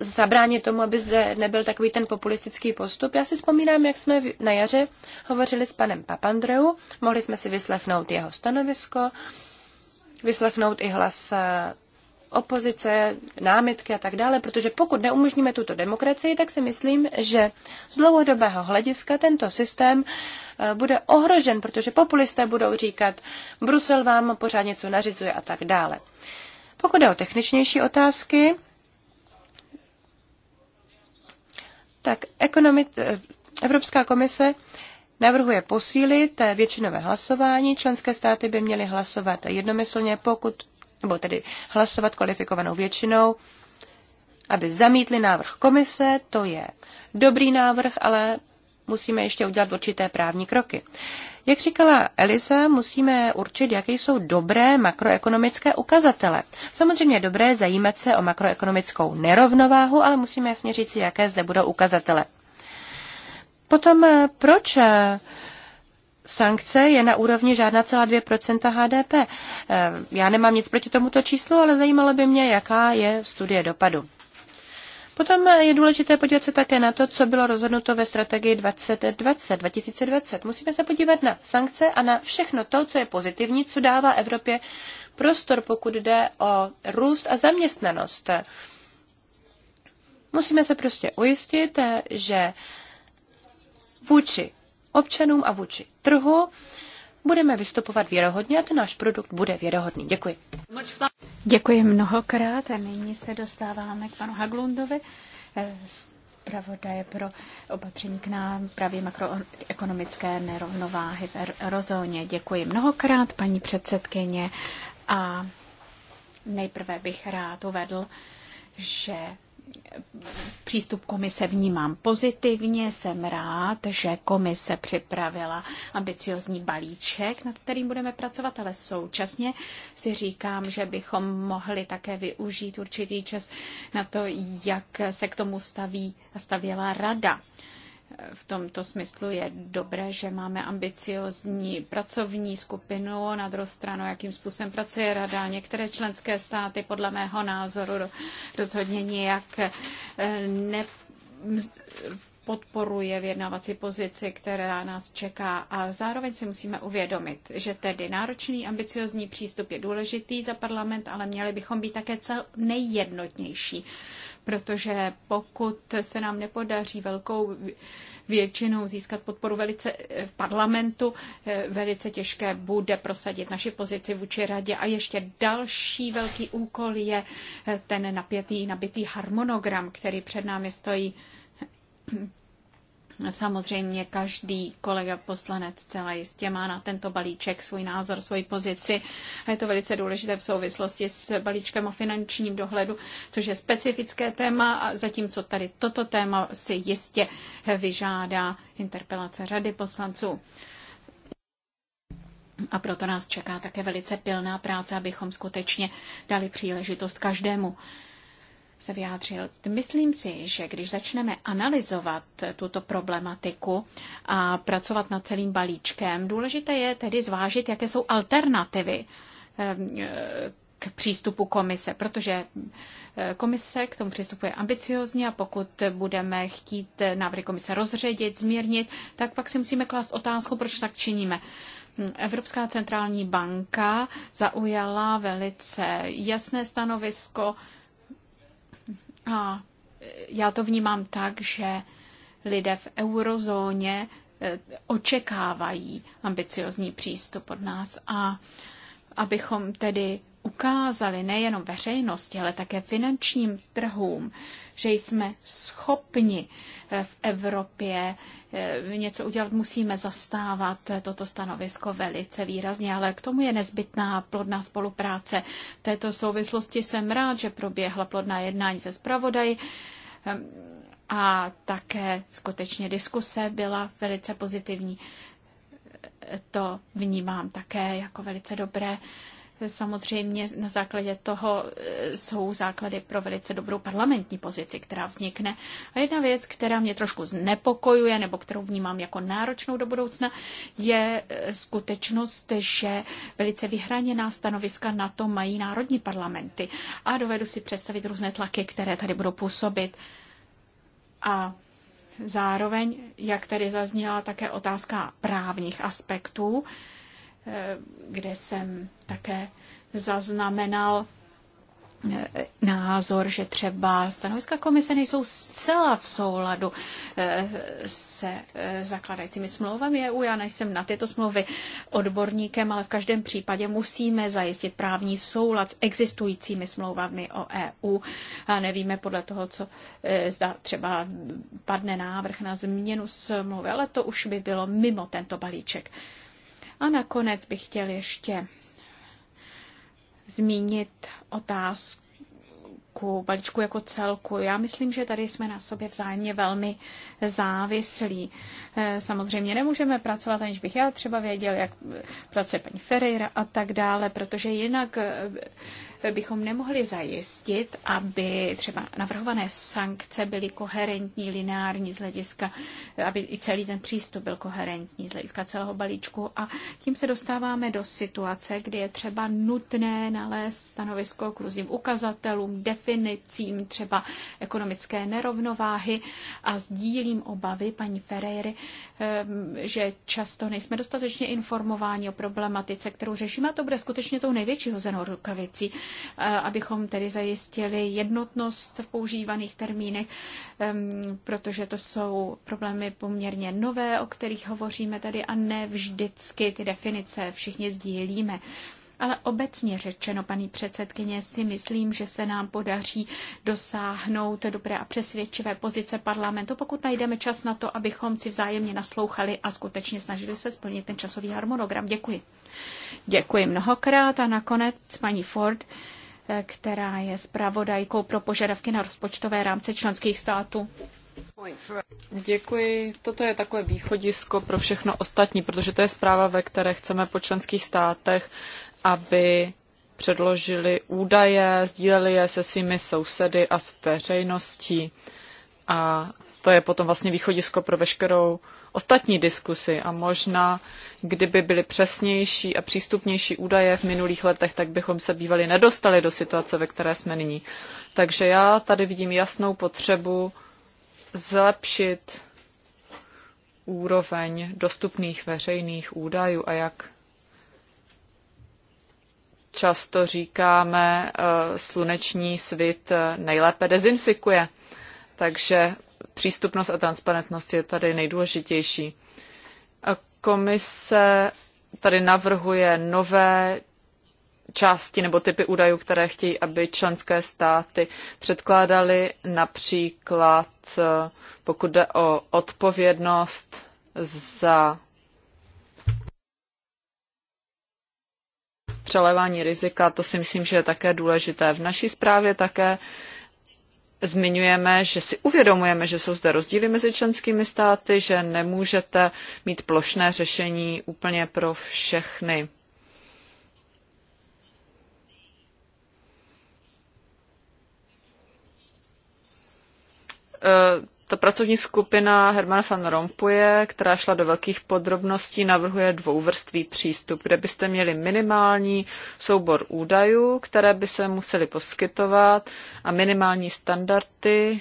zabránit tomu, aby zde nebyl takový ten populistický postup. Já si vzpomínám, jak jsme na jaře hovořili s panem Papandreou, mohli jsme si vyslechnout jeho stanovisko, vyslechnout i hlas eh, opozice, námitky a tak dále, protože pokud neumožníme tuto demokracii, tak si myslím, že z dlouhodobého hlediska tento systém eh, bude ohrožen, protože populisté budou říkat, Brusel vám pořád něco nařizuje a tak dále. Pokud je o techničnější otázky, tak ekonomi- eh, Evropská komise navrhuje posílit eh, většinové hlasování. Členské státy by měly hlasovat jednomyslně, pokud nebo tedy hlasovat kvalifikovanou většinou, aby zamítli návrh komise, to je dobrý návrh, ale musíme ještě udělat určité právní kroky. Jak říkala Elisa, musíme určit, jaké jsou dobré makroekonomické ukazatele. Samozřejmě je dobré zajímat se o makroekonomickou nerovnováhu, ale musíme jasně říci, jaké zde budou ukazatele. Potom eh, proč eh, sankce je na úrovni žádná celá 2% HDP. Eh, já nemám nic proti tomuto číslu, ale zajímalo by mě, jaká je studie dopadu. Potom je důležité podívat se také na to, co bylo rozhodnuto ve strategii 2020. 2020. Musíme se podívat na sankce a na všechno to, co je pozitivní, co dává Evropě prostor, pokud jde o růst a zaměstnanost. Musíme se prostě ujistit, že vůči občanům a vůči trhu budeme vystupovat věrohodně a ten náš produkt bude věrohodný. Děkuji. Děkuji mnohokrát a nyní se dostáváme k panu Haglundovi eh, je pro opatření k právě makroekonomické nerovnováhy v er- eurozóně. Děkuji mnohokrát, paní předsedkyně, a nejprve bych rád uvedl, že přístup komise vnímám pozitivně. Jsem rád, že komise připravila ambiciozní balíček, nad kterým budeme pracovat, ale současně si říkám, že bychom mohli také využít určitý čas na to, jak se k tomu staví a stavěla rada v tomto smyslu je dobré, že máme ambiciozní pracovní skupinu. Na druhou stranu, jakým způsobem pracuje rada. Některé členské státy, podle mého názoru, rozhodně nijak eh, ne podporuje vyjednávací pozici, která nás čeká a zároveň si musíme uvědomit, že tedy náročný ambiciozní přístup je důležitý za parlament, ale měli bychom být také cel nejjednotnější protože pokud se nám nepodaří velkou většinou získat podporu velice eh, v parlamentu, eh, velice těžké bude prosadit naši pozici vůči radě. A ještě další velký úkol je eh, ten napětý, nabitý harmonogram, který před námi stojí Samozřejmě každý kolega poslanec celé jistě má na tento balíček svůj názor, svoji pozici a je to velice důležité v souvislosti s balíčkem o finančním dohledu, což je specifické téma a zatímco tady toto téma si jistě vyžádá interpelace řady poslanců. A proto nás čeká také velice pilná práce, abychom skutečně dali příležitost každému se vyjádřil. Myslím si, že když začneme analyzovat tuto problematiku a pracovat nad celým balíčkem, důležité je tedy zvážit, jaké jsou alternativy ehm, k přístupu komise, protože eh, komise k tomu přistupuje ambiciozně a pokud budeme chtít návrhy komise rozředit, zmírnit, tak pak si musíme klást otázku, proč tak činíme. Hm, Evropská centrální banka zaujala velice jasné stanovisko, a já to vnímám tak, že lidé v eurozóně eh, očekávají ambiciozní přístup od nás a abychom tedy ukázali nejenom veřejnosti, ale také finančním trhům, že jsme schopni eh, v Evropě eh, něco udělat, musíme zastávat toto stanovisko velice výrazně, ale k tomu je nezbytná plodná spolupráce. V této souvislosti jsem rád, že proběhla plodná jednání se zpravodají eh, a také skutečně diskuse byla velice pozitivní. To vnímám také jako velice dobré Samozřejmě na základě toho e, jsou základy pro velice dobrou parlamentní pozici, která vznikne. A jedna věc, která mě trošku znepokojuje, nebo kterou vnímám jako náročnou do budoucna, je e, skutečnost, že velice vyhraněná stanoviska na to mají národní parlamenty. A dovedu si představit různé tlaky, které tady budou působit. A zároveň, jak tady zazněla také otázka právních aspektů, Eh, kde jsem také zaznamenal eh, názor, že třeba stanoviska komise nejsou zcela v souladu eh, se zakladajícími smlouvami EU. Já nejsem na tyto smlouvy odborníkem, ale v každém případě musíme zajistit právní soulad s existujícími smlouvami o EU. A nevíme podle toho, co zda třeba padne návrh na změnu smlouvy, ale to už by bylo mimo tento balíček. A nakonec bych chtěl ještě zmínit otázku balíčku jako celku. Já myslím, že tady jsme na sobě vzájemně velmi závislí. Eh, samozřejmě nemůžeme pracovat, aniž bych já třeba věděl, jak pracuje paní Ferreira a tak dále, protože jinak eh, bychom nemohli zajistit, aby třeba navrhované sankce byly koherentní, lineární z hlediska, aby i celý ten přístup byl koherentní z hlediska celého balíčku. A tím se dostáváme do situace, kdy je třeba nutné nalézt stanovisko k různým ukazatelům, definicím třeba ekonomické nerovnováhy a sdílím obavy paní Ferreiry, ehm, že často nejsme dostatečně informováni o problematice, kterou řešíme a to bude skutečně tou největší hozenou rukavicí. Eh, abychom tedy zajistili jednotnost v používaných termínech, protože to jsou problémy poměrně nové, o kterých hovoříme tady a ne vždycky ty definice všichni sdílíme. Ale obecně řečeno, paní předsedkyně, si myslím, že se nám podaří dosáhnout dobré a přesvědčivé pozice parlamentu, pokud najdeme čas na to, abychom si vzájemně naslouchali a skutečně snažili se splnit ten časový harmonogram. Děkuji. Děkuji mnohokrát a nakonec paní Ford eh, která je zpravodajkou pro požadavky na rozpočtové rámce členských států. Děkuji. Toto je takové východisko pro všechno ostatní, protože to je zpráva, ve které chceme po členských státech aby předložili údaje, sdíleli je se svými sousedy a s veřejností. A to je potom vlastně východisko pro veškerou ostatní diskusy a možná, kdyby byly přesnější a přístupnější údaje v minulých letech, tak bychom se bývali nedostali do situace, ve které jsme nyní. Takže já tady vidím jasnou potřebu zlepšit úroveň dostupných veřejných údajů a jak často říkáme, eh, sluneční svit eh, nejlépe dezinfikuje. Takže přístupnost a transparentnost je tady nejdůležitější. Komise tady navrhuje nové části nebo typy údajů, které chtějí, aby členské státy předkládaly, například eh, pokud jde o odpovědnost za přelevání rizika, to si myslím, že je také důležité. V naší zprávě také zmiňujeme, že si uvědomujeme, že jsou zde rozdíly mezi členskými státy, že nemůžete mít plošné řešení úplně pro všechny. Uh, ta pracovní skupina Hermana van Rompuje, která šla do velkých podrobností, navrhuje dvouvrstvý přístup, kde byste měli minimální soubor údajů, které by se museli poskytovat a minimální standardy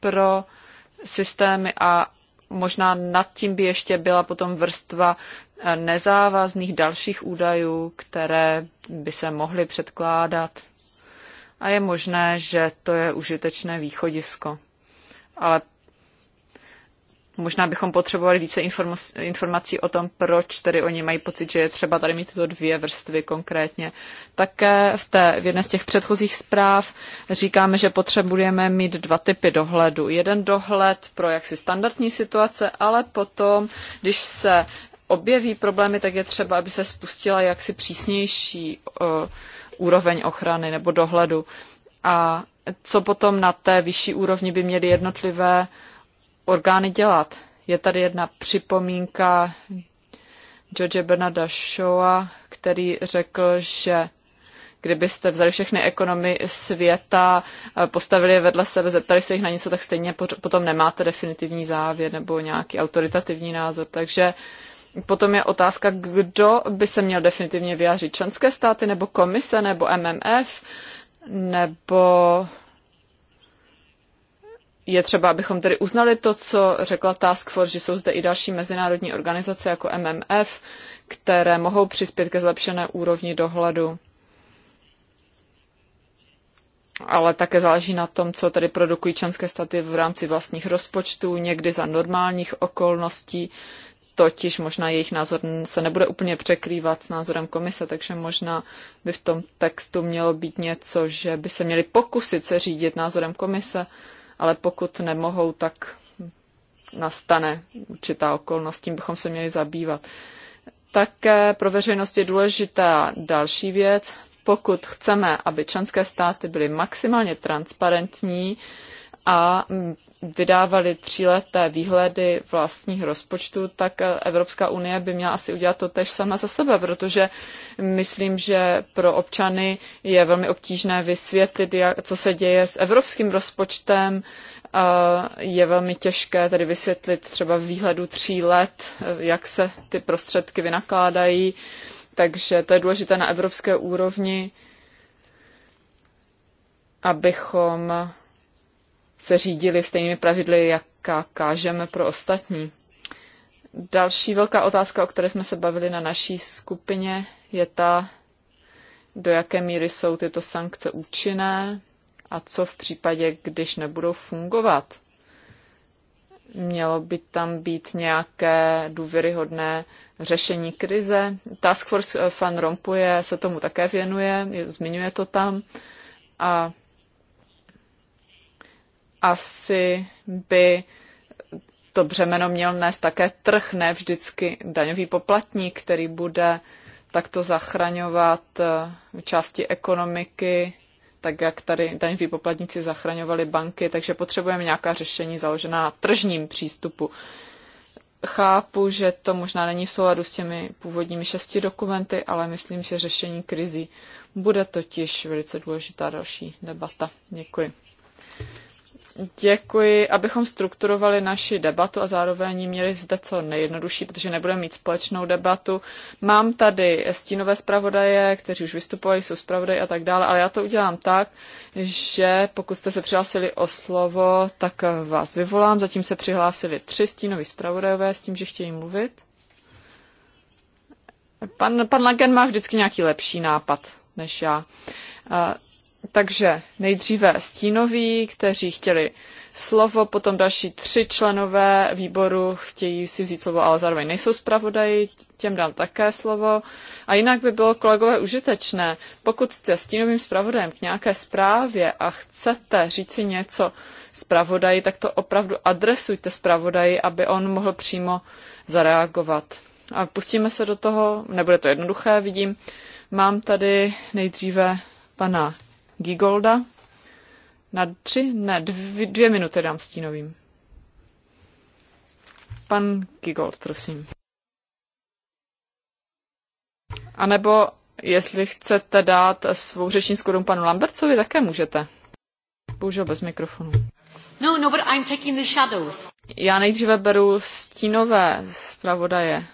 pro systémy a možná nad tím by ještě byla potom vrstva eh, nezávazných dalších údajů, které by se mohly předkládat. A je možné, že to je užitečné východisko. Ale Možná bychom potřebovali více informací o tom, proč tedy oni mají pocit, že je třeba tady mít tyto dvě vrstvy konkrétně. Také v, té, v jedné z těch předchozích zpráv říkáme, že potřebujeme mít dva typy dohledu. Jeden dohled pro jaksi standardní situace, ale potom, když se objeví problémy, tak je třeba, aby se spustila jaksi přísnější uh, úroveň ochrany nebo dohledu. A co potom na té vyšší úrovni by měly jednotlivé uh, orgány dělat. Je tady jedna připomínka George Bernarda Shawa, který řekl, že kdybyste vzali všechny ekonomy světa, eh, postavili je vedle sebe, zeptali se jich na něco, tak stejně potom nemáte definitivní závěr nebo nějaký autoritativní názor. Takže potom je otázka, kdo by se měl definitivně vyjádřit. Členské státy nebo komise nebo MMF nebo je třeba, abychom tedy uznali to, co řekla Task Force, že jsou zde i další mezinárodní organizace jako MMF, které mohou přispět ke zlepšené úrovni dohledu. Ale také záleží na tom, co tedy produkují členské státy v rámci vlastních rozpočtů, někdy za normálních okolností, totiž možná jejich názor se nebude úplně překrývat s názorem komise, takže možná by v tom textu mělo být něco, že by se měli pokusit se řídit názorem komise, ale pokud nemohou, tak nastane určitá okolnost, tím bychom se měli zabývat. Také pro veřejnost je důležitá další věc. Pokud chceme, aby členské státy byly maximálně transparentní a vydávali tříleté výhledy vlastních rozpočtů, tak Evropská unie by měla asi udělat to tež sama za sebe, protože myslím, že pro občany je velmi obtížné vysvětlit, co se děje s evropským rozpočtem, je velmi těžké tedy vysvětlit třeba výhledu tří let, jak se ty prostředky vynakládají, takže to je důležité na evropské úrovni, abychom se řídili stejnými pravidly, jaká kážeme pro ostatní. Další velká otázka, o které jsme se bavili na naší skupině, je ta, do jaké míry jsou tyto sankce účinné a co v případě, když nebudou fungovat. Mělo by tam být nějaké důvěryhodné řešení krize. Task Force Fan eh, Rompuje se tomu také věnuje, zmiňuje to tam a asi by to břemeno měl nést také trh, ne vždycky daňový poplatník, který bude takto zachraňovat eh, části ekonomiky, tak jak tady daňoví poplatníci zachraňovali banky, takže potřebujeme nějaká řešení založená na tržním přístupu. Chápu, že to možná není v souladu s těmi původními šesti dokumenty, ale myslím, že řešení krizí bude totiž velice důležitá další debata. Děkuji. Děkuji, abychom strukturovali naši debatu a zároveň měli zde co nejjednodušší, protože nebudeme mít společnou debatu. Mám tady stínové zpravodaje, kteří už vystupovali, jsou zpravodaji a tak dále, ale já to udělám tak, že pokud jste se přihlásili o slovo, tak vás vyvolám. Zatím se přihlásili tři stínoví zpravodajové s tím, že chtějí mluvit. Pan, pan má vždycky nějaký lepší nápad než já. Takže nejdříve stínoví, kteří chtěli slovo, potom další tři členové výboru chtějí si vzít slovo, ale zároveň nejsou zpravodaji, těm dám také slovo. A jinak by bylo, kolegové, užitečné, pokud jste stínovým zpravodajem k nějaké zprávě a chcete říci něco zpravodaji, tak to opravdu adresujte zpravodaji, aby on mohl přímo zareagovat. A pustíme se do toho, nebude to jednoduché, vidím. Mám tady nejdříve pana Gigolda. Na tři? Ne, dvě, dvě minuty dám stínovým. Pan Gigold, prosím. A nebo jestli chcete dát svou řečnickou domu panu Lambercovi, také můžete. Bohužel bez mikrofonu. No, no, but I'm taking the shadows. Já nejdříve beru stínové zpravodaje.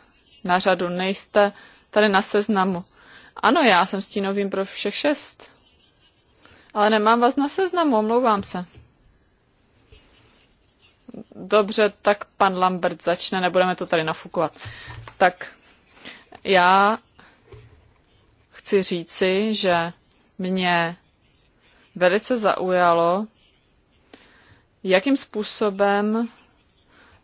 Na řadu nejste tady na seznamu. Ano, já jsem stínovým pro všech šest. Ale nemám vás na seznamu, omlouvám se. Dobře, tak pan Lambert začne, nebudeme to tady nafukovat. Tak já chci říci, že mě velice zaujalo, jakým způsobem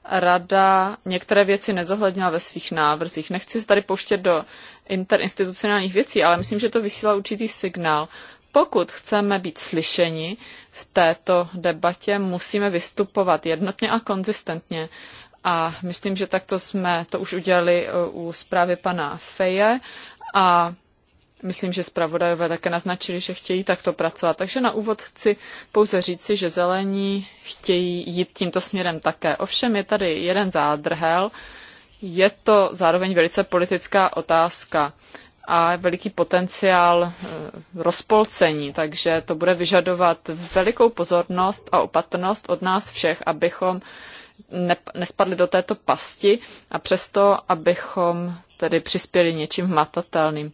rada některé věci nezohlednila ve svých návrzích. Nechci se tady pouštět do interinstitucionálních věcí, ale myslím, že to vysílá určitý signál, pokud chceme být slyšeni v této debatě, musíme vystupovat jednotně a konzistentně. A myslím, že takto jsme to už udělali uh, u zprávy pana Feje a myslím, že zpravodajové také naznačili, že chtějí takto pracovat. Takže na úvod chci pouze říci, že zelení chtějí jít tímto směrem také. Ovšem je tady jeden zádrhel, je to zároveň velice politická otázka a veliký potenciál eh, rozpolcení, takže to bude vyžadovat velikou pozornost a opatrnost od nás všech, abychom ne, nespadli do této pasti a přesto, abychom tedy přispěli něčím hmatatelným.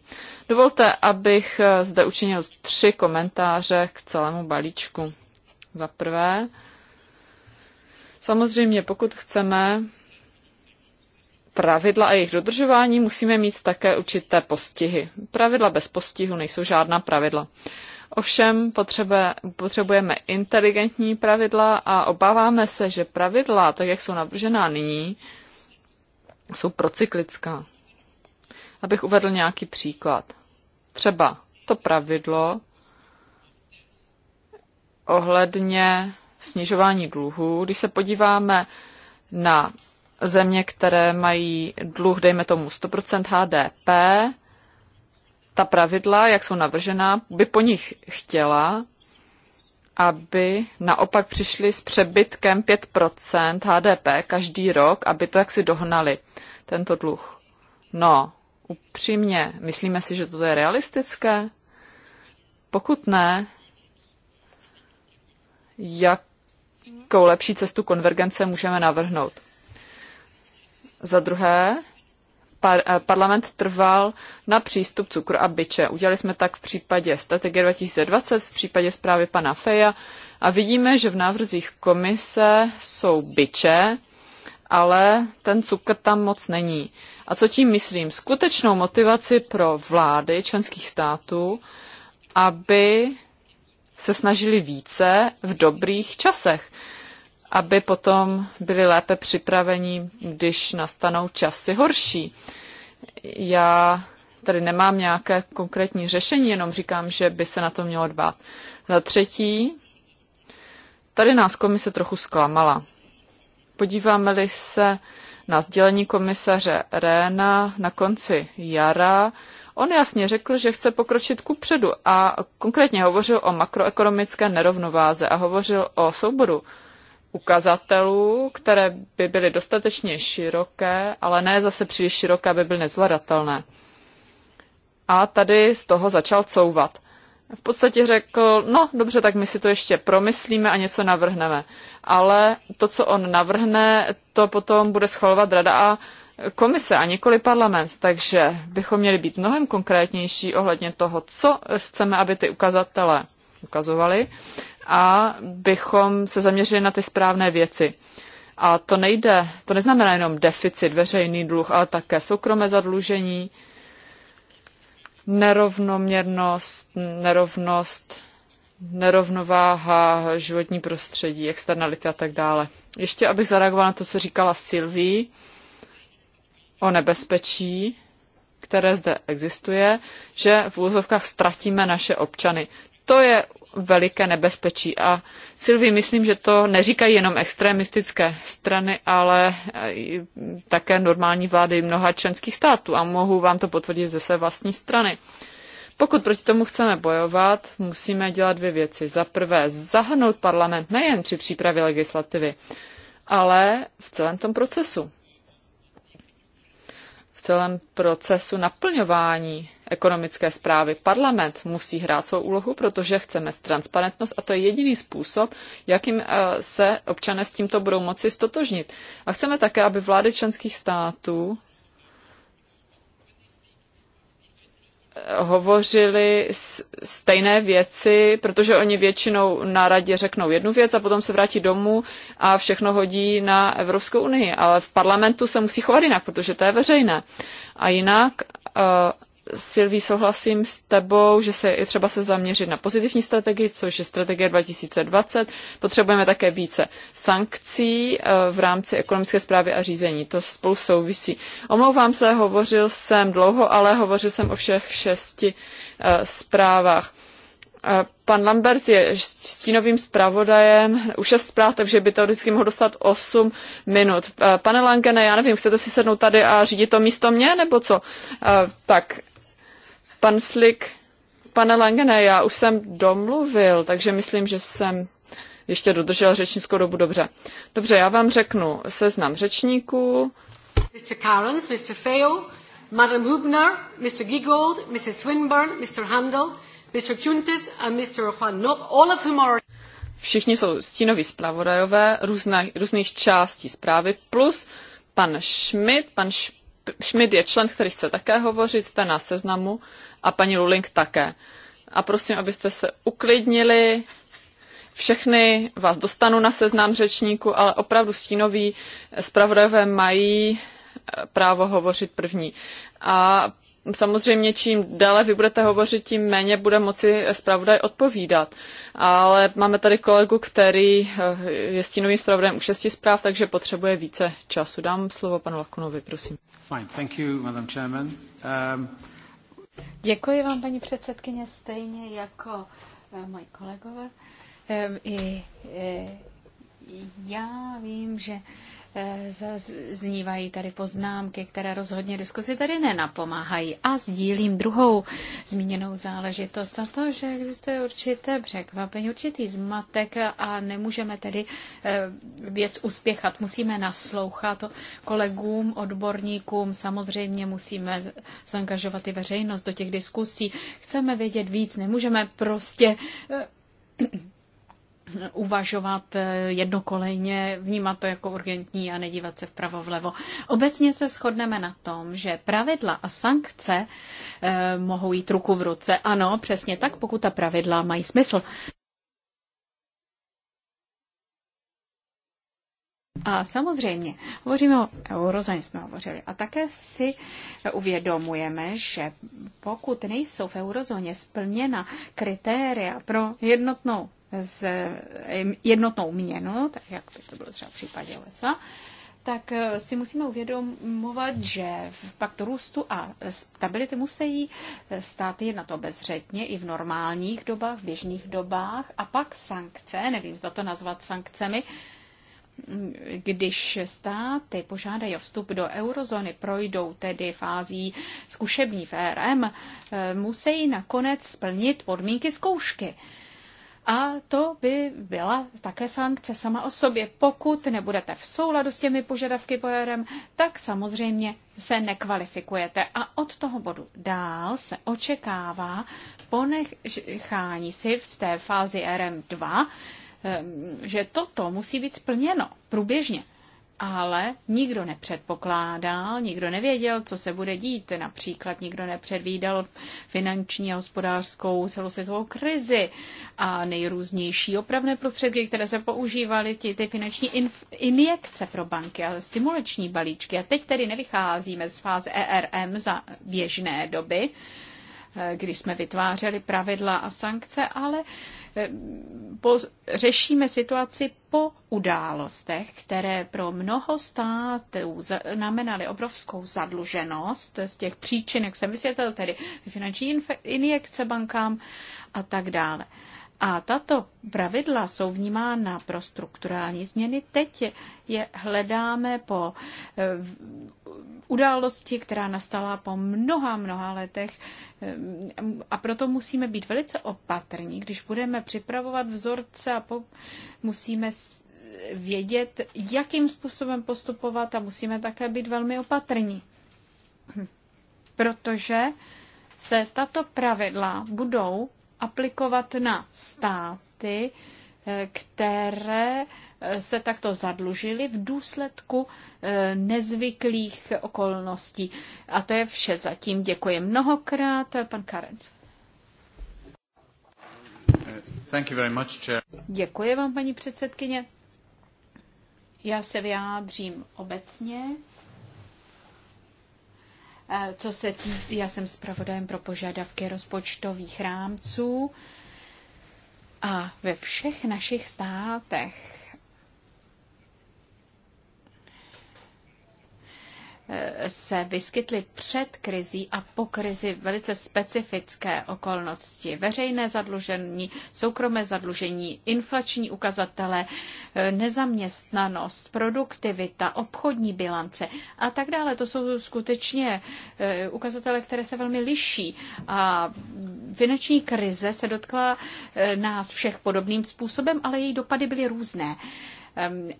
Dovolte, abych eh, zde učinil tři komentáře k celému balíčku. Za prvé, samozřejmě pokud chceme pravidla a jejich dodržování musíme mít také určité postihy. Pravidla bez postihu nejsou žádná pravidla. Ovšem potřebujeme inteligentní pravidla a obáváme se, že pravidla, tak jak jsou navržená nyní, jsou procyklická. Abych uvedl nějaký příklad. Třeba to pravidlo ohledně snižování dluhů, když se podíváme na země, které mají dluh, dejme tomu 100% HDP, ta pravidla, jak jsou navržená, by po nich chtěla, aby naopak přišli s přebytkem 5% HDP každý rok, aby to jaksi dohnali, tento dluh. No, upřímně, myslíme si, že to je realistické? Pokud ne, jakou lepší cestu konvergence můžeme navrhnout? Za druhé, par, eh, parlament trval na přístup cukru a byče. Udělali jsme tak v případě strategie 2020, v případě zprávy pana Feja a vidíme, že v návrzích komise jsou byče, ale ten cukr tam moc není. A co tím myslím? Skutečnou motivaci pro vlády členských států, aby se snažili více v dobrých časech aby potom byli lépe připraveni, když nastanou časy horší. Já tady nemám nějaké konkrétní řešení, jenom říkám, že by se na to mělo dbát. Za třetí, tady nás komise trochu zklamala. Podíváme-li se na sdělení komisaře Réna na konci jara, on jasně řekl, že chce pokročit ku předu a konkrétně hovořil o makroekonomické nerovnováze a hovořil o souboru ukazatelů, které by byly dostatečně široké, ale ne zase příliš široké, aby byly nezvladatelné. A tady z toho začal couvat. V podstatě řekl, no dobře, tak my si to ještě promyslíme a něco navrhneme. Ale to, co on navrhne, to potom bude schvalovat rada a komise a nikoli parlament, takže bychom měli být mnohem konkrétnější ohledně toho, co chceme, aby ty ukazatele ukazovali, a bychom se zaměřili na ty správné věci. A to nejde, to neznamená jenom deficit, veřejný dluh, ale také soukromé zadlužení, nerovnoměrnost, nerovnost, nerovnováha, životní prostředí, externality a tak dále. Ještě abych zareagovala na to, co říkala Sylvie o nebezpečí, které zde existuje, že v úzovkách ztratíme naše občany. To je veliké nebezpečí. A Silvi, myslím, že to neříkají jenom extremistické strany, ale také normální vlády mnoha členských států a mohu vám to potvrdit ze své vlastní strany. Pokud proti tomu chceme bojovat, musíme dělat dvě věci. Za prvé, zahrnout parlament nejen při přípravě legislativy, ale v celém tom procesu. V celém procesu naplňování ekonomické zprávy. Parlament musí hrát svou úlohu, protože chceme transparentnost a to je jediný způsob, jakým eh, se občané s tímto budou moci stotožnit. A chceme také, aby vlády členských států eh, hovořili stejné věci, protože oni většinou na radě řeknou jednu věc a potom se vrátí domů a všechno hodí na Evropskou unii. Ale v parlamentu se musí chovat jinak, protože to je veřejné. A jinak uh, Silví, souhlasím s tebou, že se je třeba se zaměřit na pozitivní strategii, což je strategie 2020. Potřebujeme také více sankcí eh, v rámci ekonomické zprávy a řízení. To spolu souvisí. Omlouvám se, hovořil jsem dlouho, ale hovořil jsem o všech šesti eh, zprávách. Eh, pan Lambert je stínovým zpravodajem, už je zpráv, takže by teoreticky mohl dostat 8 minut. Pane Langene, já nevím, chcete si sednout tady a řídit to místo mě, nebo co? Tak, Pan Slik, pane Langene, já už jsem domluvil, takže myslím, že jsem ještě dodržel řečnickou dobu dobře. Dobře, já vám řeknu seznam řečníků. Mr. Carons, Mr. Feo, Madam Hubner, Mr. Giggold, Mrs. Swinburne, Mr. Handel, Mr. Chuntis a Mr. Juan no-, all of whom are... Všichni jsou stínoví zpravodajové různých částí zprávy, plus pan Schmidt, pan Schmidt je člen, který chce také hovořit, jste na seznamu, a paní Luling také. A prosím, abyste se uklidnili. Všechny vás dostanu na seznam řečníku, ale opravdu stínoví zpravodajové mají eh, právo hovořit první. A samozřejmě čím déle vy budete hovořit, tím méně bude moci zpravodaj odpovídat. Ale máme tady kolegu, který eh, je stínovým zpravodajem u šesti zpráv, takže potřebuje více času. Dám slovo panu Lakunovi, prosím. Fine, thank you, Madam Chairman. Um... Děkuji vám, paní předsedkyně, stejně jako eh, moji kolegové. I eh, já vím, že Eh, Znívají tady poznámky, které rozhodně diskuzi tady nenapomáhají. A sdílím druhou zmíněnou záležitost a to, že existuje určité překvapení, určitý zmatek a nemůžeme tedy eh, věc uspěchat. Musíme naslouchat kolegům, odborníkům, samozřejmě musíme zaangažovat i veřejnost do těch diskusí. Chceme vědět víc, nemůžeme prostě eh, uvažovat eh, jednokolejně, vnímat to jako urgentní a nedívat se vpravo vlevo. Obecně se shodneme na tom, že pravidla a sankce eh, mohou jít ruku v ruce. Ano, přesně tak, pokud ta pravidla mají smysl. A samozřejmě, hovoříme o eurozóně, jsme hovořili. A také si uvědomujeme, že pokud nejsou v eurozóně splněna kritéria pro jednotnou s eh, jednotnou měnou, tak jak by to bylo třeba v případě USA, tak eh, si musíme uvědomovat, že v faktu růstu a stability musí eh, stát jednat obezřetně i v normálních dobách, v běžných dobách a pak sankce, nevím, zda to nazvat sankcemi, když státy požádají o vstup do eurozóny, projdou tedy fází zkušební v RM, musí nakonec splnit podmínky zkoušky. A to by byla také sankce sama o sobě. Pokud nebudete v souladu s těmi požadavky pojerem, tak samozřejmě se nekvalifikujete. A od toho bodu dál se očekává ponechání si v té fázi RM2, ehm, že toto musí být splněno průběžně ale nikdo nepředpokládal, nikdo nevěděl, co se bude dít. Například nikdo nepředvídal finanční a hospodářskou celosvětovou krizi a nejrůznější opravné prostředky, které se používaly, ty, ty finanční inf- injekce pro banky a stimulační balíčky. A teď tedy nevycházíme z fáze ERM za běžné doby, eh, kdy jsme vytvářeli pravidla a sankce, ale uh, řešíme situaci po událostech, které pro mnoho států znamenaly obrovskou zadluženost z těch příčin, jak jsem vysvětlil, tedy finanční injekce bankám a tak dále. A tato pravidla jsou vnímána pro strukturální změny. Teď je hledáme po eh, události, která nastala po mnoha, mnoha letech. Ehm, a proto musíme být velice opatrní, když budeme připravovat vzorce a po, musíme vědět, jakým způsobem postupovat a musíme také být velmi opatrní. Protože se tato pravidla budou aplikovat na státy, eh, které eh, se takto zadlužili v důsledku eh, nezvyklých okolností. A to je vše zatím. Děkuji mnohokrát, pan Karenc. Thank you very much, chair. Děkuji vám, paní předsedkyně. Já se vyjádřím obecně Eh, co se tý... Já jsem zpravodajem pro požadavky rozpočtových rámců a ve všech našich státech se vyskytly před krizí a po krizi velice specifické okolnosti. Veřejné zadlužení, soukromé zadlužení, inflační ukazatele, eh, nezaměstnanost, produktivita, obchodní bilance a tak dále. To jsou skutečně eh, ukazatele, které se velmi liší. A finanční krize se dotkla eh, nás všech podobným způsobem, ale její dopady byly různé.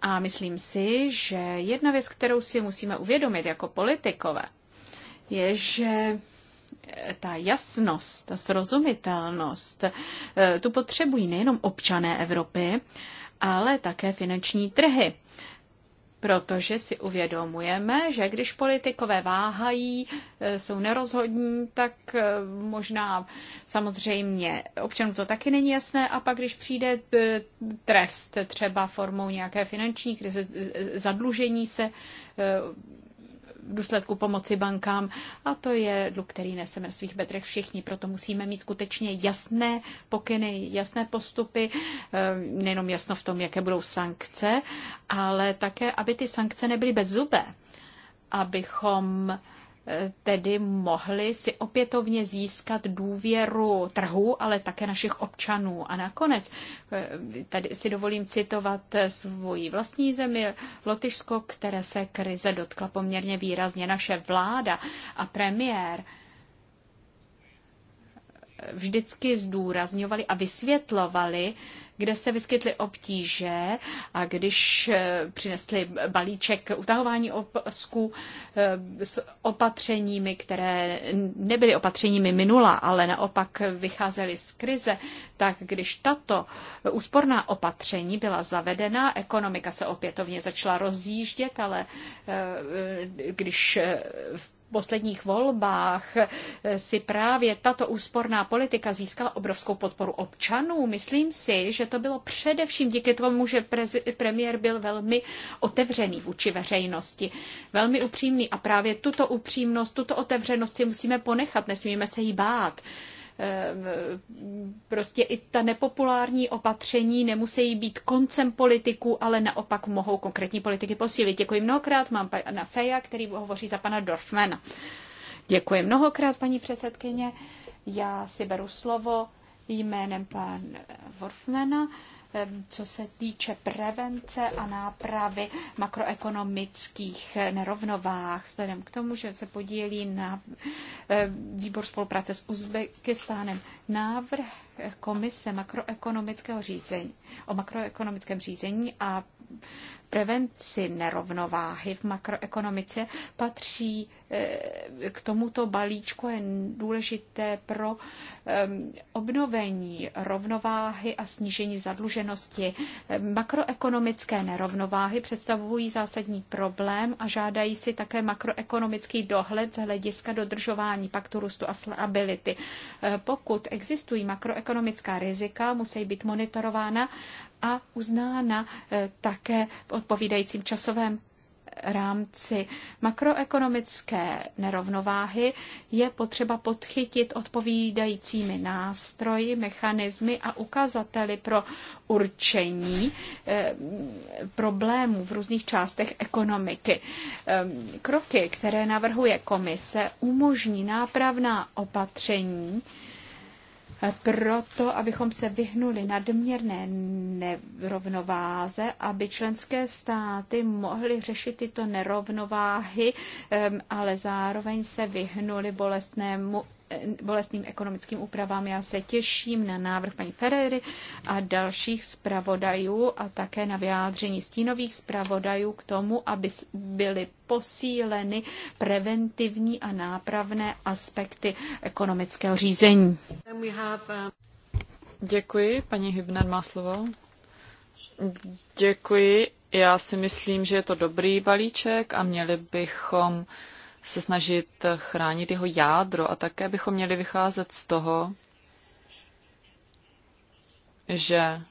A myslím si, že jedna věc, kterou si musíme uvědomit jako politikové, je, že eh, ta jasnost, ta srozumitelnost, eh, tu potřebují nejenom občané Evropy, ale také finanční trhy protože si uvědomujeme, že když politikové váhají, e, jsou nerozhodní, tak e, možná samozřejmě občanům to taky není jasné a pak, když přijde e, trest třeba formou nějaké finanční krize, zadlužení se důsledku pomoci bankám. A to je dluh, který neseme v svých bedrech všichni. Proto musíme mít skutečně jasné pokyny, jasné postupy, eh, nejenom jasno v tom, jaké budou sankce, ale také, aby ty sankce nebyly bezzubé. Abychom tedy mohli si opětovně získat důvěru trhu, ale také našich občanů. A nakonec, eh, tady si dovolím citovat svoji vlastní zemi, Lotyšsko, které se krize dotkla poměrně výrazně. Naše vláda a premiér vždycky zdůrazňovali a vysvětlovali, kde se vyskytly obtíže a když eh, přinesli balíček utahování opasků eh, s opatřeními, které nebyly opatřeními minula, ale naopak vycházely z krize, tak když tato úsporná opatření byla zavedena, ekonomika se opětovně začala rozjíždět, ale eh, když v posledních volbách si právě tato úsporná politika získala obrovskou podporu občanů. Myslím si, že to bylo především díky tomu, že premiér byl velmi otevřený vůči veřejnosti, velmi upřímný a právě tuto upřímnost, tuto otevřenost si musíme ponechat, nesmíme se jí bát. Eh, prostě i ta nepopulární opatření nemusí být koncem politiků, ale naopak mohou konkrétní politiky posílit. Děkuji mnohokrát. Mám pana Feja, který hovoří za pana Dorfmana. Děkuji mnohokrát, paní předsedkyně. Já si beru slovo jménem pan Dorfmana. Eh, co se týče prevence a nápravy makroekonomických nerovnovách. Vzhledem k tomu, že se podílí na eh, výbor spolupráce s Uzbekistánem návrh komise makroekonomického řízení, o makroekonomickém řízení a prevenci nerovnováhy v makroekonomice patří eh, k tomuto balíčku je důležité pro ehm, obnovení rovnováhy a snížení zadluženosti. Makroekonomické nerovnováhy představují zásadní problém a žádají si také makroekonomický dohled z hlediska dodržování paktu růstu a stability. Eh, pokud existují makroekonomická rizika, musí být monitorována a uznána eh, také v odpovídajícím časovém rámci makroekonomické nerovnováhy je potřeba podchytit odpovídajícími nástroji, mechanismy a ukazateli pro určení eh, problémů v různých částech ekonomiky. Ehm, kroky, které navrhuje komise, umožní nápravná opatření, proto, abychom se vyhnuli nadměrné nerovnováze, aby členské státy mohly řešit tyto nerovnováhy, ale zároveň se vyhnuli bolestnému bolestným ekonomickým úpravám. Já se těším na návrh paní Ferrery a dalších zpravodajů a také na vyjádření stínových zpravodajů k tomu, aby byly posíleny preventivní a nápravné aspekty ekonomického řízení. Děkuji, paní Hybner má slovo. Děkuji. Já si myslím, že je to dobrý balíček a měli bychom se snažit chránit jeho jádro a také bychom měli vycházet z toho, že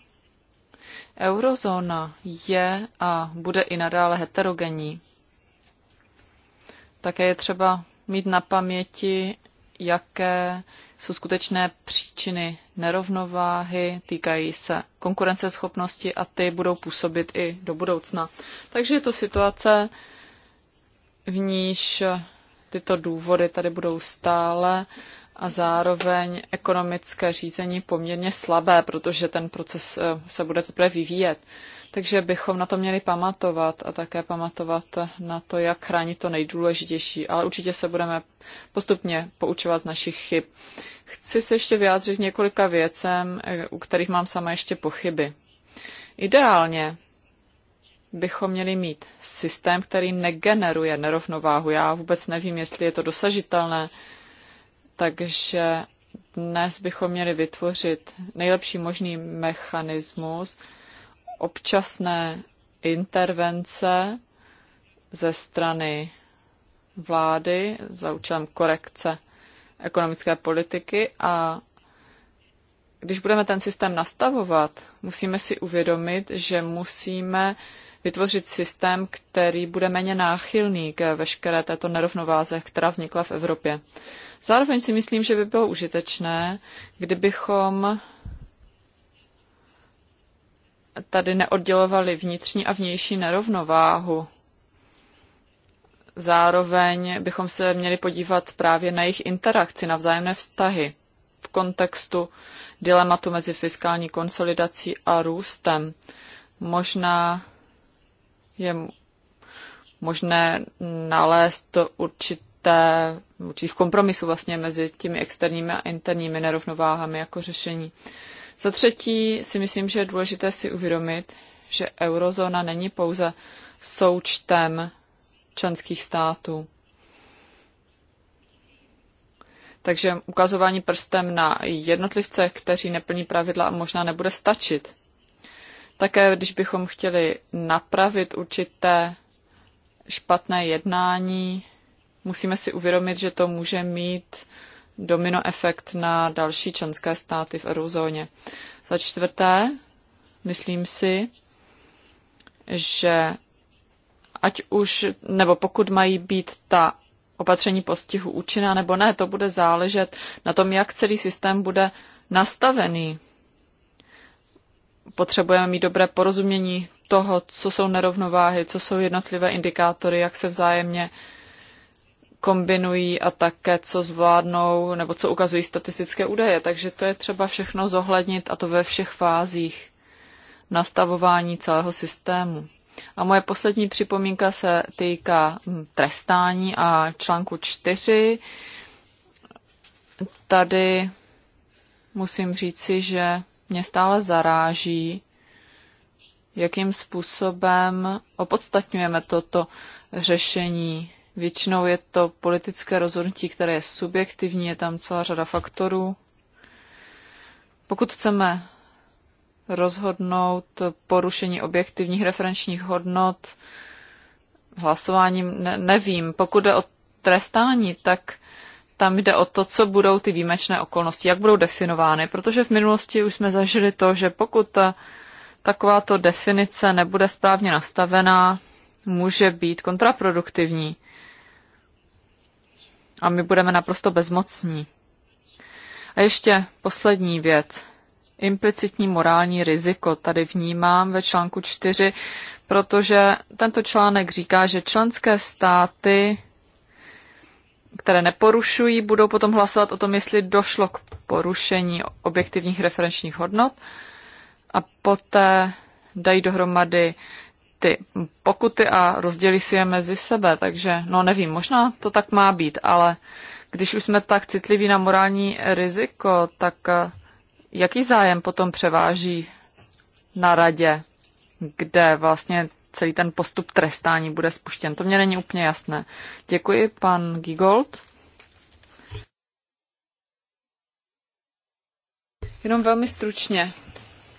eurozóna je a bude i nadále heterogenní. Také je třeba mít na paměti, jaké jsou skutečné příčiny nerovnováhy, týkají se konkurenceschopnosti a ty budou působit i do budoucna. Takže je to situace, v níž tyto důvody tady budou stále a zároveň ekonomické řízení poměrně slabé, protože ten proces eh, se bude teprve vyvíjet. Takže bychom na to měli pamatovat a také pamatovat na to, jak chránit to nejdůležitější. Ale určitě se budeme postupně poučovat z našich chyb. Chci se ještě vyjádřit několika věcem, eh, u kterých mám sama ještě pochyby. Ideálně bychom měli mít systém, který negeneruje nerovnováhu. Já vůbec nevím, jestli je to dosažitelné, takže dnes bychom měli vytvořit nejlepší možný mechanismus občasné intervence ze strany vlády za účelem korekce ekonomické politiky a když budeme ten systém nastavovat, musíme si uvědomit, že musíme vytvořit systém, který bude méně náchylný k veškeré této nerovnováze, která vznikla v Evropě. Zároveň si myslím, že by bylo užitečné, kdybychom tady neoddělovali vnitřní a vnější nerovnováhu. Zároveň bychom se měli podívat právě na jejich interakci, na vzájemné vztahy v kontextu dilematu mezi fiskální konsolidací a růstem. Možná je možné nalézt určité, určitých kompromisů vlastně mezi těmi externími a interními nerovnováhami jako řešení. Za třetí si myslím, že je důležité si uvědomit, že eurozóna není pouze součtem členských států. Takže ukazování prstem na jednotlivce, kteří neplní pravidla, možná nebude stačit. Také když bychom chtěli napravit určité špatné jednání, musíme si uvědomit, že to může mít domino efekt na další členské státy v eurozóně. Za čtvrté, myslím si, že ať už, nebo pokud mají být ta opatření postihu účinná nebo ne, to bude záležet na tom, jak celý systém bude nastavený potřebujeme mít dobré porozumění toho, co jsou nerovnováhy, co jsou jednotlivé indikátory, jak se vzájemně kombinují a také co zvládnou nebo co ukazují statistické údaje. Takže to je třeba všechno zohlednit a to ve všech fázích nastavování celého systému. A moje poslední připomínka se týká hm, trestání a článku 4. Tady musím říci, že mě stále zaráží, jakým způsobem opodstatňujeme toto řešení. Většinou je to politické rozhodnutí, které je subjektivní, je tam celá řada faktorů. Pokud chceme rozhodnout porušení objektivních referenčních hodnot hlasováním, ne, nevím. Pokud jde o trestání, tak tam jde o to, co budou ty výjimečné okolnosti, jak budou definovány, protože v minulosti už jsme zažili to, že pokud takováto definice nebude správně nastavená, může být kontraproduktivní a my budeme naprosto bezmocní. A ještě poslední věc. Implicitní morální riziko tady vnímám ve článku 4, protože tento článek říká, že členské státy které neporušují, budou potom hlasovat o tom, jestli došlo k porušení objektivních referenčních hodnot a poté dají dohromady ty pokuty a rozdělí si je mezi sebe, takže no nevím, možná to tak má být, ale když už jsme tak citliví na morální riziko, tak eh, jaký zájem potom převáží na radě, kde vlastně celý ten postup trestání bude spuštěn. To mě není úplně jasné. Děkuji, pan Gigold. Jenom velmi stručně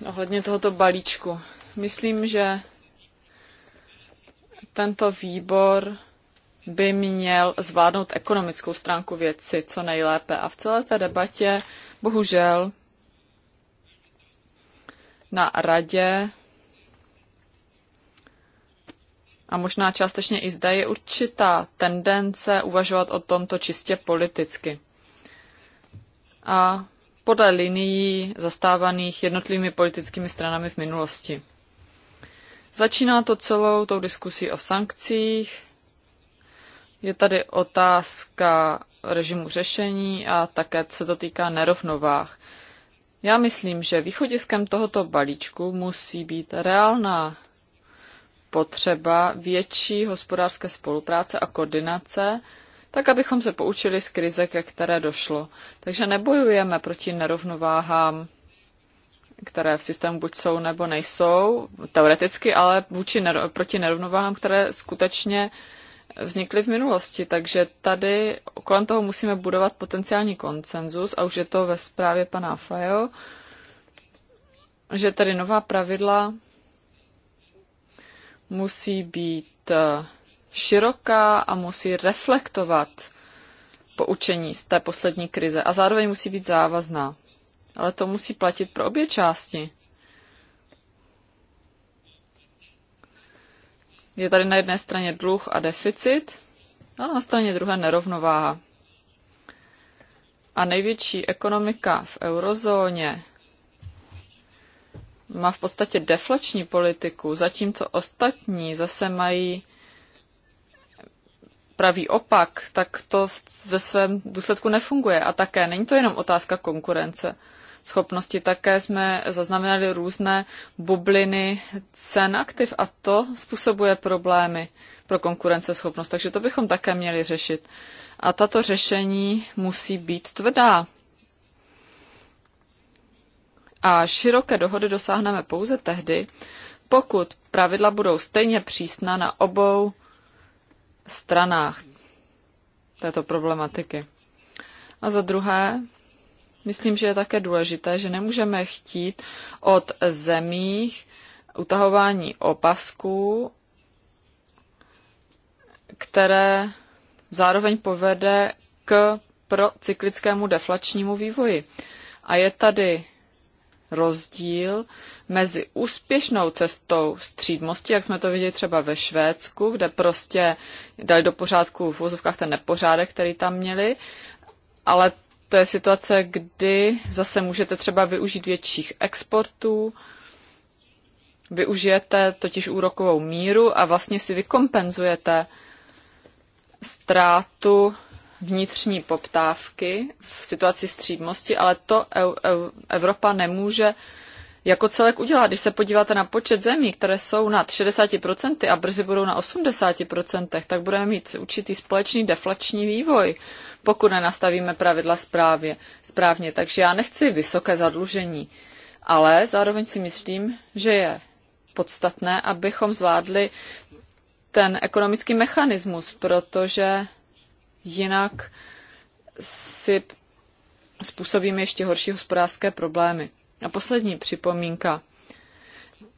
ohledně tohoto balíčku. Myslím, že tento výbor by měl zvládnout ekonomickou stránku věci co nejlépe. A v celé té debatě bohužel na radě a možná částečně i zde je určitá tendence uvažovat o tomto čistě politicky. A podle linií zastávaných jednotlivými politickými stranami v minulosti. Začíná to celou tou diskusí o sankcích, je tady otázka režimu řešení a také se to týká nerovnovách. Já myslím, že východiskem tohoto balíčku musí být reálná potřeba větší hospodářské spolupráce a koordinace, tak abychom se poučili z krize, ke které došlo. Takže nebojujeme proti nerovnováhám, které v systému buď jsou nebo nejsou, teoreticky, ale vůči, ner- proti nerovnováhám, které skutečně vznikly v minulosti. Takže tady kolem toho musíme budovat potenciální konsenzus a už je to ve zprávě pana Fajo, že tady nová pravidla musí být eh, široká a musí reflektovat poučení z té poslední krize a zároveň musí být závazná. Ale to musí platit pro obě části. Je tady na jedné straně dluh a deficit a na straně druhé nerovnováha. A největší ekonomika v eurozóně má v podstatě deflační politiku, zatímco ostatní zase mají pravý opak, tak to ve svém důsledku nefunguje. A také není to jenom otázka konkurence schopnosti. Také jsme zaznamenali různé bubliny cen aktiv a to způsobuje problémy pro konkurenceschopnost. Takže to bychom také měli řešit. A tato řešení musí být tvrdá, a široké dohody dosáhneme pouze tehdy, pokud pravidla budou stejně přísná na obou stranách této problematiky. A za druhé, myslím, že je také důležité, že nemůžeme chtít od zemích utahování opasků, které zároveň povede k procyklickému deflačnímu vývoji. A je tady rozdíl mezi úspěšnou cestou střídmosti, jak jsme to viděli třeba ve Švédsku, kde prostě dali do pořádku v úzovkách ten nepořádek, který tam měli, ale to je situace, kdy zase můžete třeba využít větších exportů, využijete totiž úrokovou míru a vlastně si vykompenzujete ztrátu vnitřní poptávky v situaci střídmosti, ale to Evropa nemůže jako celek udělat. Když se podíváte na počet zemí, které jsou nad 60% a brzy budou na 80%, tak budeme mít určitý společný deflační vývoj, pokud nenastavíme pravidla správě, správně. Takže já nechci vysoké zadlužení, ale zároveň si myslím, že je podstatné, abychom zvládli ten ekonomický mechanismus, protože jinak si způsobíme ještě horší hospodářské problémy. A poslední připomínka.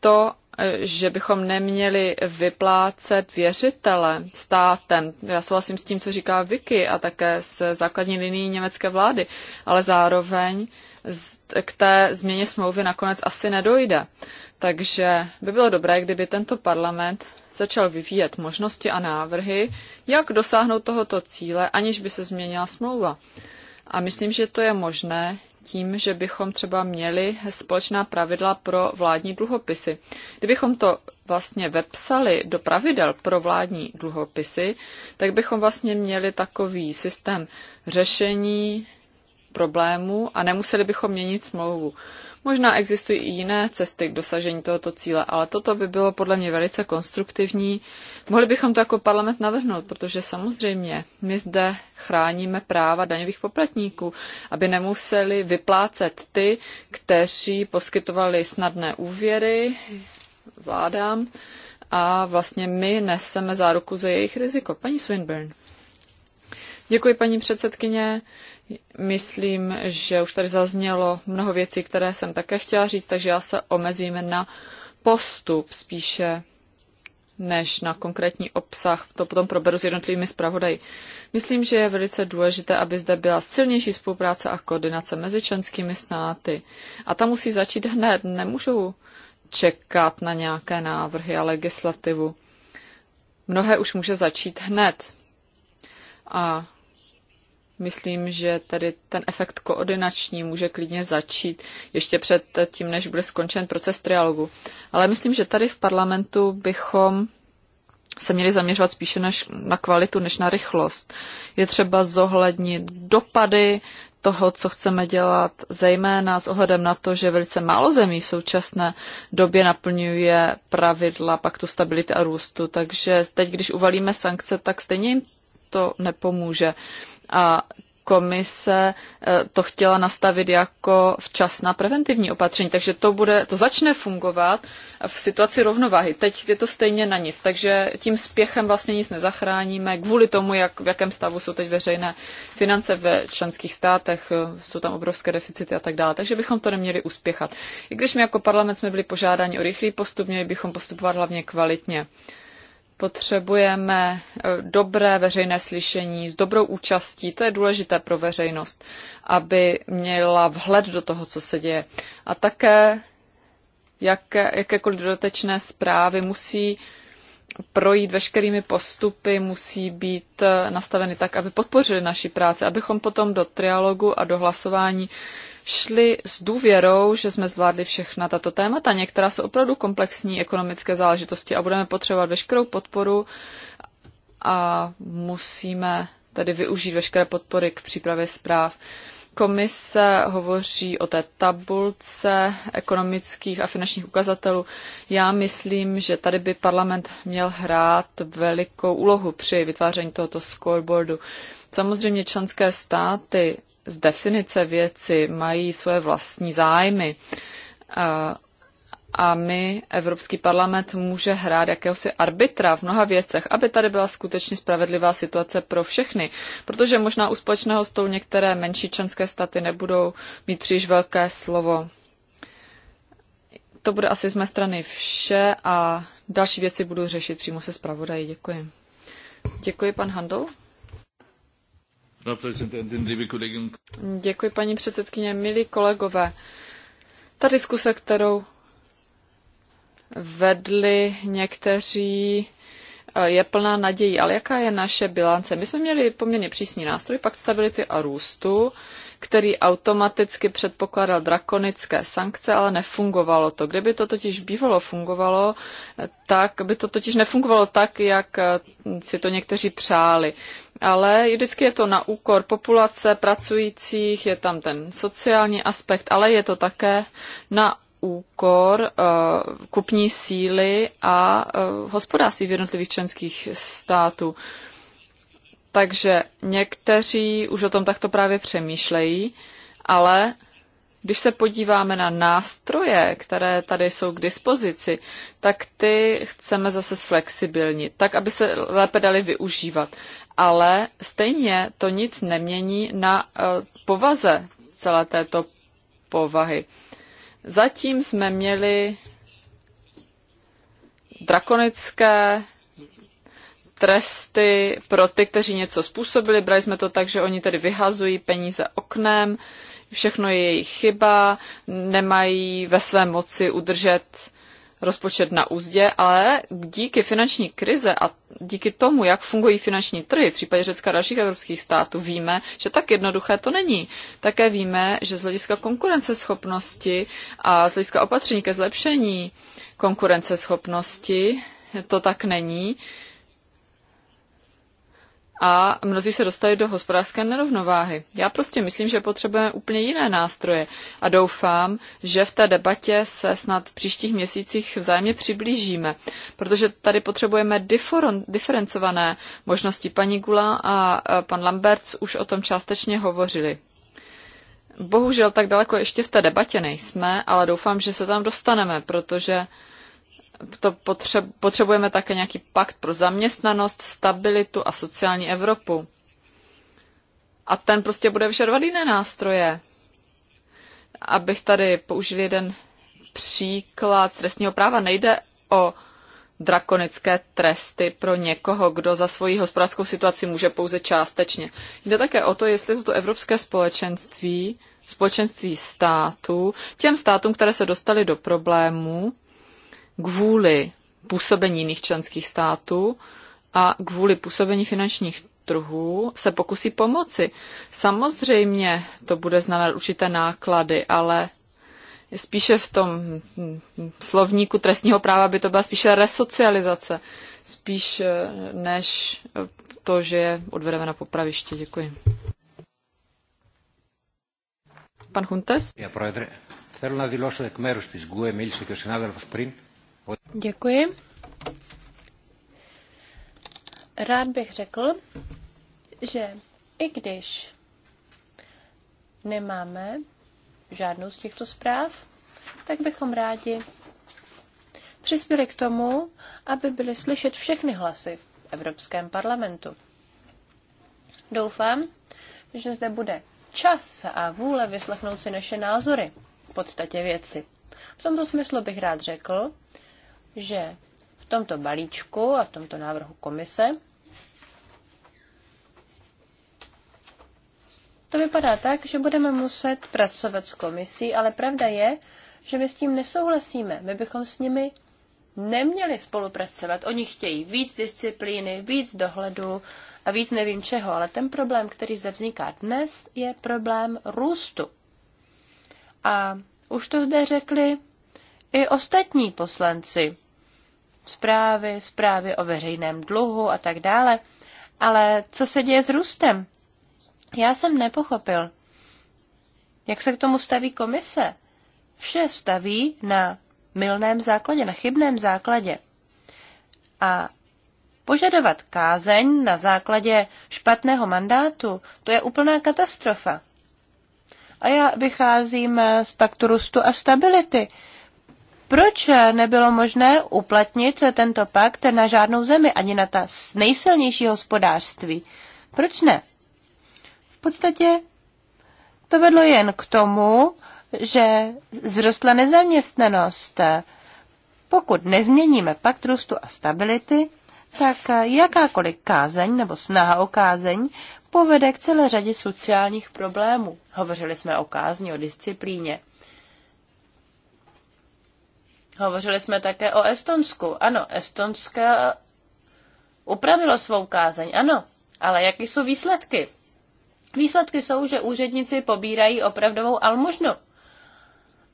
To, že bychom neměli vyplácet věřitele státem. Já souhlasím s tím, co říká Vicky a také s základní linií německé vlády, ale zároveň k té změně smlouvy nakonec asi nedojde. Takže by bylo dobré, kdyby tento parlament začal vyvíjet možnosti a návrhy, jak dosáhnout tohoto cíle, aniž by se změnila smlouva. A myslím, že to je možné tím, že bychom třeba měli společná pravidla pro vládní dluhopisy. Kdybychom to vlastně vepsali do pravidel pro vládní dluhopisy, tak bychom vlastně měli takový systém řešení problémů a nemuseli bychom měnit smlouvu. Možná existují i jiné cesty k dosažení tohoto cíle, ale toto by bylo podle mě velice konstruktivní. Mohli bychom to jako parlament navrhnout, protože samozřejmě my zde chráníme práva daňových poplatníků, aby nemuseli vyplácet ty, kteří poskytovali snadné úvěry vládám a vlastně my neseme záruku za jejich riziko. Paní Swinburne. Děkuji, paní předsedkyně. Myslím, že už tady zaznělo mnoho věcí, které jsem také chtěla říct, takže já se omezím na postup spíše než na konkrétní obsah. To potom proberu s jednotlivými zpravodaji. Myslím, že je velice důležité, aby zde byla silnější spolupráce a koordinace mezi členskými státy. A ta musí začít hned. Nemůžou čekat na nějaké návrhy a legislativu. Mnohé už může začít hned. A Myslím, že tady ten efekt koordinační může klidně začít ještě před tím, než bude skončen proces trialogu. Ale myslím, že tady v parlamentu bychom se měli zaměřovat spíše než na kvalitu, než na rychlost. Je třeba zohlednit dopady toho, co chceme dělat, zejména s ohledem na to, že velice málo zemí v současné době naplňuje pravidla paktu stability a růstu. Takže teď, když uvalíme sankce, tak stejně jim to nepomůže. Uh, a komise eh, to chtěla nastavit jako včasná preventivní opatření, takže to, bude, to začne fungovat v situaci rovnováhy. Teď je to stejně na nic, takže tím spěchem vlastně nic nezachráníme kvůli tomu, jak, v jakém stavu jsou teď veřejné finance ve členských státech, eh, jsou tam obrovské deficity a tak dále, takže bychom to neměli uspěchat. I když my jako parlament jsme byli požádáni o rychlý postup, měli bychom postupovat hlavně kvalitně. Potřebujeme eh, dobré veřejné slyšení s dobrou účastí. To je důležité pro veřejnost, aby měla vhled do toho, co se děje. A také jaké, jakékoliv dodatečné zprávy musí projít veškerými postupy, musí být eh, nastaveny tak, aby podpořili naši práci, abychom potom do trialogu a do hlasování šli s důvěrou, že jsme zvládli všechna tato témata. Některá jsou opravdu komplexní ekonomické záležitosti a budeme potřebovat veškerou podporu a musíme tedy využít veškeré podpory k přípravě zpráv. Komise hovoří o té tabulce ekonomických a finančních ukazatelů. Já myslím, že tady by parlament měl hrát velikou úlohu při vytváření tohoto scoreboardu. Samozřejmě členské státy z definice věci mají své vlastní zájmy. A, a my, Evropský parlament, může hrát jakéhosi arbitra v mnoha věcech, aby tady byla skutečně spravedlivá situace pro všechny. Protože možná u společného stolu některé menší členské státy nebudou mít příliš velké slovo. To bude asi z mé strany vše a další věci budu řešit přímo se zpravodají. Děkuji. Děkuji, pan Handel. Děkuji, paní předsedkyně, milí kolegové. Ta diskuse, kterou vedli někteří, je plná nadějí. Ale jaká je naše bilance? My jsme měli poměrně přísný nástroj, pak stability a růstu který automaticky předpokládal drakonické sankce, ale nefungovalo to. Kdyby to totiž bývalo fungovalo, tak by to totiž nefungovalo tak, jak eh, si to někteří přáli. Ale vždycky je to na úkor populace pracujících, je tam ten sociální aspekt, ale je to také na úkor eh, kupní síly a eh, hospodářství v jednotlivých členských států. Takže někteří už o tom takto právě přemýšlejí, ale když se podíváme na nástroje, které tady jsou k dispozici, tak ty chceme zase zflexibilnit, tak aby se lépe dali využívat. Ale stejně to nic nemění na e, povaze celé této povahy. Zatím jsme měli drakonické tresty pro ty, kteří něco způsobili. Brali jsme to tak, že oni tedy vyhazují peníze oknem, všechno je jejich chyba, nemají ve své moci udržet rozpočet na úzdě, ale díky finanční krize a díky tomu, jak fungují finanční trhy v případě Řecka a dalších evropských států, víme, že tak jednoduché to není. Také víme, že z hlediska konkurenceschopnosti a z hlediska opatření ke zlepšení konkurenceschopnosti to tak není a mnozí se dostali do hospodářské nerovnováhy. Já prostě myslím, že potřebujeme úplně jiné nástroje a doufám, že v té debatě se snad v příštích měsících vzájemně přiblížíme, protože tady potřebujeme diferencované možnosti. Paní Gula a pan Lamberts už o tom částečně hovořili. Bohužel tak daleko ještě v té debatě nejsme, ale doufám, že se tam dostaneme, protože to potřebujeme také nějaký pakt pro zaměstnanost, stabilitu a sociální Evropu. A ten prostě bude vyžadovat jiné nástroje. Abych tady použil jeden příklad trestního práva, nejde o drakonické tresty pro někoho, kdo za svoji hospodářskou situaci může pouze částečně. Jde také o to, jestli toto evropské společenství, společenství států, těm státům, které se dostaly do problémů, kvůli působení jiných členských států a kvůli působení finančních trhů se pokusí pomoci. Samozřejmě to bude znamenat určité náklady, ale spíše v tom slovníku trestního práva by to byla spíše resocializace, spíš eh, než to, že je odvedeme na popraviště. Děkuji. Pan Huntes? Já, projedu. Θέλω να δηλώσω εκ μέρους της ΓΚΟΕ, μίλησε και ο συνάδελφος πριν, Děkuji. Rád bych řekl, že i když nemáme žádnou z těchto zpráv, tak bychom rádi přispěli k tomu, aby byly slyšet všechny hlasy v Evropském parlamentu. Doufám, že zde bude čas a vůle vyslechnout si naše názory v podstatě věci. V tomto smyslu bych rád řekl, že v tomto balíčku a v tomto návrhu komise to vypadá tak, že budeme muset pracovat s komisí, ale pravda je, že my s tím nesouhlasíme. My bychom s nimi neměli spolupracovat. Oni chtějí víc disciplíny, víc dohledu a víc nevím čeho, ale ten problém, který zde vzniká dnes, je problém růstu. A už to zde řekli i ostatní poslanci zprávy, zprávy o veřejném dluhu a tak dále. Ale co se děje s růstem? Já jsem nepochopil, jak se k tomu staví komise. Vše staví na milném základě, na chybném základě. A požadovat kázeň na základě špatného mandátu, to je úplná katastrofa. A já vycházím z paktu růstu a stability. Proč nebylo možné uplatnit tento pakt na žádnou zemi, ani na ta nejsilnější hospodářství? Proč ne? V podstatě to vedlo jen k tomu, že zrostla nezaměstnanost. Pokud nezměníme pakt růstu a stability, tak jakákoliv kázeň nebo snaha o kázeň povede k celé řadě sociálních problémů. Hovořili jsme o kázni, o disciplíně. Hovořili jsme také o Estonsku. Ano, Estonska upravilo svou kázeň, ano. Ale jaké jsou výsledky? Výsledky jsou, že úředníci pobírají opravdovou almužnu.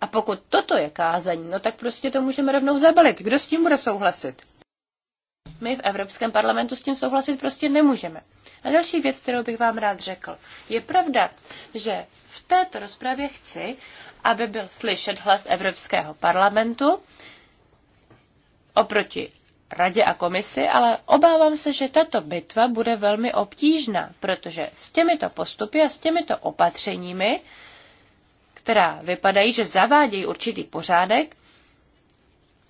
A pokud toto je kázeň, no tak prostě to můžeme rovnou zabalit. Kdo s tím bude souhlasit? My v Evropském parlamentu s tím souhlasit prostě nemůžeme. A další věc, kterou bych vám rád řekl. Je pravda, že v této rozpravě chci, aby byl slyšet hlas Evropského parlamentu oproti radě a komisi, ale obávám se, že tato bitva bude velmi obtížná, protože s těmito postupy a s těmito opatřeními, která vypadají, že zavádějí určitý pořádek,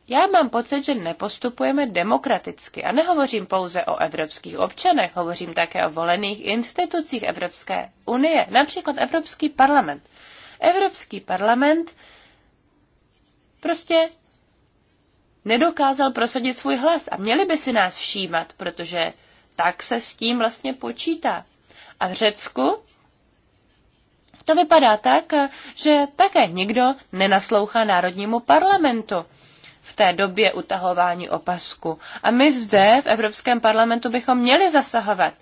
já mám pocit, že nepostupujeme demokraticky a nehovořím pouze o evropských občanech, hovořím také o volených institucích Evropské unie, například Evropský parlament. Evropský parlament prostě nedokázal prosadit svůj hlas a měli by si nás všímat, protože tak se s tím vlastně počítá. A v Řecku to vypadá tak, že také nikdo nenaslouchá národnímu parlamentu v té době utahování opasku. A my zde v Evropském parlamentu bychom měli zasahovat.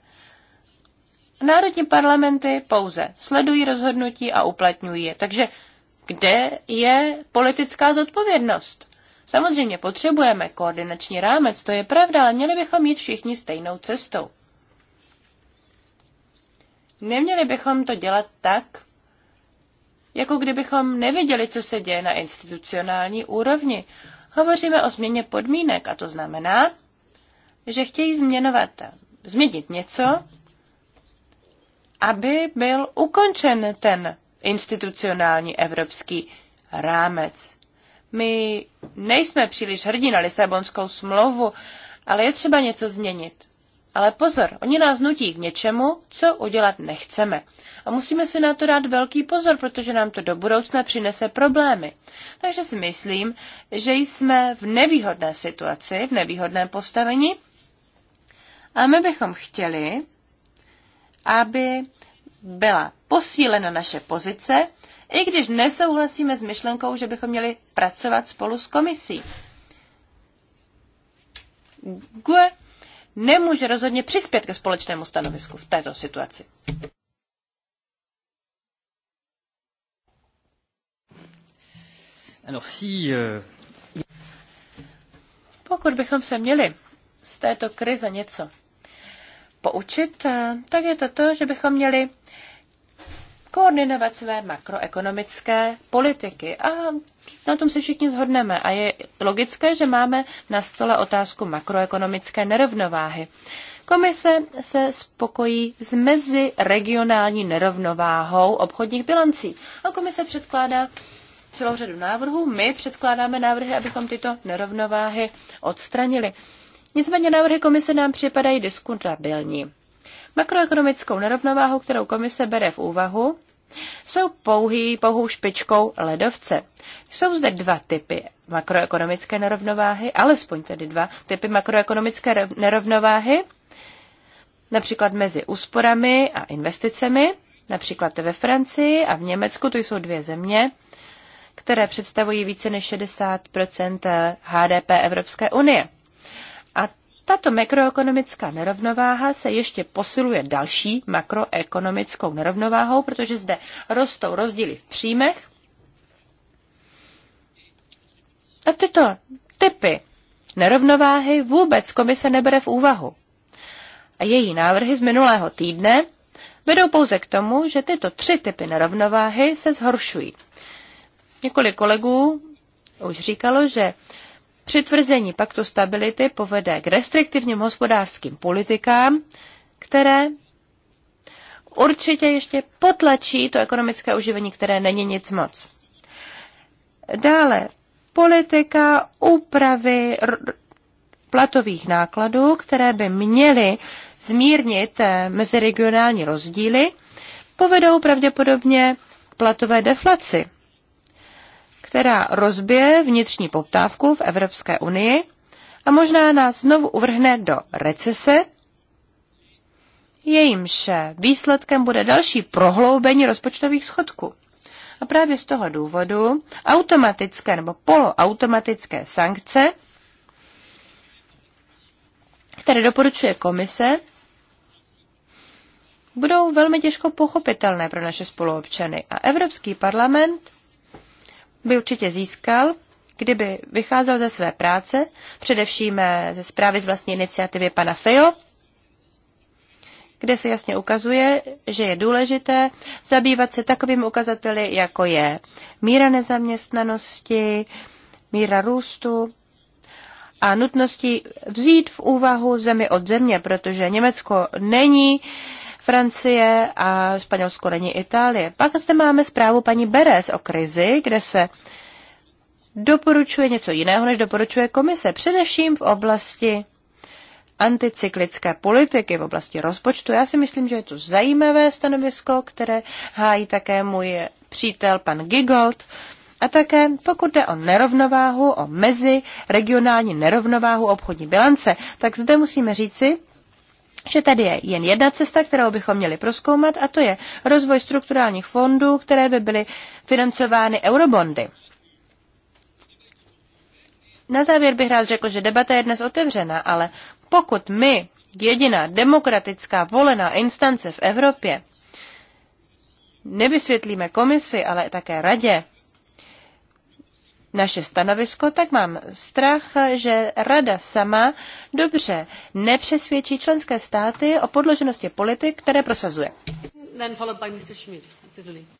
Národní parlamenty pouze sledují rozhodnutí a uplatňují je. Takže kde je politická zodpovědnost? Samozřejmě potřebujeme koordinační rámec, to je pravda, ale měli bychom jít všichni stejnou cestou. Neměli bychom to dělat tak, jako kdybychom neviděli, co se děje na institucionální úrovni. Hovoříme o změně podmínek a to znamená, že chtějí změnovat, změnit něco, aby byl ukončen ten institucionální evropský rámec. My nejsme příliš hrdí na Lisabonskou smlouvu, ale je třeba něco změnit. Ale pozor, oni nás nutí k něčemu, co udělat nechceme. A musíme si na to dát velký pozor, protože nám to do budoucna přinese problémy. Takže si myslím, že jsme v nevýhodné situaci, v nevýhodném postavení. A my bychom chtěli, aby byla posílena naše pozice, i když nesouhlasíme s myšlenkou, že bychom měli pracovat spolu s komisí. GUE nemůže rozhodně přispět ke společnému stanovisku v této situaci. Euh, Pokud bychom se měli z této krize něco poučit, eh, tak je to to, že bychom měli koordinovat své makroekonomické politiky. A na tom se všichni zhodneme. A je logické, že máme na stole otázku makroekonomické nerovnováhy. Komise se spokojí s meziregionální nerovnováhou obchodních bilancí. A komise předkládá celou řadu návrhů. My předkládáme návrhy, abychom tyto nerovnováhy odstranili. Nicméně návrhy komise nám připadají diskutabilní. Makroekonomickou nerovnováhu, kterou komise bere v úvahu, jsou pouhý, pouhou špičkou ledovce. Jsou zde dva typy makroekonomické nerovnováhy, alespoň tedy dva typy makroekonomické nerovnováhy, například mezi úsporami a investicemi, například ve Francii a v Německu, to jsou dvě země, které představují více než 60 HDP Evropské unie. A tato makroekonomická nerovnováha se ještě posiluje další makroekonomickou nerovnováhou, protože zde rostou rozdíly v příjmech. A tyto typy nerovnováhy vůbec komise nebere v úvahu. A její návrhy z minulého týdne vedou pouze k tomu, že tyto tři typy nerovnováhy se zhoršují. Několik kolegů už říkalo, že Přitvrzení paktu stability povede k restriktivním hospodářským politikám, které určitě ještě potlačí to ekonomické oživení, které není nic moc. Dále politika úpravy platových nákladů, které by měly zmírnit eh, meziregionální rozdíly, povedou pravděpodobně k platové deflaci která rozbije vnitřní poptávku v Evropské unii a možná nás znovu uvrhne do recese, jejímž výsledkem bude další prohloubení rozpočtových schodků. A právě z toho důvodu automatické nebo poloautomatické sankce, které doporučuje komise, budou velmi těžko pochopitelné pro naše spoluobčany. A Evropský parlament by určitě získal, kdyby vycházel ze své práce, především eh, ze zprávy z vlastní iniciativy pana Feo, kde se jasně ukazuje, že je důležité zabývat se takovými ukazateli, jako je míra nezaměstnanosti, míra růstu a nutnosti vzít v úvahu zemi od země, protože Německo není uh, Francie a Španělsko není Itálie. Pak zde máme zprávu paní Beres o krizi, kde se doporučuje něco jiného, než doporučuje komise, především v oblasti anticyklické politiky v oblasti rozpočtu. Já si myslím, že je to zajímavé stanovisko, které hájí také můj přítel pan Gigold. A také pokud jde o nerovnováhu, o mezi regionální nerovnováhu obchodní bilance, tak zde musíme říci, že tady je jen jedna cesta, kterou bychom měli proskoumat, a to je rozvoj strukturálních fondů, které by byly financovány eurobondy. Na závěr bych rád řekl, že debata je dnes otevřená, ale pokud my, jediná demokratická volená instance v Evropě, nevysvětlíme komisi, ale také radě, naše stanovisko, tak mám strach, že rada sama dobře nepřesvědčí členské státy o podloženosti politik, které prosazuje. Then followed by Mr. Schmidt.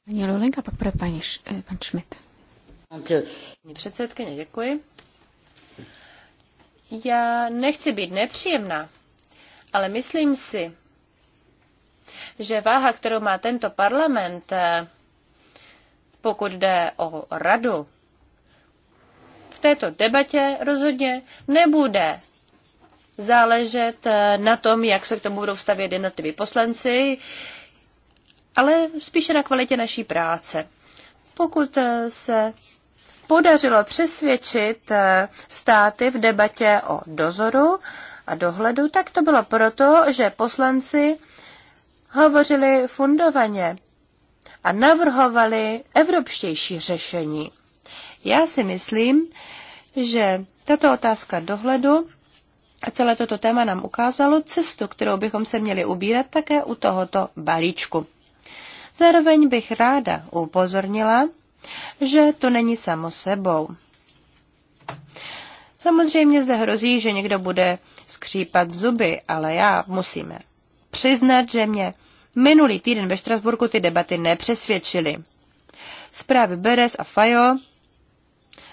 Paní Lulinka, pak bude paní, eh, pan Schmidt. předsedkyně, děkuji. Já nechci být nepříjemná, ale myslím si, že váha, kterou má tento parlament, eh, pokud jde o radu, této debatě rozhodně nebude záležet eh, na tom, jak se k tomu budou stavět jednotliví poslanci, ale spíše na kvalitě naší práce. Pokud eh, se podařilo přesvědčit eh, státy v debatě o dozoru a dohledu, tak to bylo proto, že poslanci hovořili fundovaně a navrhovali evropštější řešení. Já si myslím, že tato otázka dohledu a celé toto téma nám ukázalo cestu, kterou bychom se měli ubírat také u tohoto balíčku. Zároveň bych ráda upozornila, že to není samo sebou. Samozřejmě zde hrozí, že někdo bude skřípat zuby, ale já musíme přiznat, že mě minulý týden ve Štrasburku ty debaty nepřesvědčily. Zprávy Beres a Fajo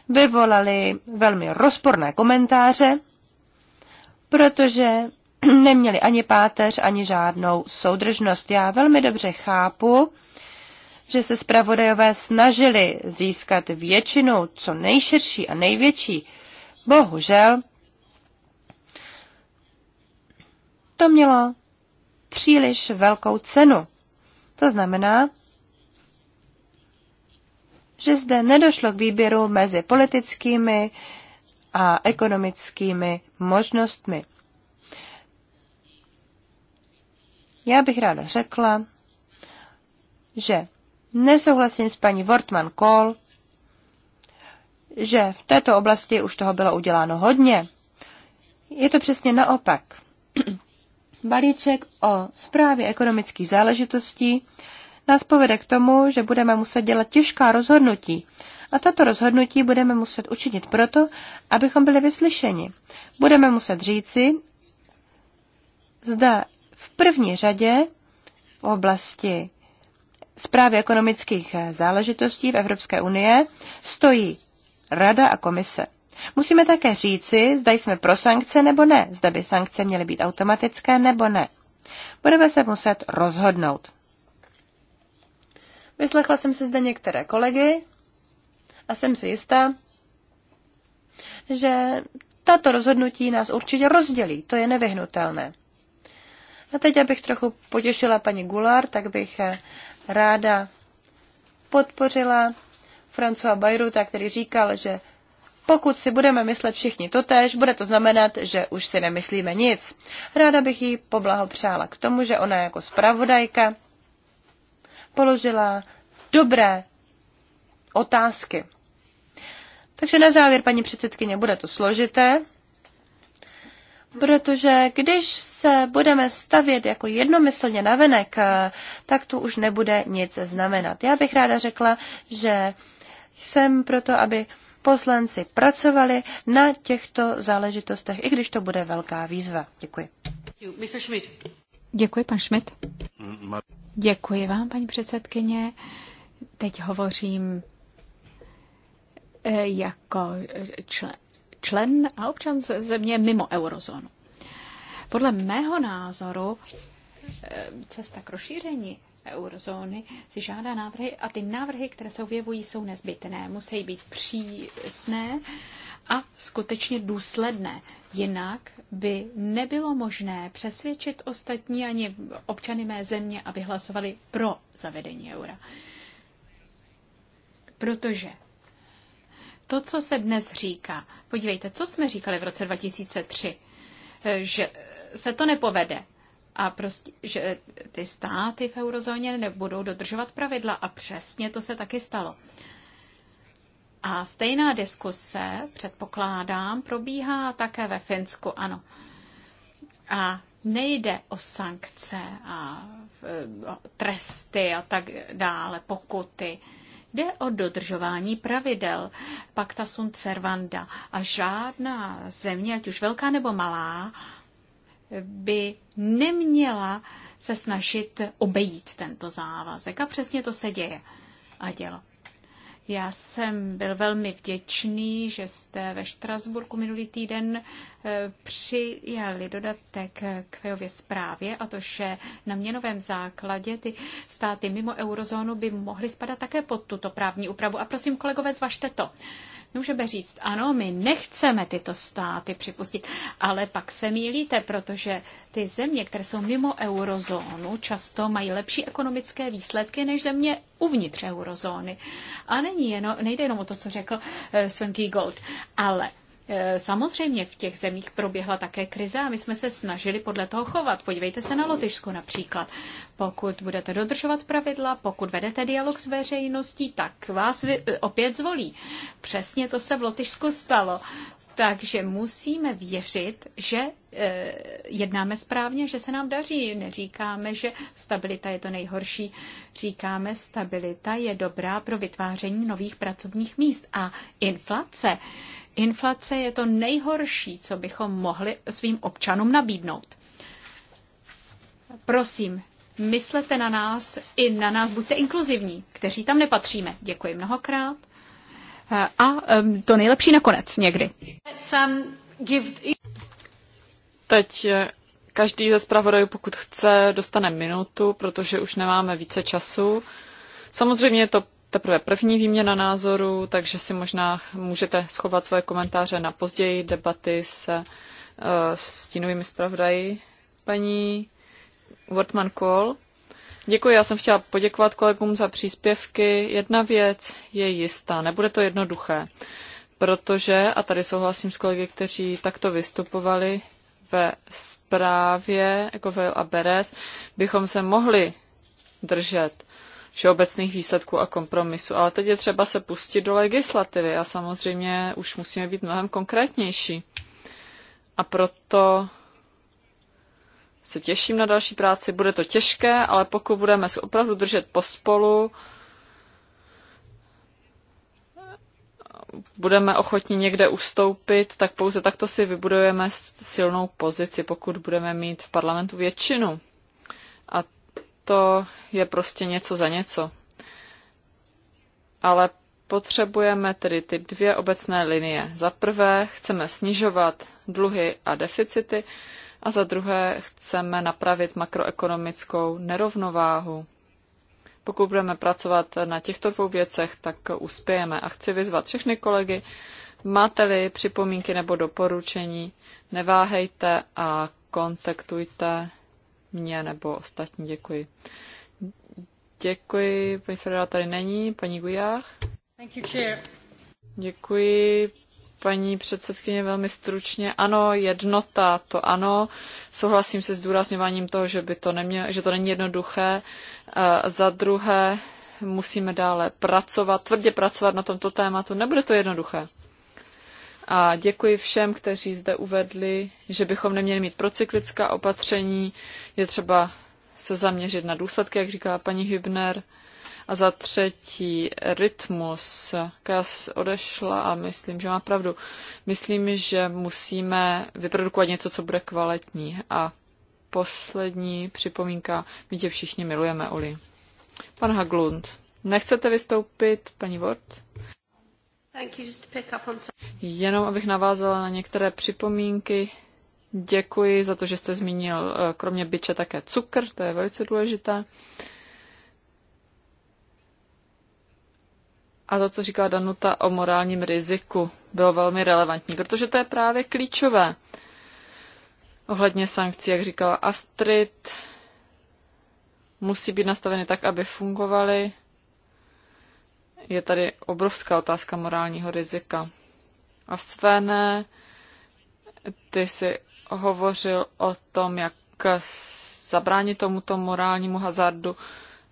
vyvolali velmi rozporné komentáře, protože neměli ani páteř, ani žádnou soudržnost. Já velmi dobře chápu, že se zpravodajové snažili získat většinu co nejširší a největší. Bohužel, to mělo příliš velkou cenu. To znamená, že zde nedošlo k výběru mezi politickými a ekonomickými možnostmi. Já bych ráda řekla, že nesouhlasím s paní Wortman Kohl, že v této oblasti už toho bylo uděláno hodně. Je to přesně naopak. Balíček o zprávě ekonomických záležitostí nás povede k tomu, že budeme muset dělat těžká rozhodnutí. A tato rozhodnutí budeme muset učinit proto, abychom byli vyslyšeni. Budeme muset říci, zda v první řadě v oblasti zprávy ekonomických záležitostí v Evropské unie stojí Rada a komise. Musíme také říci, zda jsme pro sankce nebo ne, zda by sankce měly být automatické nebo ne. Budeme se muset rozhodnout. Vyslechla jsem se zde některé kolegy a jsem si jistá, že tato rozhodnutí nás určitě rozdělí, to je nevyhnutelné. A teď, abych trochu potěšila paní Gular, tak bych ráda podpořila Francoa Bajruta, který říkal, že pokud si budeme myslet všichni totéž, bude to znamenat, že už si nemyslíme nic. Ráda bych jí poblahopřála k tomu, že ona jako zpravodajka položila dobré otázky. Takže na závěr, paní předsedkyně, bude to složité, protože když se budeme stavět jako jednomyslně venek, tak tu už nebude nic znamenat. Já bych ráda řekla, že jsem proto, aby poslanci pracovali na těchto záležitostech, i když to bude velká výzva. Děkuji. Děkuji, pan Schmidt. Děkuji vám, paní předsedkyně. Teď hovořím eh, jako eh, člen a občan země mimo eurozónu. Podle mého názoru eh, cesta k rozšíření eurozóny si žádá návrhy a ty návrhy, které se objevují, jsou nezbytné. Musí být přísné, a skutečně důsledné. Jinak by nebylo možné přesvědčit ostatní ani občany mé země, aby hlasovali pro zavedení eura. Protože to, co se dnes říká, podívejte, co jsme říkali v roce 2003, že se to nepovede a prostě, že ty státy v eurozóně nebudou dodržovat pravidla a přesně to se taky stalo. A stejná diskuse, předpokládám, probíhá také ve Finsku, ano. A nejde o sankce a e, tresty a tak dále, pokuty. Jde o dodržování pravidel Pacta sunt servanda a žádná země, ať už velká nebo malá, by neměla se snažit obejít tento závazek. A přesně to se děje a dělo. Já jsem byl velmi vděčný, že jste ve Štrasburku minulý týden eh, přijali dodatek k Fejově zprávě a to, že na měnovém základě ty státy mimo eurozónu by mohly spadat také pod tuto právní úpravu. A prosím, kolegové, zvažte to. Můžeme říct, ano, my nechceme tyto státy připustit, ale pak se mýlíte, protože ty země, které jsou mimo eurozónu, často mají lepší ekonomické výsledky než země uvnitř eurozóny. A není jenom, nejde jenom o to, co řekl uh, Sven Gold, ale E, samozřejmě v těch zemích proběhla také krize a my jsme se snažili podle toho chovat. Podívejte se na Lotyšsko například. Pokud budete dodržovat pravidla, pokud vedete dialog s veřejností, tak vás vy, e, opět zvolí. Přesně to se v Lotyšsku stalo. Takže musíme věřit, že eh, jednáme správně, že se nám daří. Neříkáme, že stabilita je to nejhorší. Říkáme, stabilita je dobrá pro vytváření nových pracovních míst. A inflace Inflace je to nejhorší, co bychom mohli svým občanům nabídnout. Prosím, myslete na nás, i na nás buďte inkluzivní, kteří tam nepatříme. Děkuji mnohokrát. A to nejlepší nakonec někdy. Teď eh, každý ze zpravodajů, pokud chce, dostane minutu, protože už nemáme více času. Samozřejmě je to teprve první výměna názorů, takže si možná můžete schovat svoje komentáře na později debaty eh, s uh, stínovými zpravodaji. Paní Wortman Kohl. Děkuji, já jsem chtěla poděkovat kolegům za příspěvky. Jedna věc je jistá, nebude to jednoduché, protože, a tady souhlasím s kolegy, kteří takto vystupovali ve zprávě, jako a Beres, bychom se mohli držet všeobecných výsledků a kompromisu. Ale teď je třeba se pustit do legislativy a samozřejmě už musíme být mnohem konkrétnější. A proto se těším na další práci. Bude to těžké, ale pokud budeme se opravdu držet pospolu, budeme ochotni někde ustoupit, tak pouze takto si vybudujeme silnou pozici, pokud budeme mít v parlamentu většinu. A to je prostě něco za něco. Ale potřebujeme tedy ty dvě obecné linie. Za prvé chceme snižovat dluhy a deficity a za druhé chceme napravit makroekonomickou nerovnováhu. Pokud budeme pracovat na těchto dvou věcech, tak uspějeme. A chci vyzvat všechny kolegy, máte-li připomínky nebo doporučení, neváhejte a kontaktujte mě nebo ostatní. Děkuji. Děkuji, paní Federa tady není, paní Gujách. Thank you, chair. Děkuji, paní předsedkyně, velmi stručně. Ano, jednota, to ano. Souhlasím se s důrazňováním toho, že, by to, nemě, že to není jednoduché. Eh, za druhé, musíme dále pracovat, tvrdě pracovat na tomto tématu. Nebude to jednoduché. A děkuji všem, kteří zde uvedli, že bychom neměli mít procyklická opatření, je třeba se zaměřit na důsledky, jak říkala paní Hübner. A za třetí, rytmus. Kas odešla a myslím, že má pravdu. Myslím, že musíme vyprodukovat něco, co bude kvalitní. A poslední připomínka, my tě všichni milujeme, Oli. Pan Haglund, nechcete vystoupit, paní Ward? Jenom abych navázala na některé připomínky. Děkuji za to, že jste zmínil eh, kromě byče také cukr, to je velice důležité. A to, co říká Danuta o morálním riziku, bylo velmi relevantní, protože to je právě klíčové. Ohledně sankcí, jak říkala Astrid, musí být nastaveny tak, aby fungovaly je tady obrovská otázka morálního rizika. A Svené, ty jsi hovořil o tom, jak zabránit tomuto morálnímu hazardu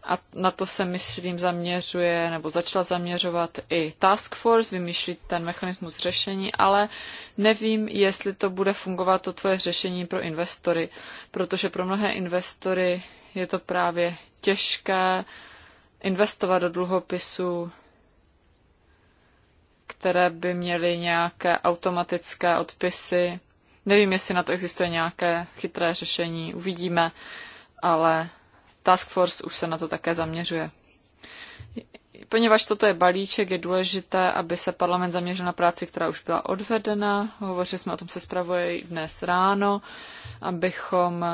a na to se, myslím, zaměřuje nebo začala zaměřovat i Task Force, vymýšlí ten mechanismus řešení, ale nevím, jestli to bude fungovat to tvoje řešení pro investory, protože pro mnohé investory je to právě těžké investovat do dluhopisů které by měly nějaké automatické odpisy. Nevím, jestli na to existuje nějaké chytré řešení, uvidíme, ale Task Force už se na to také zaměřuje. Poněvadž toto je balíček, je důležité, aby se parlament zaměřil na práci, která už byla odvedena. Hovořili jsme o tom se zpravuje dnes ráno, abychom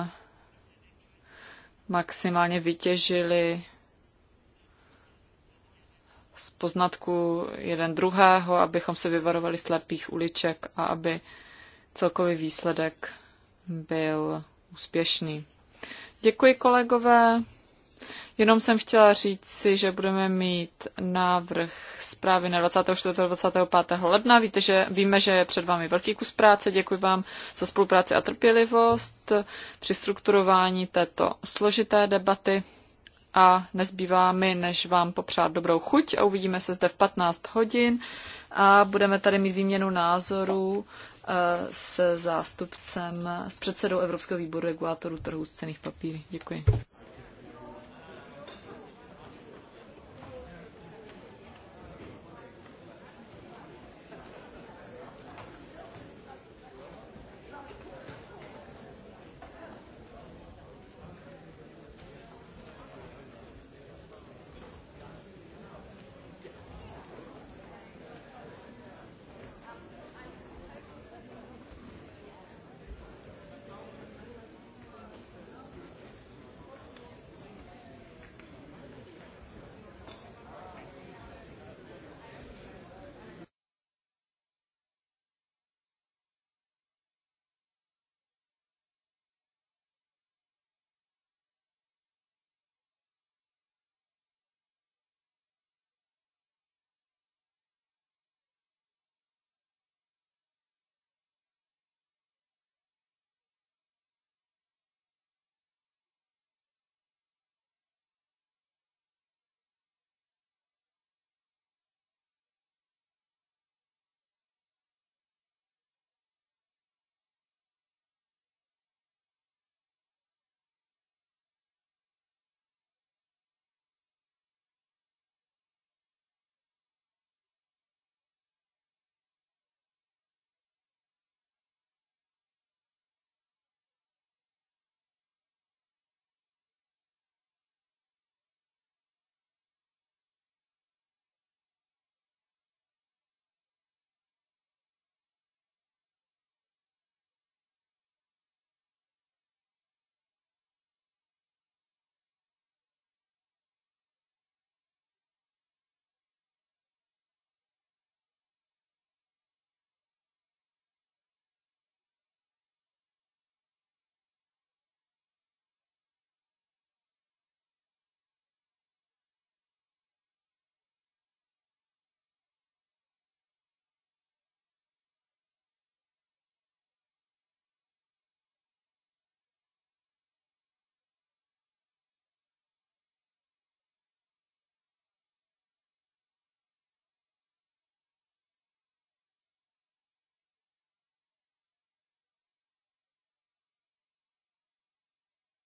maximálně vytěžili z poznatku jeden druhého, abychom se vyvarovali slepých uliček a aby celkový výsledek byl úspěšný. Děkuji kolegové. Jenom jsem chtěla říct si, že budeme mít návrh zprávy na 24. a 25. ledna. Víte, že víme, že je před vámi velký kus práce. Děkuji vám za spolupráci a trpělivost při strukturování této složité debaty a nezbývá mi, než vám popřát dobrou chuť a uvidíme se zde v 15 hodin a budeme tady mít výměnu názorů eh, se zástupcem, s předsedou Evropského výboru regulátorů trhu z cených papíry. Děkuji.